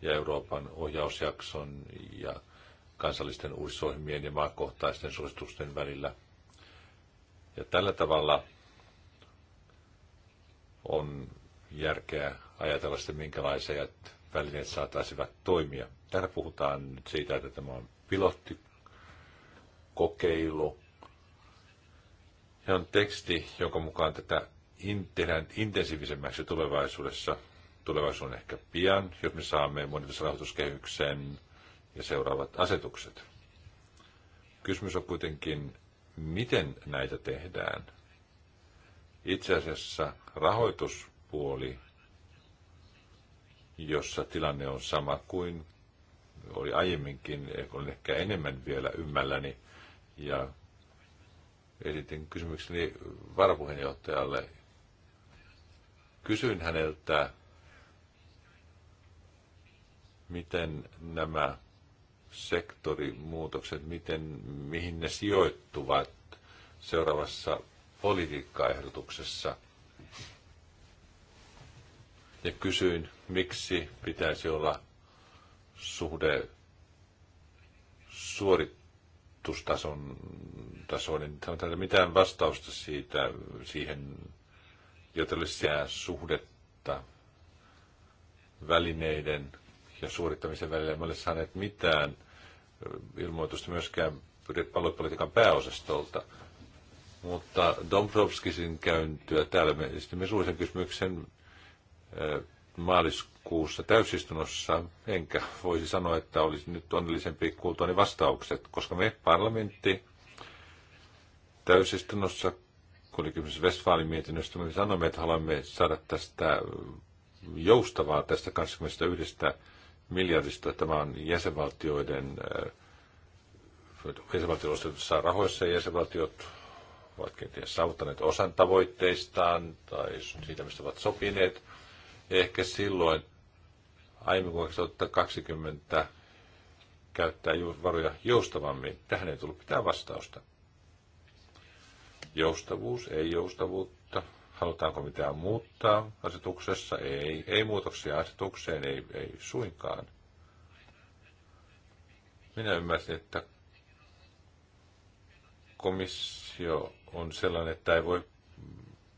Speaker 4: ja Euroopan ohjausjakson ja kansallisten uudisohjelmien ja maakohtaisten suositusten välillä. Ja tällä tavalla on järkeä ajatella sitä, minkälaisia välineet saataisivat toimia. Täällä puhutaan nyt siitä, että tämä on pilottikokeilu. Ja on teksti, jonka mukaan tätä intensiivisemmäksi tulevaisuudessa, tulevaisuuden ehkä pian, jos me saamme monivuotisen ja seuraavat asetukset. Kysymys on kuitenkin, miten näitä tehdään. Itse asiassa rahoituspuoli, jossa tilanne on sama kuin oli aiemminkin, on ehkä enemmän vielä ymmälläni, ja esitin kysymykseni varapuheenjohtajalle, Kysyin häneltä, miten nämä sektorimuutokset, miten, mihin ne sijoittuvat seuraavassa politiikkaehdotuksessa. Ja kysyin, miksi pitäisi olla suhde suoritustason tasoinen. Niin mitään vastausta siitä, siihen ja tällaisia suhdetta välineiden ja suorittamisen välillä. Emme ole saaneet mitään ilmoitusta myöskään aluepolitiikan pääosastolta. Mutta Dombrovskisin käyntyä täällä me esitimme suurisen kysymyksen maaliskuussa täysistunnossa, enkä voisi sanoa, että olisi nyt onnellisempi kuultuani vastaukset, koska me parlamentti täysistunnossa kun oli kysymys Westfalin mietinnöstä, me sanomme, että haluamme saada tästä joustavaa tästä 21 miljardista. Tämä on jäsenvaltioiden äh, jäsenvaltioiden saa rahoissa ja jäsenvaltiot ovat kenties saavuttaneet osan tavoitteistaan tai siitä, mistä ovat sopineet. ehkä silloin aiemmin kuin 2020 käyttää varoja joustavammin. Tähän ei tullut mitään vastausta. Joustavuus, ei joustavuutta. Halutaanko mitään muuttaa asetuksessa? Ei. Ei muutoksia asetukseen, ei, ei suinkaan. Minä ymmärsin, että komissio on sellainen, että ei voi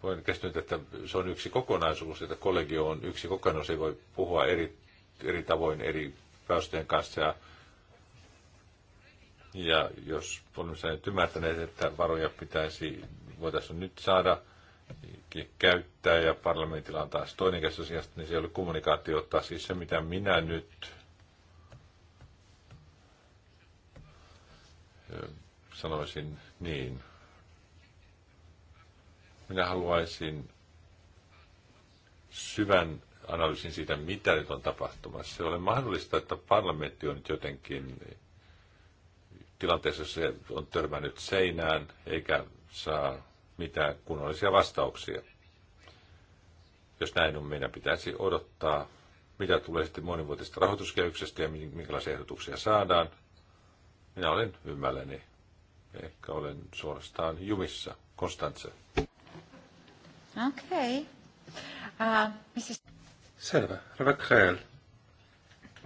Speaker 4: voin käsittää, että se on yksi kokonaisuus, että kollegio on yksi kokonaisuus, ei voi puhua eri, eri tavoin eri päästöjen kanssa ja ja jos olemme nyt ymmärtäneet, että varoja pitäisi, voitaisiin nyt saada käyttää ja parlamentilla on taas toinen käsitys asiasta, niin se ei ole kommunikaatiota. Siis se, mitä minä nyt sanoisin niin. Minä haluaisin syvän analyysin siitä, mitä nyt on tapahtumassa. Se on mahdollista, että parlamentti on nyt jotenkin tilanteessa, se on törmännyt seinään eikä saa mitään kunnollisia vastauksia. Jos näin on, meidän pitäisi odottaa, mitä tulee sitten monivuotisesta rahoituskehyksestä ja minkälaisia ehdotuksia saadaan. Minä olen ymmälläni. Ehkä olen suorastaan jumissa. Konstantse.
Speaker 1: Okei. Okay. Uh,
Speaker 4: Selvä. Rebecca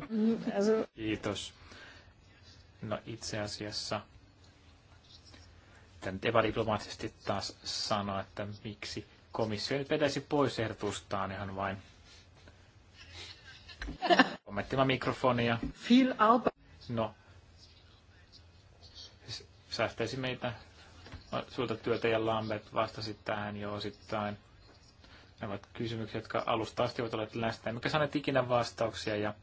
Speaker 1: mm,
Speaker 3: Kiitos. No itse asiassa tämä nyt epädiplomaattisesti taas sanoa, että miksi komissio nyt vetäisi pois ehdotustaan ihan vain. Kommenttima mikrofonia.
Speaker 1: Phil alba.
Speaker 3: No, säästäisi meitä sulta työtä ja Lambert vastasi tähän jo osittain. Nämä ovat kysymyksiä, jotka alusta asti ovat olleet läsnä, mikä saaneet ikinä vastauksia ja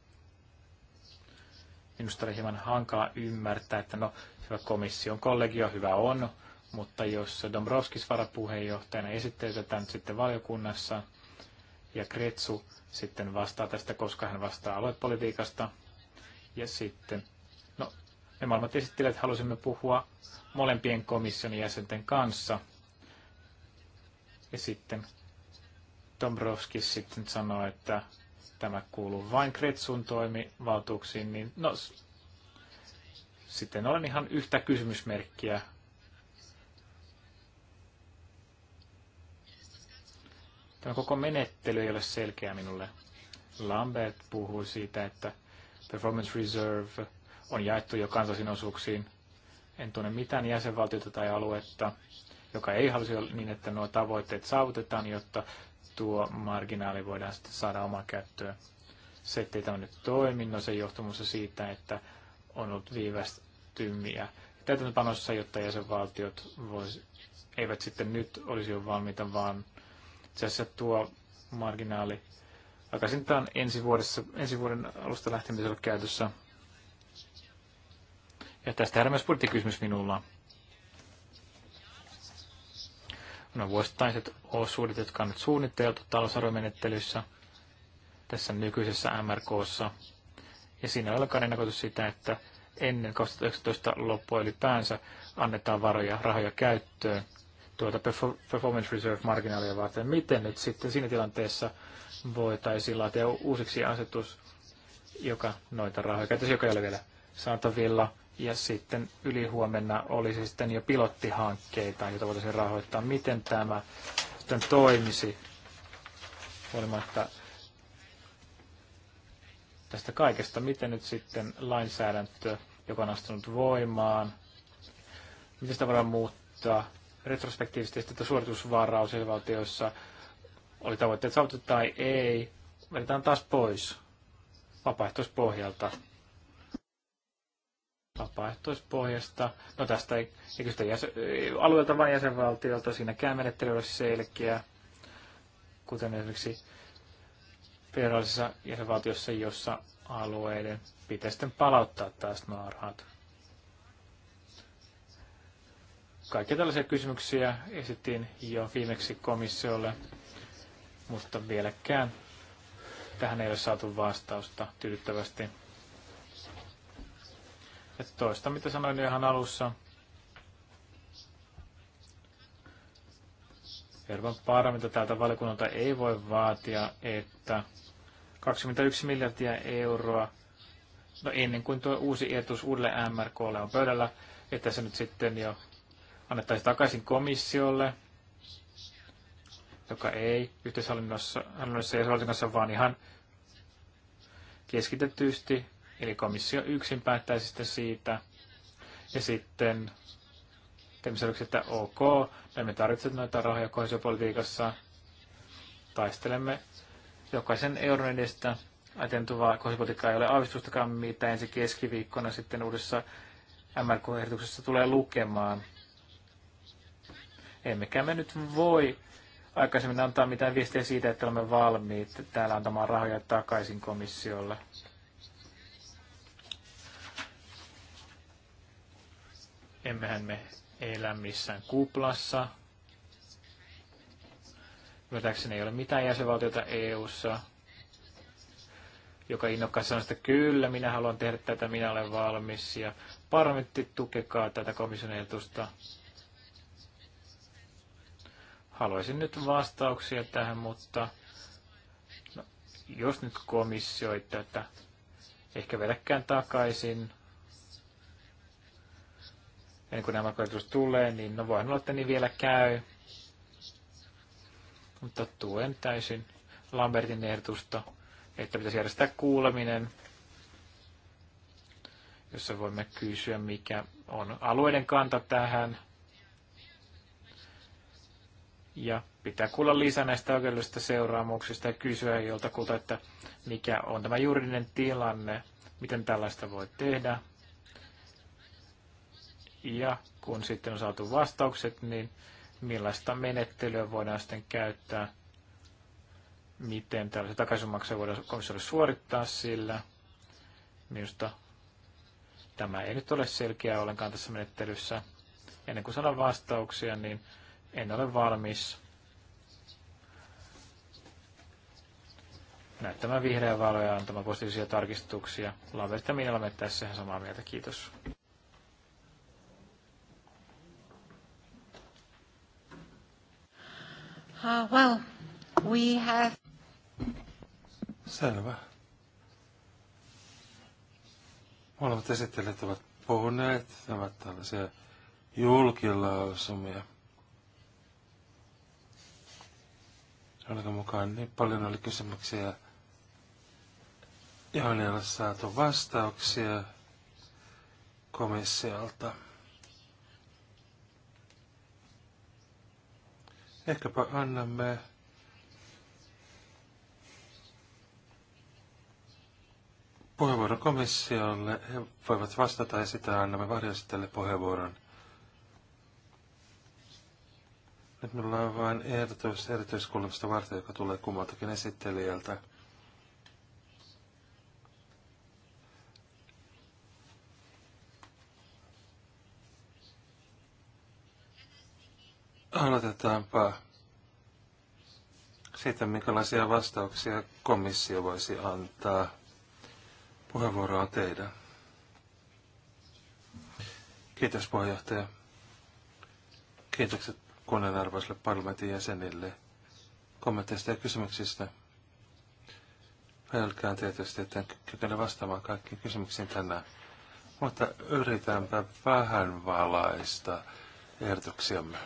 Speaker 3: Minusta oli hieman hankala ymmärtää, että no, hyvä komission kollegio, hyvä on, mutta jos Dombrovskis varapuheenjohtajana esittelee tätä nyt sitten valiokunnassa ja Kretsu sitten vastaa tästä, koska hän vastaa aluepolitiikasta ja sitten no, me maailmat esittelijät halusimme puhua molempien komission jäsenten kanssa ja sitten Dombrovskis sitten sanoi, että tämä kuuluu vain Kretsun toimivaltuuksiin, niin no, sitten olen ihan yhtä kysymysmerkkiä. Tämä koko menettely ei ole selkeä minulle. Lambert puhui siitä, että performance reserve on jaettu jo kansallisiin osuuksiin. En tunne mitään jäsenvaltiota tai aluetta, joka ei halusi niin, että nuo tavoitteet saavutetaan, jotta tuo marginaali voidaan sitten saada omaa käyttöön. Se, ettei tämä nyt toimi, no se johtumussa siitä, että on ollut viivästymiä täytäntöpanossa, jotta jäsenvaltiot vois, eivät sitten nyt olisi jo valmiita, vaan itse asiassa tuo marginaali aikaisintaan ensi, vuodessa, ensi vuoden alusta lähtemisellä käytössä. Ja tästä herää myös budjettikysymys minulla. no vuosittaiset osuudet, jotka on nyt suunniteltu talousarvomenettelyssä tässä nykyisessä MRKssa. Ja siinä ei olekaan ennakoitu sitä, että ennen 2019 loppua ylipäänsä annetaan varoja, rahoja käyttöön tuota performance reserve marginaalia varten. Miten nyt sitten siinä tilanteessa voitaisiin laatia uusiksi asetus, joka noita rahoja käytössä, joka ei ole vielä saatavilla, ja sitten ylihuomenna olisi sitten jo pilottihankkeita, joita voitaisiin rahoittaa. Miten tämä sitten toimisi huolimatta tästä kaikesta? Miten nyt sitten lainsäädäntö, joka on astunut voimaan, miten sitä voidaan muuttaa retrospektiivisesti, että suoritusvaraus valtioissa oli tavoitteet saavutettu tai ei, vedetään taas pois vapaaehtoispohjalta vapaaehtoispohjasta. No tästä ei, eikö sitä jäsen, alueelta vain jäsenvaltiolta, siinäkään menettely olisi selkeä, kuten esimerkiksi federaalisessa jäsenvaltiossa, jossa alueiden pitäisi sitten palauttaa taas nuo rahat. Kaikkia tällaisia kysymyksiä esitin jo viimeksi komissiolle, mutta vieläkään tähän ei ole saatu vastausta tyydyttävästi. Että toista, mitä sanoin ihan alussa. paara, mitä täältä valikunnalta ei voi vaatia, että 21 miljardia euroa no ennen kuin tuo uusi etus uudelle MRKlle on pöydällä, että se nyt sitten jo annettaisiin takaisin komissiolle, joka ei yhteishallinnossa ja kanssa, vaan ihan keskitetysti Eli komissio yksin päättäisi sitten siitä. Ja sitten teemme selväksi, että ok, me emme tarvitse noita rahoja kohesiopolitiikassa. Taistelemme jokaisen euron edestä. Atentuvaa kohesiopolitiikkaa ei ole aavistustakaan, mitä ensi keskiviikkona sitten uudessa MRK-ehdotuksessa tulee lukemaan. Emmekä me nyt voi aikaisemmin antaa mitään viestiä siitä, että olemme valmiit täällä antamaan rahoja takaisin komissiolle. Emmehän me elä missään kuplassa. Ymmärtääkseni ei ole mitään jäsenvaltiota EU-ssa, joka innokkaasti sanoo, että kyllä, minä haluan tehdä tätä, minä olen valmis, ja parlamentti tukekaa tätä komission ehdotusta. Haluaisin nyt vastauksia tähän, mutta no, jos nyt komissio tätä ehkä vedäkään takaisin ennen kuin nämä koetus tulee, niin no voihan olla, että niin vielä käy. Mutta tuen täysin Lambertin ehdotusta, että pitäisi järjestää kuuleminen, jossa voimme kysyä, mikä on alueiden kanta tähän. Ja pitää kuulla lisää näistä oikeudellisista seuraamuksista ja kysyä joltakulta, että mikä on tämä juridinen tilanne, miten tällaista voi tehdä, ja kun sitten on saatu vastaukset, niin millaista menettelyä voidaan sitten käyttää, miten tällaisia takaisinmaksuja voidaan komissiolle suorittaa sillä. Minusta tämä ei nyt ole selkeää ollenkaan tässä menettelyssä. Ennen kuin saadaan vastauksia, niin en ole valmis näyttämään vihreän valoja ja antamaan positiivisia tarkistuksia. Lavertaminilla olemme tässä ihan samaa mieltä. Kiitos.
Speaker 1: Uh, well, we have...
Speaker 2: Selvä. Molemmat esittelijät ovat puhuneet, ne ovat tällaisia julkilausumia. Oliko mukaan niin paljon oli kysymyksiä, joihin ei ole saatu vastauksia komissiolta. Ehkäpä annamme puheenvuoron komissiolle. He voivat vastata ja sitä annamme varjostelle puheenvuoron. Nyt meillä on vain ehdotus erityiskuulemista varten, joka tulee kummaltakin esittelijältä. Aloitetaanpa siitä, minkälaisia vastauksia komissio voisi antaa. Puheenvuoro on teidän. Kiitos puheenjohtaja. Kiitokset kunnianarvoisille parlamentin jäsenille kommenteista ja kysymyksistä. Pelkään tietysti, että en kykene vastaamaan kaikkiin kysymyksiin tänään, mutta yritänpä vähän valaista ehdotuksiamme.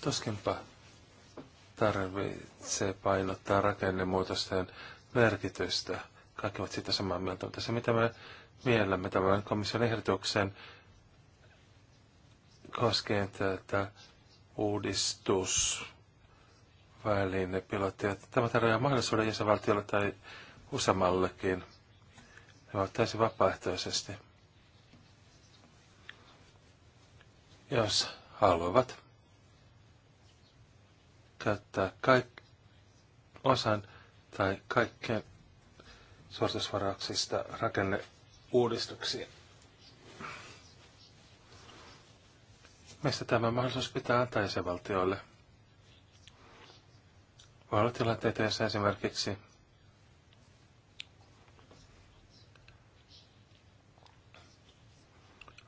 Speaker 2: Tuskinpa tarvitsee painottaa rakennemuutosten merkitystä. Kaikki ovat siitä samaa mieltä, mutta se mitä me miellämme tämän komission ehdotuksen koskien tätä uudistusväline pilottia. Tämä tarjoaa mahdollisuuden jäsenvaltiolle tai useammallekin. Ne ovat täysin vapaaehtoisesti, jos haluavat käyttää kaik- osan tai kaikkien suoritusvarauksista rakenneuudistuksiin. Meistä tämä mahdollisuus pitää antaa jäsenvaltioille. Voi olla tilanteita, joissa esimerkiksi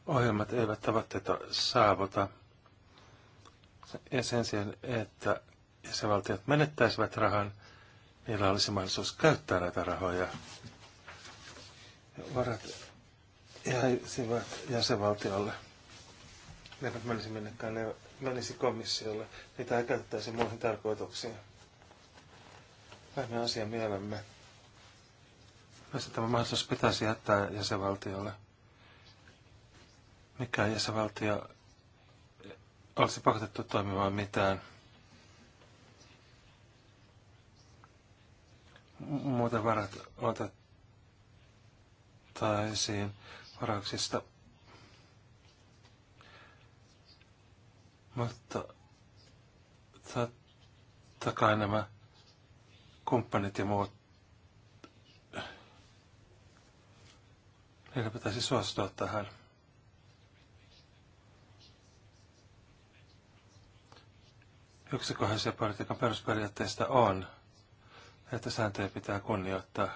Speaker 2: ohjelmat eivät tavoitteita saavuta. Ja sen sijaan, että jäsenvaltiot menettäisivät rahan, niillä olisi mahdollisuus käyttää näitä rahoja. Varat jäisivät jäsenvaltiolle. Ne eivät menisi minnekään, ne menisi komissiolle. Niitä ei käyttäisi muihin tarkoituksiin. Päimme asia mielemme. Mielestäni tämä mahdollisuus pitäisi jättää jäsenvaltiolle? Mikä jäsenvaltio olisi pakotettu toimimaan mitään? muuten varat otettaisiin varauksista. Mutta totta kai nämä kumppanit ja muut, niillä pitäisi suostua tähän. Yksi kohdassa politiikan perusperiaatteista on, että sääntöjä pitää kunnioittaa.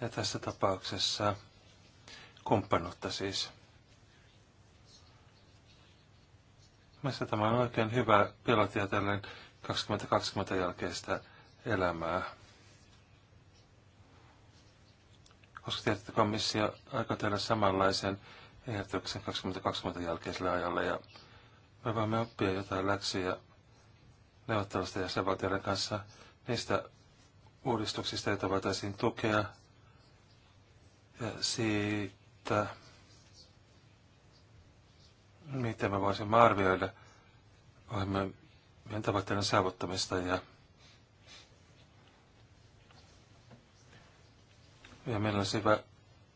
Speaker 2: Ja tässä tapauksessa kumppanuutta siis. Mielestäni tämä on oikein hyvä pilotti ajatellen 2020 jälkeistä elämää. Koska tiedät, että komissio aikoo tehdä samanlaisen ehdotuksen 2020 jälkeiselle ajalle ja me voimme oppia jotain läksyjä neuvottelusta sen kanssa niistä uudistuksista, joita voitaisiin tukea, ja siitä, miten me voisimme arvioida ohjelmien tavoitteiden saavuttamista ja Ja meillä olisi hyvä,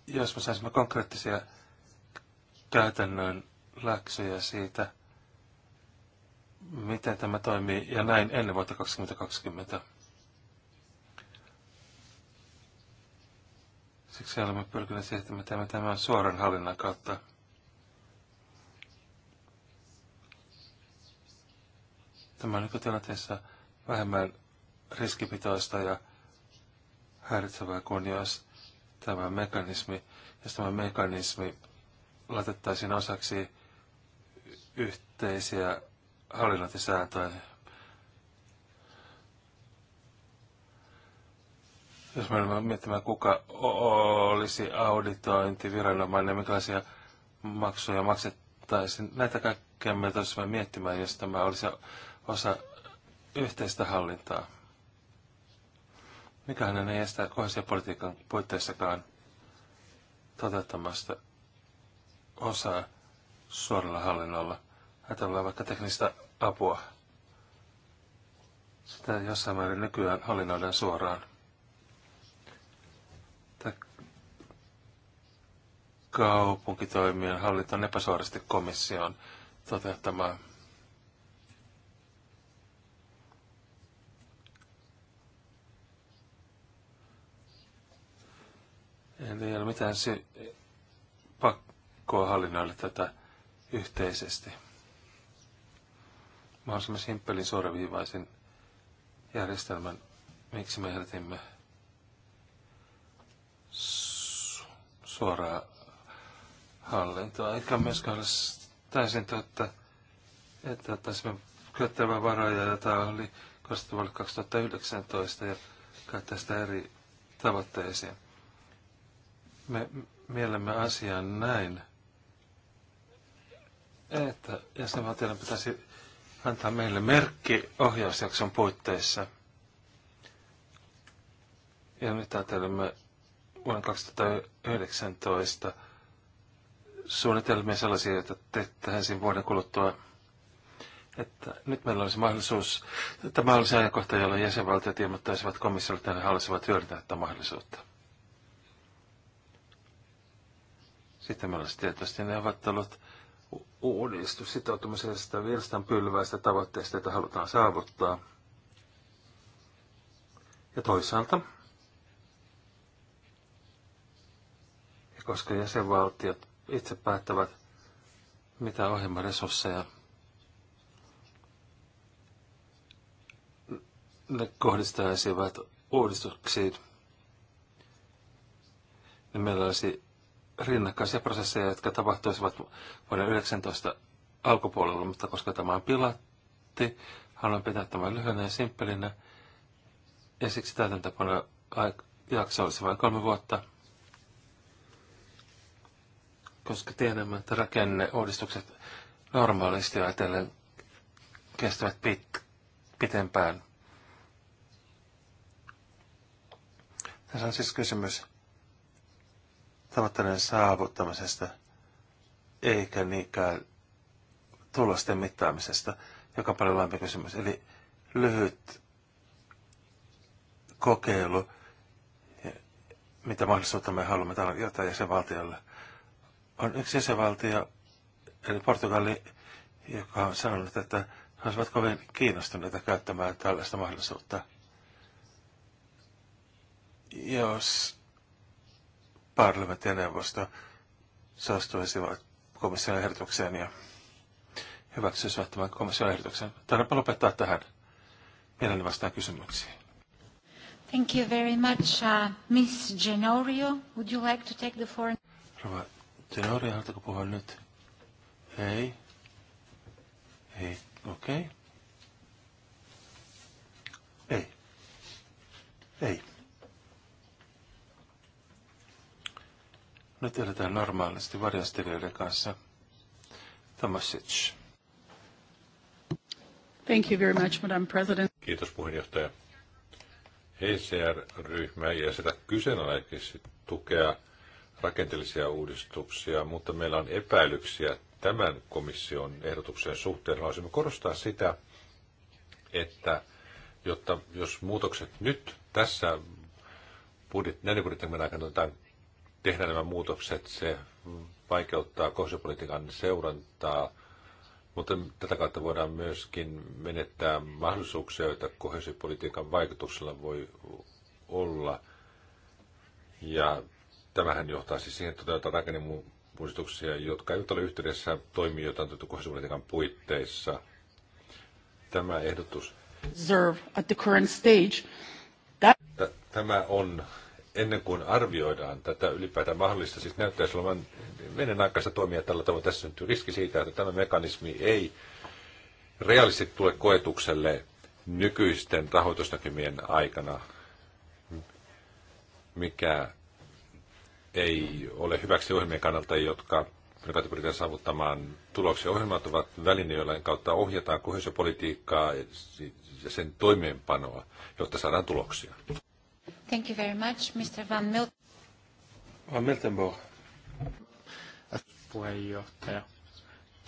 Speaker 2: jos me saisimme konkreettisia käytännön läksyjä siitä, miten tämä toimii ja näin ennen vuotta 2020. Siksi olemme pyrkineet siihen, että me teemme tämän suoran hallinnan kautta. Tämä on nykytilanteessa vähemmän riskipitoista ja häiritsevää kuin jos tämä mekanismi, jos tämä mekanismi laitettaisiin osaksi yhteisiä hallinnointisääntöjä. Jos me olemme miettimään, kuka olisi auditointiviranomainen, minkälaisia maksuja maksettaisiin, näitä kaikkea me tulisimme miettimään, jos tämä olisi osa yhteistä hallintaa. Mikähän ei estä kohdallisia puitteissakaan toteuttamasta osaa suoralla hallinnolla. Ajatellaan vaikka teknistä apua. Sitä jossain määrin nykyään hallinnoidaan suoraan. kaupunkitoimien hallinta on epäsuorasti komission toteuttamaa. Ei ole mitään sy- pakkoa hallinnoida tätä yhteisesti. Mahdollisimman simppelin suoraviivaisen järjestelmän, miksi me ehdotimme suoraa hallintoa, eikä myöskään ole täysin totta, että ottaisimme käyttämään varoja, jota oli kostavalle 2019 ja käyttää sitä eri tavoitteisiin. Me mielemme asian näin, että jäsenvaltioiden pitäisi antaa meille merkki ohjausjakson puitteissa. Ja nyt ajattelemme vuonna 2019 suunnitelmia sellaisia, joita tehtäisiin vuoden kuluttua. Että nyt meillä olisi mahdollisuus, tämä olisi ajankohta, jolloin jäsenvaltiot ilmoittaisivat komissiolle, että ne haluaisivat hyödyntää tätä mahdollisuutta. Sitten meillä olisi tietysti neuvottelut uudistus sitoutumisesta pylväistä tavoitteista, joita halutaan saavuttaa. Ja toisaalta, ja koska jäsenvaltiot itse päättävät, mitä ohjelmaresursseja ne kohdistaisivat uudistuksiin, niin meillä olisi rinnakkaisia prosesseja, jotka tapahtuisivat vuoden 19 alkupuolella, mutta koska tämä on pilatti, haluan pitää tämän lyhyenä ja simppelinä, ja siksi täytäntöpano olisi vain kolme vuotta – koska tiedämme, että rakenneuudistukset normaalisti ajatellen kestävät pit, pitempään. Tässä on siis kysymys tavoitteiden saavuttamisesta, eikä niinkään tulosten mittaamisesta, joka on paljon laajempi kysymys. Eli lyhyt kokeilu, mitä mahdollisuutta me haluamme tällä jotain jäsenvaltiolle – on yksi jäsenvaltio, eli Portugali, joka on sanonut, että he olisivat kovin kiinnostuneita käyttämään tällaista mahdollisuutta. Jos parlamentti ja neuvosto suostuisivat komission ehdotukseen ja hyväksyisivät tämän komission ehdotuksen. Taidaanpa lopettaa tähän. Mielelläni vastaan kysymyksiin.
Speaker 1: Thank you very much. Uh, Miss Genorio, would you like to take the floor?
Speaker 2: Tenori, haluatko puhua nyt? Ei. Ei, okei. Okay. Ei. Ei. Nyt eletään normaalisti varjastelijoiden kanssa. Tomasic.
Speaker 1: Thank you very much, Madam President.
Speaker 4: Kiitos puheenjohtaja. ECR-ryhmä ei esitä kyseenalaisesti tukea rakenteellisia uudistuksia, mutta meillä on epäilyksiä tämän komission ehdotuksen suhteen. Haluaisimme korostaa sitä, että jotta jos muutokset nyt tässä budjet, näiden budjettien aikana tehdään nämä muutokset, se vaikeuttaa kohdepolitiikan seurantaa, mutta tätä kautta voidaan myöskin menettää mahdollisuuksia, joita kohesiopolitiikan vaikutuksella voi olla. Ja Tämähän johtaa siis siihen, että toteutetaan rakennemuistuksia, jotka eivät ole yhteydessä toimijoita antettu kohdallisuuden puitteissa. Tämä ehdotus
Speaker 1: at the current stage. That...
Speaker 4: Tämä on, ennen kuin arvioidaan tätä ylipäätään mahdollista, siis näyttäisi olevan menen aikaista toimia tällä tavalla. Tässä syntyy riski siitä, että tämä mekanismi ei realistisesti tule koetukselle nykyisten rahoitusnäkymien aikana, mikä ei ole hyväksi ohjelmien kannalta, jotka jotka pyritään saavuttamaan tuloksia. Ohjelmat ovat väline, joiden kautta ohjataan kohesiopolitiikkaa ja sen toimeenpanoa, jotta saadaan tuloksia.
Speaker 1: Thank you very much, Mr. Van, Mil-
Speaker 4: Van Miltenborg.
Speaker 3: Puheenjohtaja.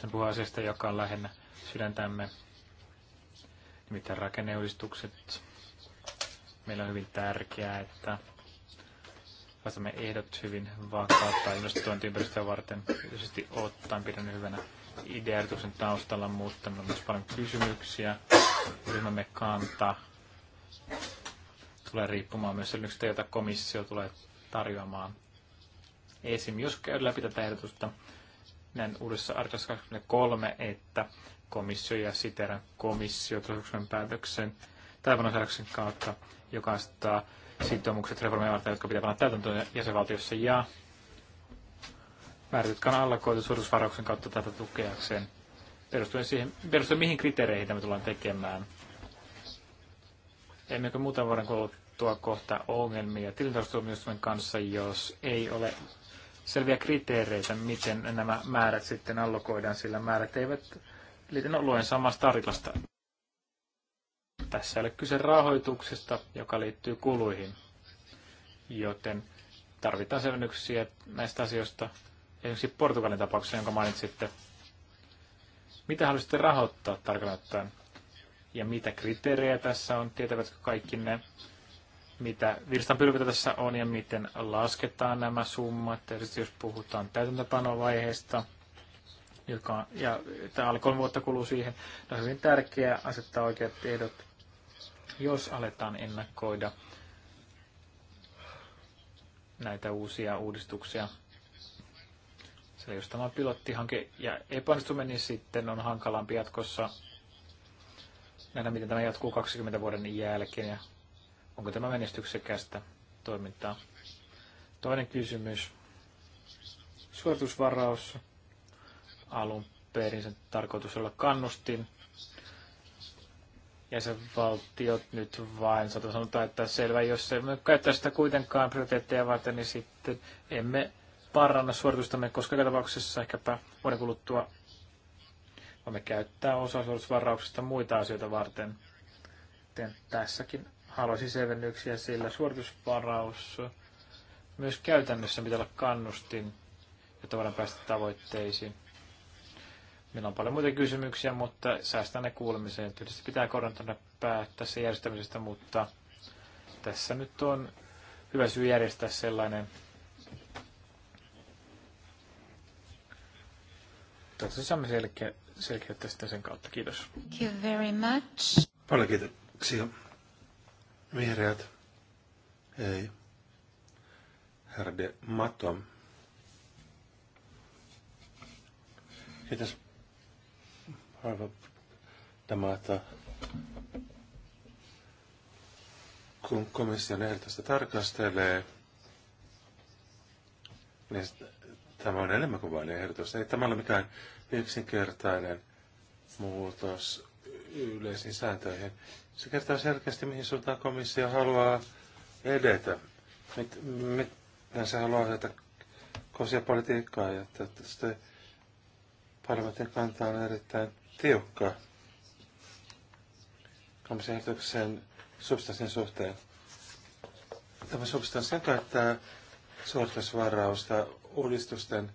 Speaker 3: Sen puhua asiasta, joka on lähinnä sydäntämme, mitä rakenneuudistukset. Meillä on hyvin tärkeää, että asemme ehdot hyvin vakautta investointiympäristöä varten. Tietysti ottaen pidän hyvänä ideaerityksen taustalla, mutta on myös paljon kysymyksiä. Ryhmämme kanta tulee riippumaan myös selvityksistä, joita komissio tulee tarjoamaan. Esim. jos käy läpi tätä ehdotusta, näin uudessa artikassa 23, että komissio ja siteran komissio päätöksen tai kautta, joka astaa sitoumukset reformia varten, jotka pitää panna täytäntöön jäsenvaltiossa ja määrät, kanalla on suoritusvarauksen kautta tätä tukeakseen. Perustuen, siihen, perustuen mihin kriteereihin tämä tullaan tekemään. Emmekö muutaman vuoden kuluttua kohta ongelmia tilintarkastustuomioistuimen kanssa, jos ei ole selviä kriteereitä, miten nämä määrät sitten allokoidaan, sillä määrät eivät liity no, luen samasta artiklasta. Tässä ei ole kyse rahoituksesta, joka liittyy kuluihin, joten tarvitaan selvennyksiä näistä asioista. Esimerkiksi Portugalin tapauksessa, jonka mainitsitte. Mitä haluaisitte rahoittaa tarkalleen ottaen? Ja mitä kriteerejä tässä on? Tietävätkö kaikki ne? Mitä virstanpylvytä tässä on ja miten lasketaan nämä summat? Erityisesti jos puhutaan täytäntöpanovaiheesta, joka ja tämä alle kolme vuotta kuluu siihen. No hyvin tärkeää asettaa oikeat ehdot jos aletaan ennakoida näitä uusia uudistuksia. Sillä jos tämä pilottihanke ja epäonnistuminen, niin sitten on hankalampi jatkossa nähdä, miten tämä jatkuu 20 vuoden jälkeen ja onko tämä menestyksekästä toimintaa. Toinen kysymys. Suoritusvaraus alun perin sen tarkoitus olla kannustin jäsenvaltiot nyt vain sanotaan, että selvä, jos emme käyttää sitä kuitenkaan prioriteetteja varten, niin sitten emme paranna suoritustamme, koska tapauksessa ehkäpä vuoden kuluttua voimme käyttää osa suoritusvarauksista muita asioita varten. Joten tässäkin haluaisin selvennyksiä, sillä suoritusvaraus myös käytännössä pitää olla kannustin, jotta voidaan päästä tavoitteisiin. Meillä on paljon muita kysymyksiä, mutta säästän ne kuulemiseen. Tietysti pitää koronatana päättää tässä järjestämisestä, mutta tässä nyt on hyvä syy järjestää sellainen. Tässä saamme selkeä, selkeyttä sitten sen kautta. Kiitos.
Speaker 1: Thank you very much.
Speaker 3: Paljon kiitoksia. Vihreät.
Speaker 2: Hei. Herde Matom. Kiitos Tämä että Kun komission ehdotusta tarkastelee, niin tämä on enemmän kuin vain ehdotus. Ei tämä ole mikään yksinkertainen muutos yleisiin sääntöihin. Se kertoo selkeästi, mihin suuntaan komissio haluaa edetä. miten se haluaa ohjata kosia politiikkaa, ja se Parlamentin kanta on erittäin tiukka komission ehdotuksen substanssin suhteen. Tämä substanssi käyttää suoritusvarausta uudistusten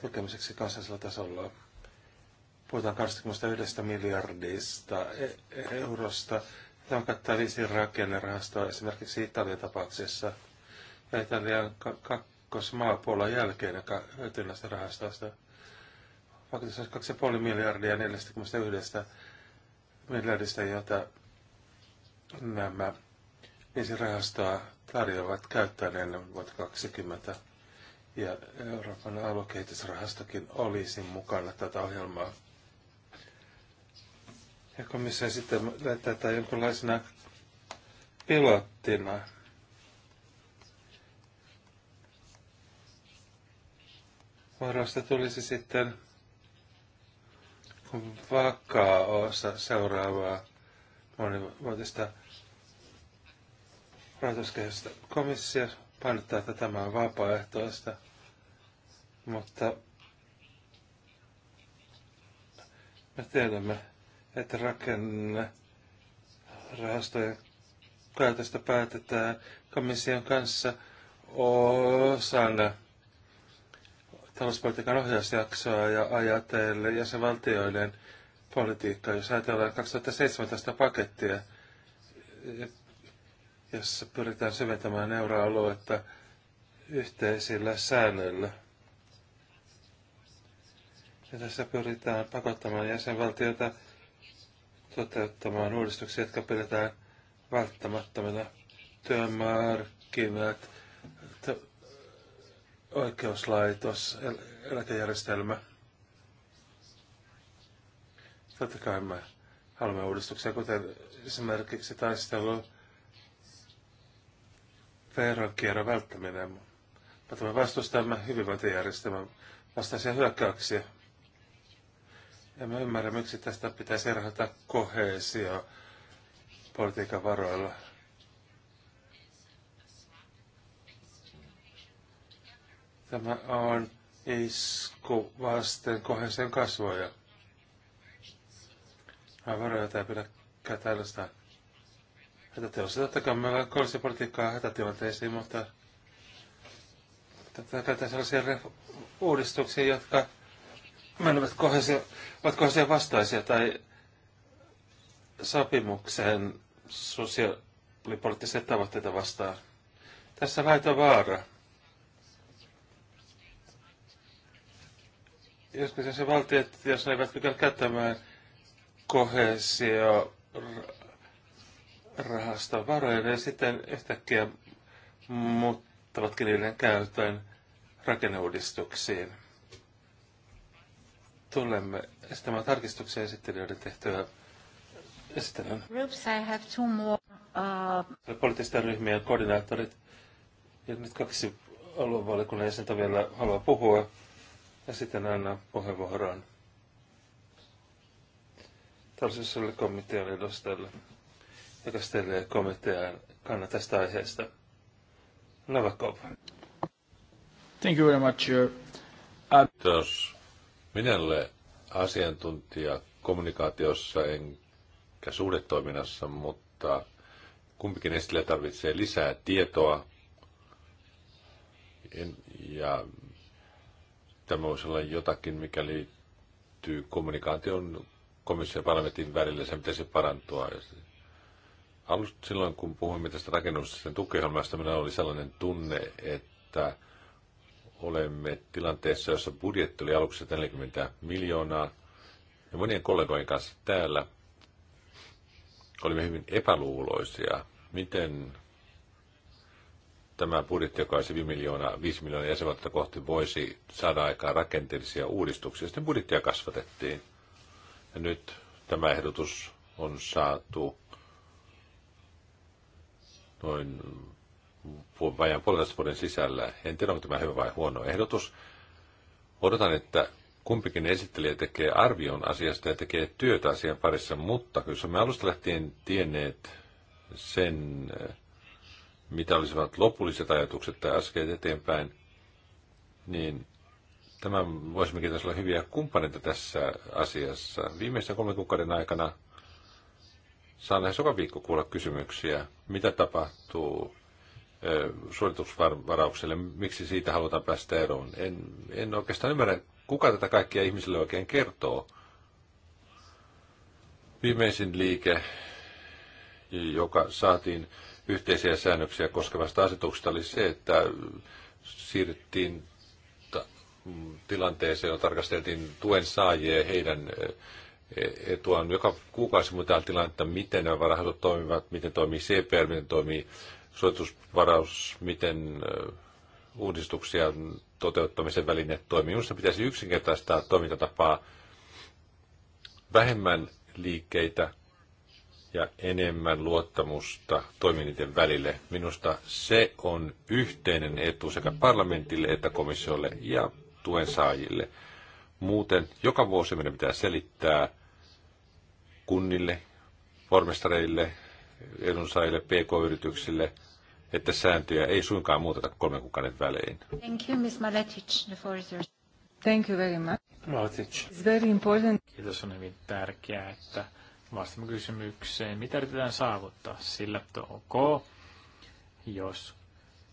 Speaker 2: tukemiseksi kansallisella tasolla. Puhutaan 21 miljardista e- eurosta. Tämä kattaa viisi rakennerahastoa esimerkiksi Italian tapauksessa. Ja Italian kakkosmaa Puolan jälkeen hyötyy näistä rahastoista vaikutus olisi 2,5 miljardia 41 miljardista, jota nämä viisi rahastoa tarjoavat käyttäneen, ennen vuotta 2020. Ja Euroopan aluekehitysrahastokin olisi mukana tätä ohjelmaa. Ja komissio sitten tätä jonkinlaisena pilottina. Varoista tulisi sitten vakaa osa seuraavaa monivuotista rahoituskehitystä. Komissio painottaa, että tämä on vapaaehtoista, mutta me tiedämme, että rakenne rahastojen käytöstä päätetään komission kanssa osana talouspolitiikan ohjausjaksoa ja ajatellen jäsenvaltioiden politiikkaa, jos ajatellaan 2017 pakettia, jossa pyritään syventämään euroaluetta yhteisillä säännöillä. Ja tässä pyritään pakottamaan jäsenvaltiota toteuttamaan uudistuksia, jotka pidetään välttämättömänä Työmarkkinat, oikeuslaitos, el, eläkejärjestelmä. Totta kai me haluamme uudistuksia, kuten esimerkiksi taistelu veronkierron välttäminen. Mutta me vastustamme hyvinvointijärjestelmän vastaisia hyökkäyksiä. Ja mä ymmärrän, miksi tästä pitäisi erhata koheesia politiikan varoilla. Tämä on isku vasten kohdeseen kasvoja. Varoja tää pidä kätäilystä. Hätätilassa totta kai meillä on korsipolitiikkaa hätätilanteisiin, mutta tätä käytetään sellaisia ref- uudistuksia, jotka menevät kohdeseen, ovat kohdeseen vastaisia tai sopimukseen sosiaalipoliittisia tavoitteita vastaan. Tässä väitö vaara. joskus se valtiot, jos ne eivät pykää käyttämään kohesio rahasta varoja, niin sitten yhtäkkiä muuttavatkin niiden käytön rakenneuudistuksiin. Tulemme esittämään tarkistuksia esittelijöiden tehtyä esittelen.
Speaker 1: Groups, I have two more.
Speaker 2: Uh... Poliittisten ryhmien koordinaattorit. Ja nyt kaksi aluevaliokunnan jäsentä vielä haluaa puhua. Ja sitten aina puheenvuoroon tällaiselle komitean edustajalle, joka stelee komitean kannan tästä aiheesta.
Speaker 4: Navakov.
Speaker 1: Thank you very much, sir. Uh, uh,
Speaker 4: Kiitos. Minä olen asiantuntija kommunikaatiossa enkä suhdetoiminnassa, mutta kumpikin esille tarvitsee lisää tietoa. En, ja tämä voisi olla jotakin, mikä liittyy kommunikaation komission ja parlamentin välillä, se pitäisi parantua. Alusta silloin, kun puhuimme tästä rakennusten tukiohjelmasta, minulla oli sellainen tunne, että olemme tilanteessa, jossa budjetti oli aluksi 40 miljoonaa. Ja monien kollegojen kanssa täällä olimme hyvin epäluuloisia, miten tämä budjetti, joka olisi 5 miljoonaa, 5 miljoonaa jäsenvaltiota kohti, voisi saada aikaan rakenteellisia uudistuksia. Sitten budjettia kasvatettiin. Ja nyt tämä ehdotus on saatu noin vajaan puolentoista vuoden sisällä. En tiedä, onko tämä hyvä vai huono ehdotus. Odotan, että kumpikin esittelijä tekee arvion asiasta ja tekee työtä asian parissa, mutta kyllä me alusta lähtien tienneet sen, mitä olisivat lopulliset ajatukset tai askeet eteenpäin, niin tämän voisimmekin tässä olla hyviä kumppaneita tässä asiassa. Viimeisen kolmen kuukauden aikana saan lähes joka viikko kuulla kysymyksiä, mitä tapahtuu suoritusvaraukselle, miksi siitä halutaan päästä eroon. En, en oikeastaan ymmärrä, kuka tätä kaikkia ihmisille oikein kertoo. Viimeisin liike, joka saatiin yhteisiä säännöksiä koskevasta asetuksesta oli se, että siirryttiin tilanteeseen, jolla tarkasteltiin tuen saajia ja heidän eh, etuaan. Joka kuukausi muuta tilannetta, miten nämä varahdot toimivat, miten toimii CPR, miten toimii suojitusvaraus, miten eh, uudistuksia toteuttamisen väline toimii. Minusta pitäisi yksinkertaistaa toimintatapaa vähemmän liikkeitä ja enemmän luottamusta toiminnin välille. Minusta se on yhteinen etu sekä parlamentille että komissiolle ja tuen saajille. Muuten joka vuosi meidän pitää selittää kunnille, pormestareille, edunsaajille, pk-yrityksille, että sääntöjä ei suinkaan muuteta kolmen kuukauden välein.
Speaker 1: Thank you, Ms. Maletic. The floor is yours. Thank you very much. Maletic. It's very important.
Speaker 4: Kiitos, on hyvin tärkeää, että Vastaamme
Speaker 3: kysymykseen, mitä yritetään saavuttaa sillä, että ok, jos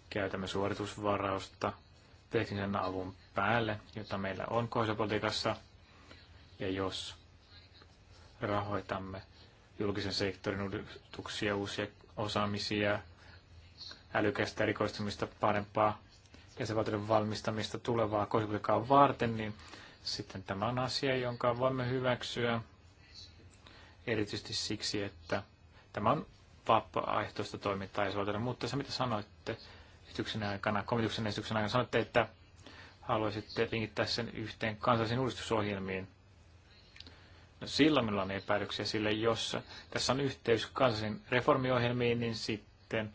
Speaker 3: käytämme suoritusvarausta teknisen avun päälle, jota meillä on kohdassa ja jos rahoitamme julkisen sektorin uudistuksia, uusia osaamisia, älykästä erikoistumista, parempaa jäsenvaltioiden valmistamista tulevaa kohdassa varten, niin sitten tämä on asia, jonka voimme hyväksyä erityisesti siksi, että tämä on vapaaehtoista toimintaa ja suotella. Mutta se, mitä sanoitte esityksen aikana, komituksen esityksen aikana, sanoitte, että haluaisitte linkittää sen yhteen kansallisiin uudistusohjelmiin. No, silloin meillä on epäilyksiä sille, jos tässä on yhteys kansallisiin reformiohjelmiin, niin sitten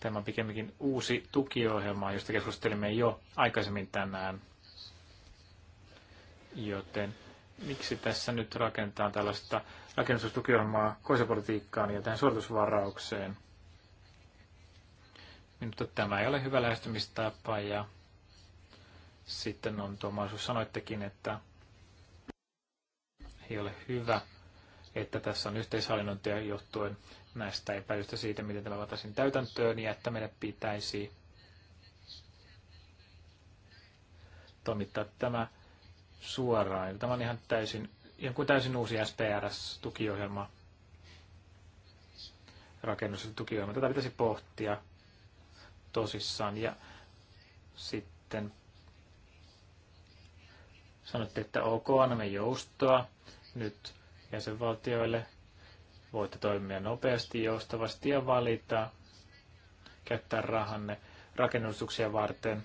Speaker 3: tämä on pikemminkin uusi tukiohjelma, josta keskustelimme jo aikaisemmin tänään. Joten miksi tässä nyt rakentaa tällaista rakennustukiohjelmaa koisapolitiikkaan ja tähän suoritusvaraukseen. Minusta tämä ei ole hyvä lähestymistapa ja sitten on tuo mahdollisuus sanoittekin, että ei ole hyvä, että tässä on yhteishallinnointia johtuen näistä epäilystä siitä, miten tämä vataisiin täytäntöön ja että meidän pitäisi toimittaa tämä suoraan. Tämä on ihan täysin jonkun täysin uusi SPRS-tukiohjelma, rakennustukiohjelma. Tätä pitäisi pohtia tosissaan. Ja sitten sanotte, että ok, annamme joustoa nyt jäsenvaltioille. Voitte toimia nopeasti, joustavasti ja valita, käyttää rahanne rakennustuksia varten.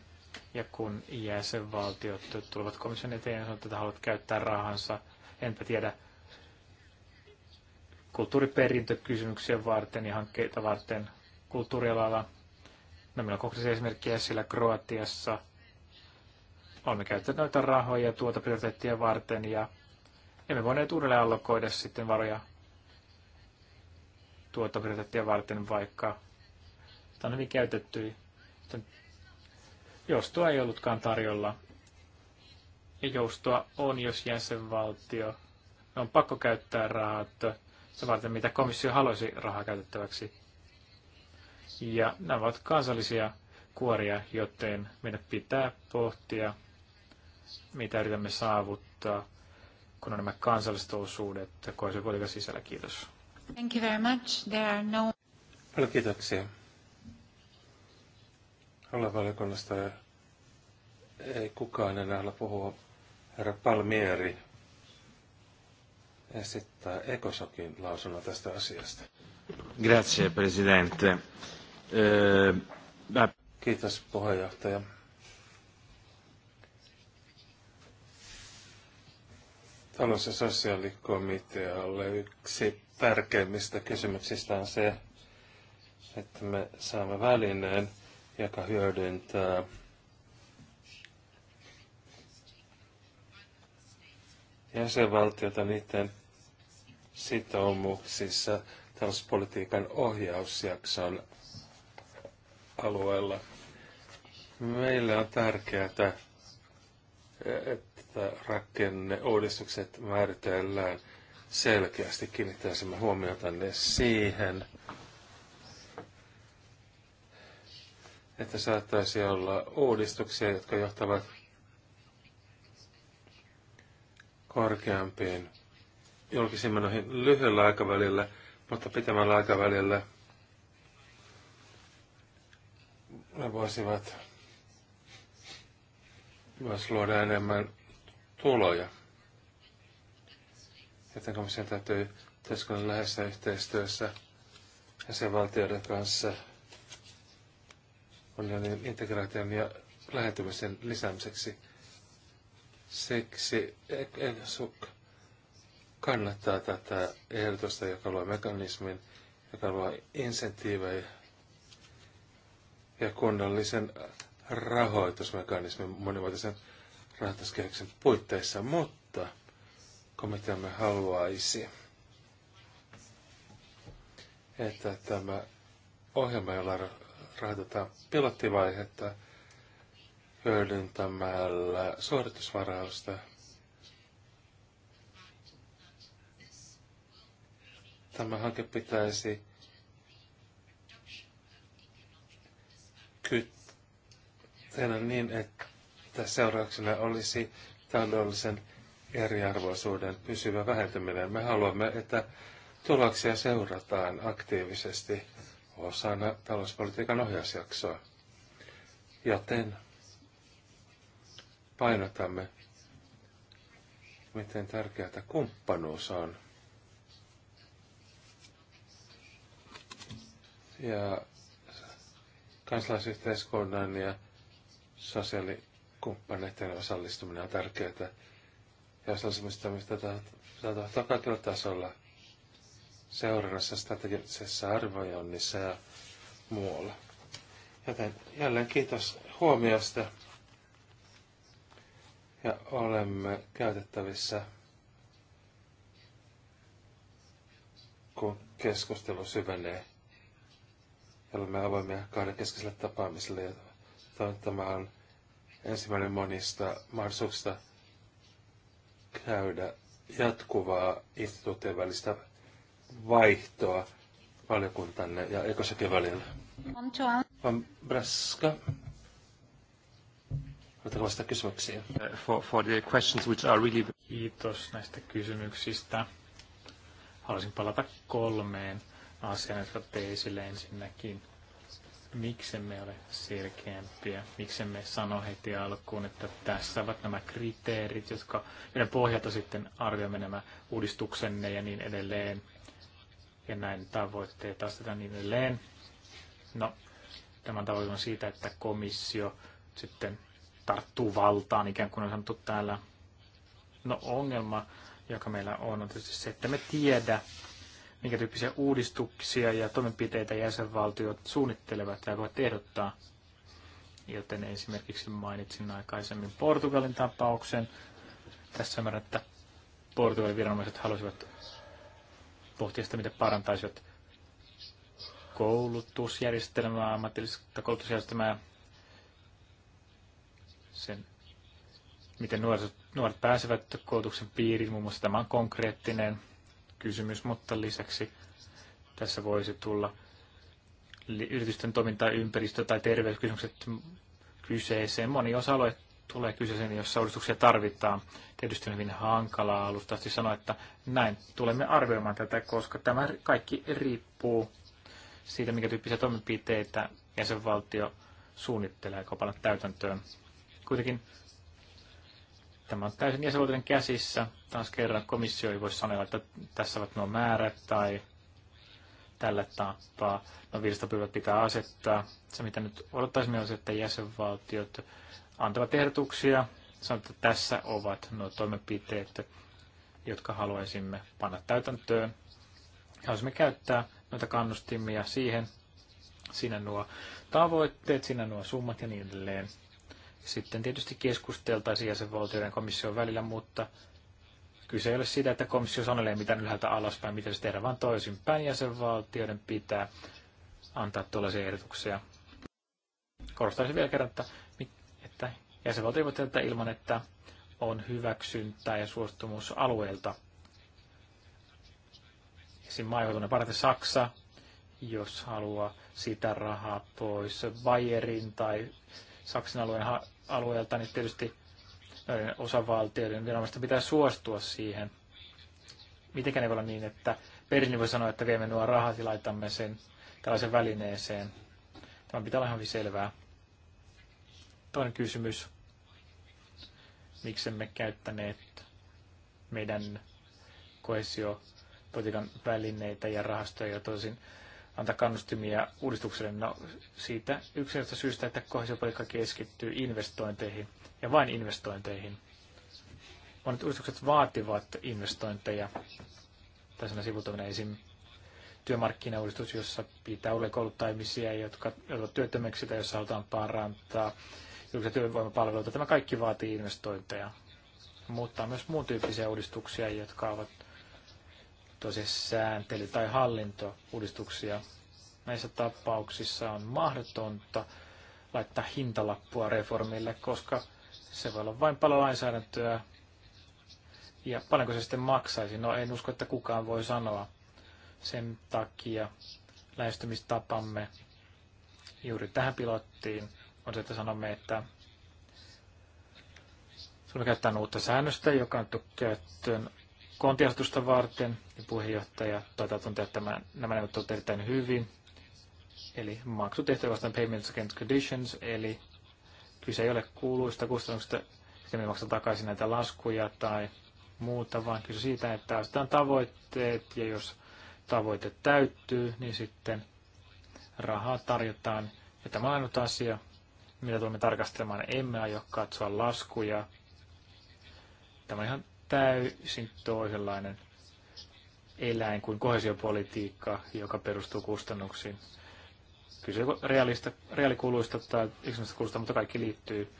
Speaker 3: Ja kun jäsenvaltiot tulevat komission eteen ja sanovat, että haluat käyttää rahansa enpä tiedä kulttuuriperintökysymyksiä varten ja hankkeita varten kulttuurialalla. No, meillä on konkreettisia esimerkkejä sillä Kroatiassa. Olemme käyttäneet noita rahoja tuota prioriteettia varten ja emme voineet uudelleen allokoida sitten varoja tuota prioriteettia varten, vaikka tämä on hyvin käytetty. Jos tuo ei ollutkaan tarjolla, ja joustoa on, jos jäsenvaltio ne on pakko käyttää rahat se varten, mitä komissio haluaisi rahaa käytettäväksi. Ja nämä ovat kansallisia kuoria, joten meidän pitää pohtia, mitä yritämme saavuttaa, kun on nämä kansalliset osuudet kohdallisen sisällä. Kiitos.
Speaker 1: Thank you very much. There are no...
Speaker 3: Paljon kiitoksia.
Speaker 2: Aluevaliokunnasta ei kukaan enää halua puhua Herra Palmieri esittää Ekosokin lausunnon tästä asiasta. Grazie, presidente. Eh, Kiitos, puheenjohtaja. Talous- ja sosiaalikomitealle yksi tärkeimmistä kysymyksistä on se, että me saamme välineen, joka hyödyntää jäsenvaltiota niiden sitoumuksissa talouspolitiikan ohjausjakson alueella. Meillä on tärkeää, että rakenneuudistukset määritellään selkeästi. Kiinnittäisimme huomiota siihen, että saattaisi olla uudistuksia, jotka johtavat korkeampiin julkisiin menoihin lyhyellä aikavälillä, mutta pitemmällä aikavälillä ne voisivat myös luoda enemmän tuloja. Joten komission täytyy yhteiskunnan läheisessä yhteistyössä valtioiden kanssa unionin integraation ja lähentymisen lisäämiseksi Siksi ESUK kannattaa tätä ehdotusta, joka luo mekanismin, joka luo insentiivejä ja kunnollisen rahoitusmekanismin monivuotisen rahoituskehyksen puitteissa, mutta komiteamme haluaisi, että tämä ohjelma, jolla rahoitetaan pilottivaihetta, hyödyntämällä suoritusvarausta. Tämä hanke pitäisi tehdä niin, että seurauksena olisi taloudellisen eriarvoisuuden pysyvä vähentyminen. Me haluamme, että tuloksia seurataan aktiivisesti osana talouspolitiikan ohjausjaksoa. Joten painotamme, miten tärkeää kumppanuus on. Ja kansalaisyhteiskunnan ja sosiaalikumppaneiden osallistuminen on tärkeää. Ja osallistumista tapahtuu kaikilla tasolla seurannassa, strategisessa arvojonnissa ja muualla. Joten jälleen kiitos huomiosta ja olemme käytettävissä, kun keskustelu syvenee. olemme avoimia kahden keskeiselle tapaamiselle ja tämä on ensimmäinen monista mahdollisuuksista käydä jatkuvaa instituutien välistä vaihtoa valiokuntanne ja ekosäkin välillä.
Speaker 3: Braska. Voitteko vastata kysymyksiin? Uh, for, for the questions which are really... Kiitos näistä kysymyksistä. Haluaisin palata kolmeen asiaan, jotka teisille esille ensinnäkin. Miksemme ole selkeämpiä? Miksemme sano heti alkuun, että tässä ovat nämä kriteerit, jotka, joiden pohjalta sitten arvioimme nämä uudistuksenne ja niin edelleen. Ja näin tavoitteet asetetaan niin edelleen. No, tämän tavoite on siitä, että komissio sitten tarttuu valtaan, ikään kuin on sanottu täällä. No ongelma, joka meillä on, on tietysti se, että me tiedä, minkä tyyppisiä uudistuksia ja toimenpiteitä jäsenvaltiot suunnittelevat ja voivat ehdottaa. Joten esimerkiksi mainitsin aikaisemmin Portugalin tapauksen. Tässä ymmärrän, että Portugalin viranomaiset halusivat pohtia sitä, miten parantaisivat koulutusjärjestelmää, ammatillista koulutusjärjestelmää sen, miten nuoret, nuoret pääsevät koulutuksen piiriin. Muun muassa tämä on konkreettinen kysymys, mutta lisäksi tässä voisi tulla yritysten toiminta, ympäristö- tai terveyskysymykset kyseeseen. Moni osa-alue tulee kyseeseen, jos uudistuksia tarvitaan. Tietysti on hyvin hankalaa alustaasti sanoa, että näin tulemme arvioimaan tätä, koska tämä kaikki riippuu siitä, minkä tyyppisiä toimenpiteitä jäsenvaltio suunnittelee kopalat täytäntöön. Kuitenkin tämä on täysin jäsenvaltioiden käsissä. Taas kerran komissio ei voi sanoa, että tässä ovat nuo määrät tai tällä tapaa. No virstapyyvät pitää asettaa. Se mitä nyt odottaisimme on se, että jäsenvaltiot antavat ehdotuksia. Sanotaan, että tässä ovat nuo toimenpiteet, jotka haluaisimme panna täytäntöön. Haluaisimme käyttää noita kannustimia siihen, siinä nuo tavoitteet, siinä nuo summat ja niin edelleen sitten tietysti keskusteltaisiin jäsenvaltioiden komission välillä, mutta kyse ei ole siitä, että komissio sanelee mitään ylhäältä alaspäin, mitä se tehdään, vaan toisinpäin jäsenvaltioiden pitää antaa tuollaisia ehdotuksia. Korostaisin vielä kerran, että, että jäsenvaltio voi tehdä ilman, että on hyväksyntää ja suostumus alueelta. Esim. maajohtoinen parhaiten Saksa, jos haluaa sitä rahaa pois Bayerin tai Saksan alueen alueelta, niin tietysti noiden osavaltioiden viranomaisten pitää suostua siihen. Mitenkään ne voi olla niin, että Berliini voi sanoa, että viemme nuo rahat ja laitamme sen tällaisen välineeseen. Tämä pitää olla ihan hyvin selvää. Toinen kysymys. emme käyttäneet meidän koesiopolitiikan välineitä ja rahastoja, ja tosin antaa kannustimia uudistukselle no, siitä yksilöstä syystä, että kohesiopolitiikka keskittyy investointeihin ja vain investointeihin. Monet uudistukset vaativat investointeja. Tässä on sivutoiminen esim. työmarkkinauudistus, jossa pitää olla kouluttaa ihmisiä, jotka joutuvat työttömäksi tai jossa halutaan parantaa julkisia työvoimapalveluita. Tämä kaikki vaatii investointeja. Mutta myös muun tyyppisiä uudistuksia, jotka ovat toisia sääntely- tai hallintouudistuksia. Näissä tapauksissa on mahdotonta laittaa hintalappua reformille, koska se voi olla vain paljon lainsäädäntöä. Ja paljonko se sitten maksaisi? No en usko, että kukaan voi sanoa. Sen takia lähestymistapamme juuri tähän pilottiin on se, että sanomme, että Sulla käyttää uutta säännöstä, joka on käyttöön Kontiastusta varten, ja puheenjohtaja taitaa tuntea tämän, nämä neuvottelut erittäin hyvin. Eli maksutehtävä vastaan payments against conditions, eli kyse ei ole kuuluista kustannuksista, että me maksaa takaisin näitä laskuja tai muuta, vaan kyse siitä, että asetetaan tavoitteet, ja jos tavoite täyttyy, niin sitten rahaa tarjotaan. Ja tämä on ainut asia, mitä tulemme tarkastelemaan. Emme aio katsoa laskuja. Tämä on ihan täysin toisenlainen eläin kuin kohesiopolitiikka, joka perustuu kustannuksiin. Kyse realista, reaalikuluista tai yksilöllisistä kuluista, mutta kaikki liittyy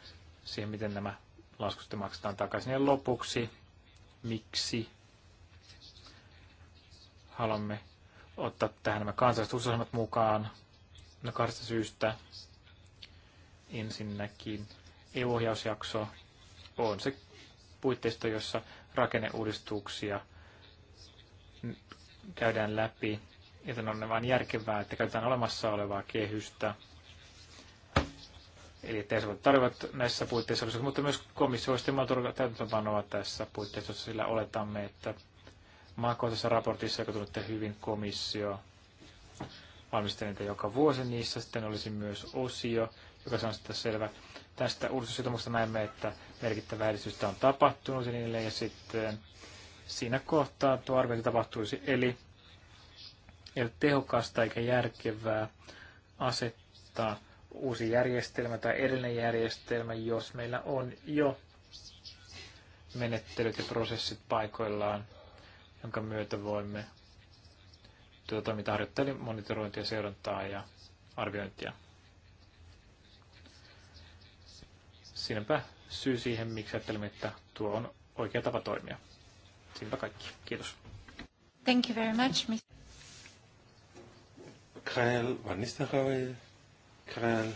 Speaker 3: siihen, miten nämä laskut maksetaan takaisin. Ja lopuksi, miksi haluamme ottaa tähän nämä kansalliset mukaan. No kahdesta syystä. Ensinnäkin EU-ohjausjakso on se puitteista, jossa rakenneuudistuksia käydään läpi, joten on vain järkevää, että käytetään olemassa olevaa kehystä. Eli että se tarvitsevat näissä puitteissa, mutta myös komissio olisi täytäntöpanoa tässä puitteissa, sillä oletamme, että maakohtaisessa raportissa, joka tunnette hyvin komissio, valmistelijoita joka vuosi niissä. Sitten olisi myös osio, joka sanoo sitä selvä. Tästä uudistussitoumuksesta näemme, että merkittävää edistystä on tapahtunut niille niin Ja sitten siinä kohtaa tuo arviointi tapahtuisi. Eli ei ole tehokasta eikä järkevää asettaa uusi järjestelmä tai edellinen järjestelmä, jos meillä on jo menettelyt ja prosessit paikoillaan, jonka myötä voimme tuota toimintaa harjoittaa, monitorointia, seurantaa ja arviointia. Siinäpä syy siihen, miksi ajattelemme, että tuo on oikea tapa toimia. Siinäpä kaikki. Kiitos.
Speaker 1: Thank you very much, Mr.
Speaker 4: Krell,
Speaker 3: Van Nistelrooy,
Speaker 4: Krell.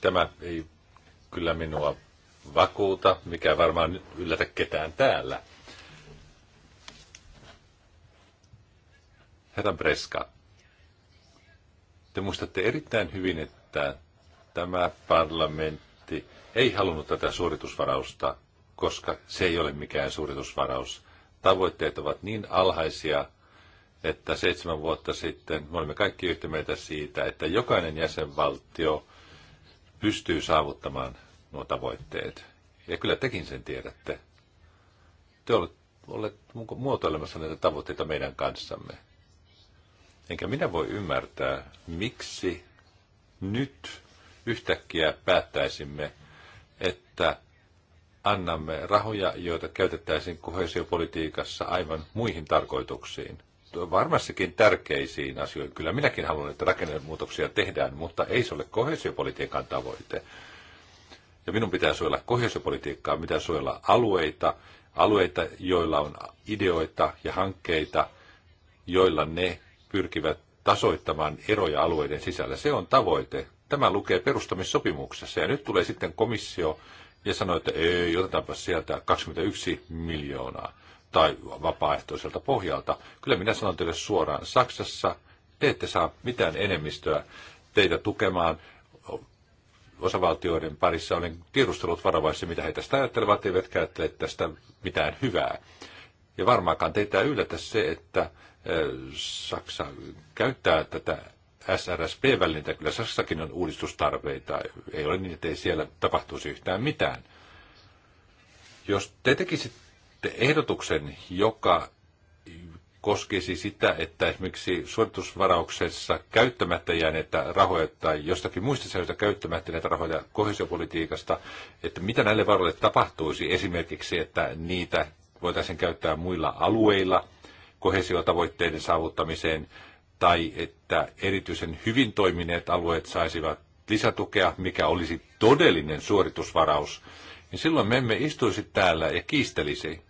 Speaker 4: Tämä ei kyllä minua vakuuta, mikä varmaan nyt yllätä ketään täällä. Herra Breska, te muistatte erittäin hyvin, että tämä parlamentti ei halunnut tätä suoritusvarausta, koska se ei ole mikään suoritusvaraus. Tavoitteet ovat niin alhaisia, että seitsemän vuotta sitten me olimme kaikki yhtä mieltä siitä, että jokainen jäsenvaltio pystyy saavuttamaan nuo tavoitteet. Ja kyllä tekin sen tiedätte. Te olette, muotoilemassa näitä tavoitteita meidän kanssamme. Enkä minä voi ymmärtää, miksi nyt yhtäkkiä päättäisimme, että annamme rahoja, joita käytettäisiin kohesiopolitiikassa aivan muihin tarkoituksiin. Varmastikin tärkeisiin asioihin. Kyllä minäkin haluan, että rakennemuutoksia tehdään, mutta ei se ole kohesiopolitiikan tavoite. Ja minun pitää suojella kohesiopolitiikkaa, mitä suojella alueita, alueita, joilla on ideoita ja hankkeita, joilla ne pyrkivät tasoittamaan eroja alueiden sisällä. Se on tavoite. Tämä lukee perustamissopimuksessa. Ja nyt tulee sitten komissio ja sanoo, että ei, otetaanpa sieltä 21 miljoonaa tai vapaaehtoiselta pohjalta. Kyllä minä sanon teille suoraan, Saksassa te ette saa mitään enemmistöä teitä tukemaan osavaltioiden parissa. Olen tiedustellut varovaisesti, mitä he tästä ajattelevat, eivätkä ajattele tästä mitään hyvää. Ja varmaankaan teitä yllätä se, että eh, Saksa käyttää tätä SRSP-välineitä. Kyllä Saksakin on uudistustarpeita. Ei ole niin, että ei siellä tapahtuisi yhtään mitään. Jos te tekisitte ehdotuksen, joka koskisi sitä, että esimerkiksi suoritusvarauksessa käyttämättä jääneitä rahoja tai jostakin muista sellaista käyttämättä näitä rahoja kohesiopolitiikasta, että mitä näille varoille tapahtuisi esimerkiksi, että niitä voitaisiin käyttää muilla alueilla kohesiotavoitteiden saavuttamiseen tai että erityisen hyvin toimineet alueet saisivat lisätukea, mikä olisi todellinen suoritusvaraus, niin silloin me emme istuisi täällä ja kiistelisi.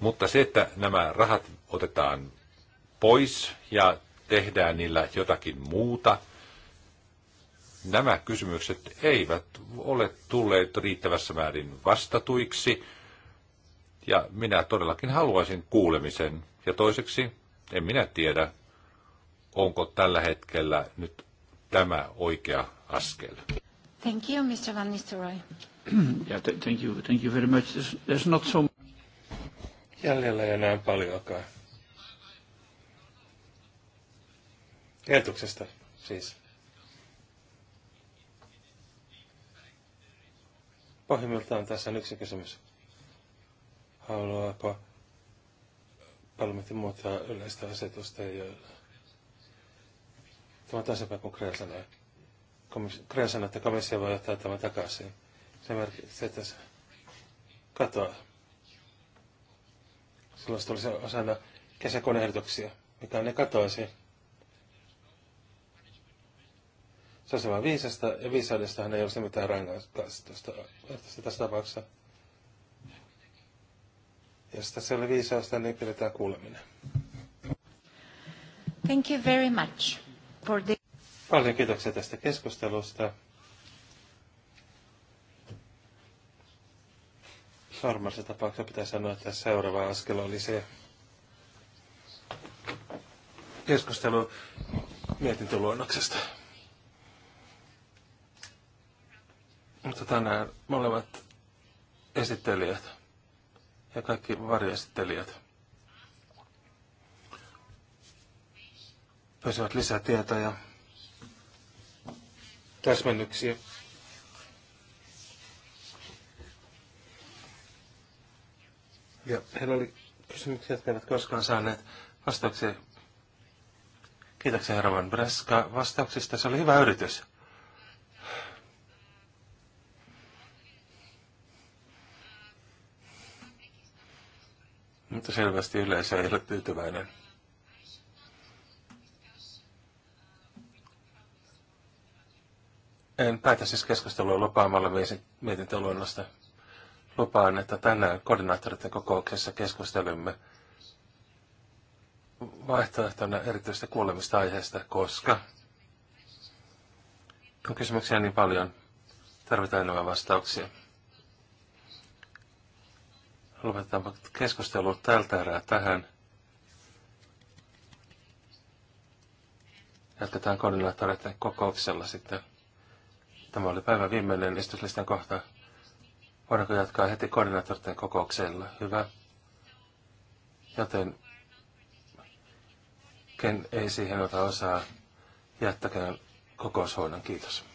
Speaker 4: Mutta se, että nämä rahat otetaan pois ja tehdään niillä jotakin muuta, nämä kysymykset eivät ole tulleet riittävässä määrin vastatuiksi. Ja minä todellakin haluaisin kuulemisen. Ja toiseksi, en minä tiedä, onko tällä hetkellä nyt tämä oikea askel?
Speaker 1: Thank you, Mr. Van Nistelrooy.
Speaker 4: yeah, thank you,
Speaker 1: thank you very much. There's, there's not so
Speaker 4: Jäljellä ei enää paljonkaan.
Speaker 2: Ehdotuksesta siis. Pohjimmiltaan tässä on yksi kysymys. Haluaako parlamentti muuttaa yleistä asetusta, jolla Tämä on tasapäin kuin Krea sanoi. sanoi, että komissio voi ottaa tämän takaisin. Se merkitsee, että se katoaa. Silloin se tulisi osana kesäkuun mikä ne katoisi. Se on vain viisasta, ja viisaudestahan ei olisi mitään rangaistusta tässä tapauksessa. Jos tässä oli viisausta, niin pidetään kuuleminen.
Speaker 1: Thank you very much for the...
Speaker 2: Paljon kiitoksia tästä keskustelusta. Normaalissa tapauksessa pitää sanoa, että seuraava askel oli se keskustelu mietintöluonnoksesta. Mutta tänään molemmat esittelijät ja kaikki varjoesittelijät pyysivät lisää ja täsmennyksiä. Ja heillä oli kysymyksiä, jotka eivät koskaan saaneet vastauksia. Kiitoksia herra Van Breska vastauksista. Se oli hyvä yritys. Mutta selvästi yleisö ei ole tyytyväinen. En päätä siis keskustelua lupaamalla mietintöluonnosta. Lupaan, että tänään koordinaattoreiden kokouksessa keskustelemme vaihtoehtona erityistä kuulemista aiheesta, koska on kysymyksiä niin paljon, tarvitaan enemmän vastauksia. Lopetetaan keskustelu tältä erää tähän. Jatketaan koordinaattoreiden kokouksella sitten. Tämä oli päivän viimeinen istuslistan kohta. Voidaanko jatkaa heti koordinaattorten kokouksella? Hyvä. Joten ken ei siihen ota osaa, jättäkään kokoushuoneen. Kiitos.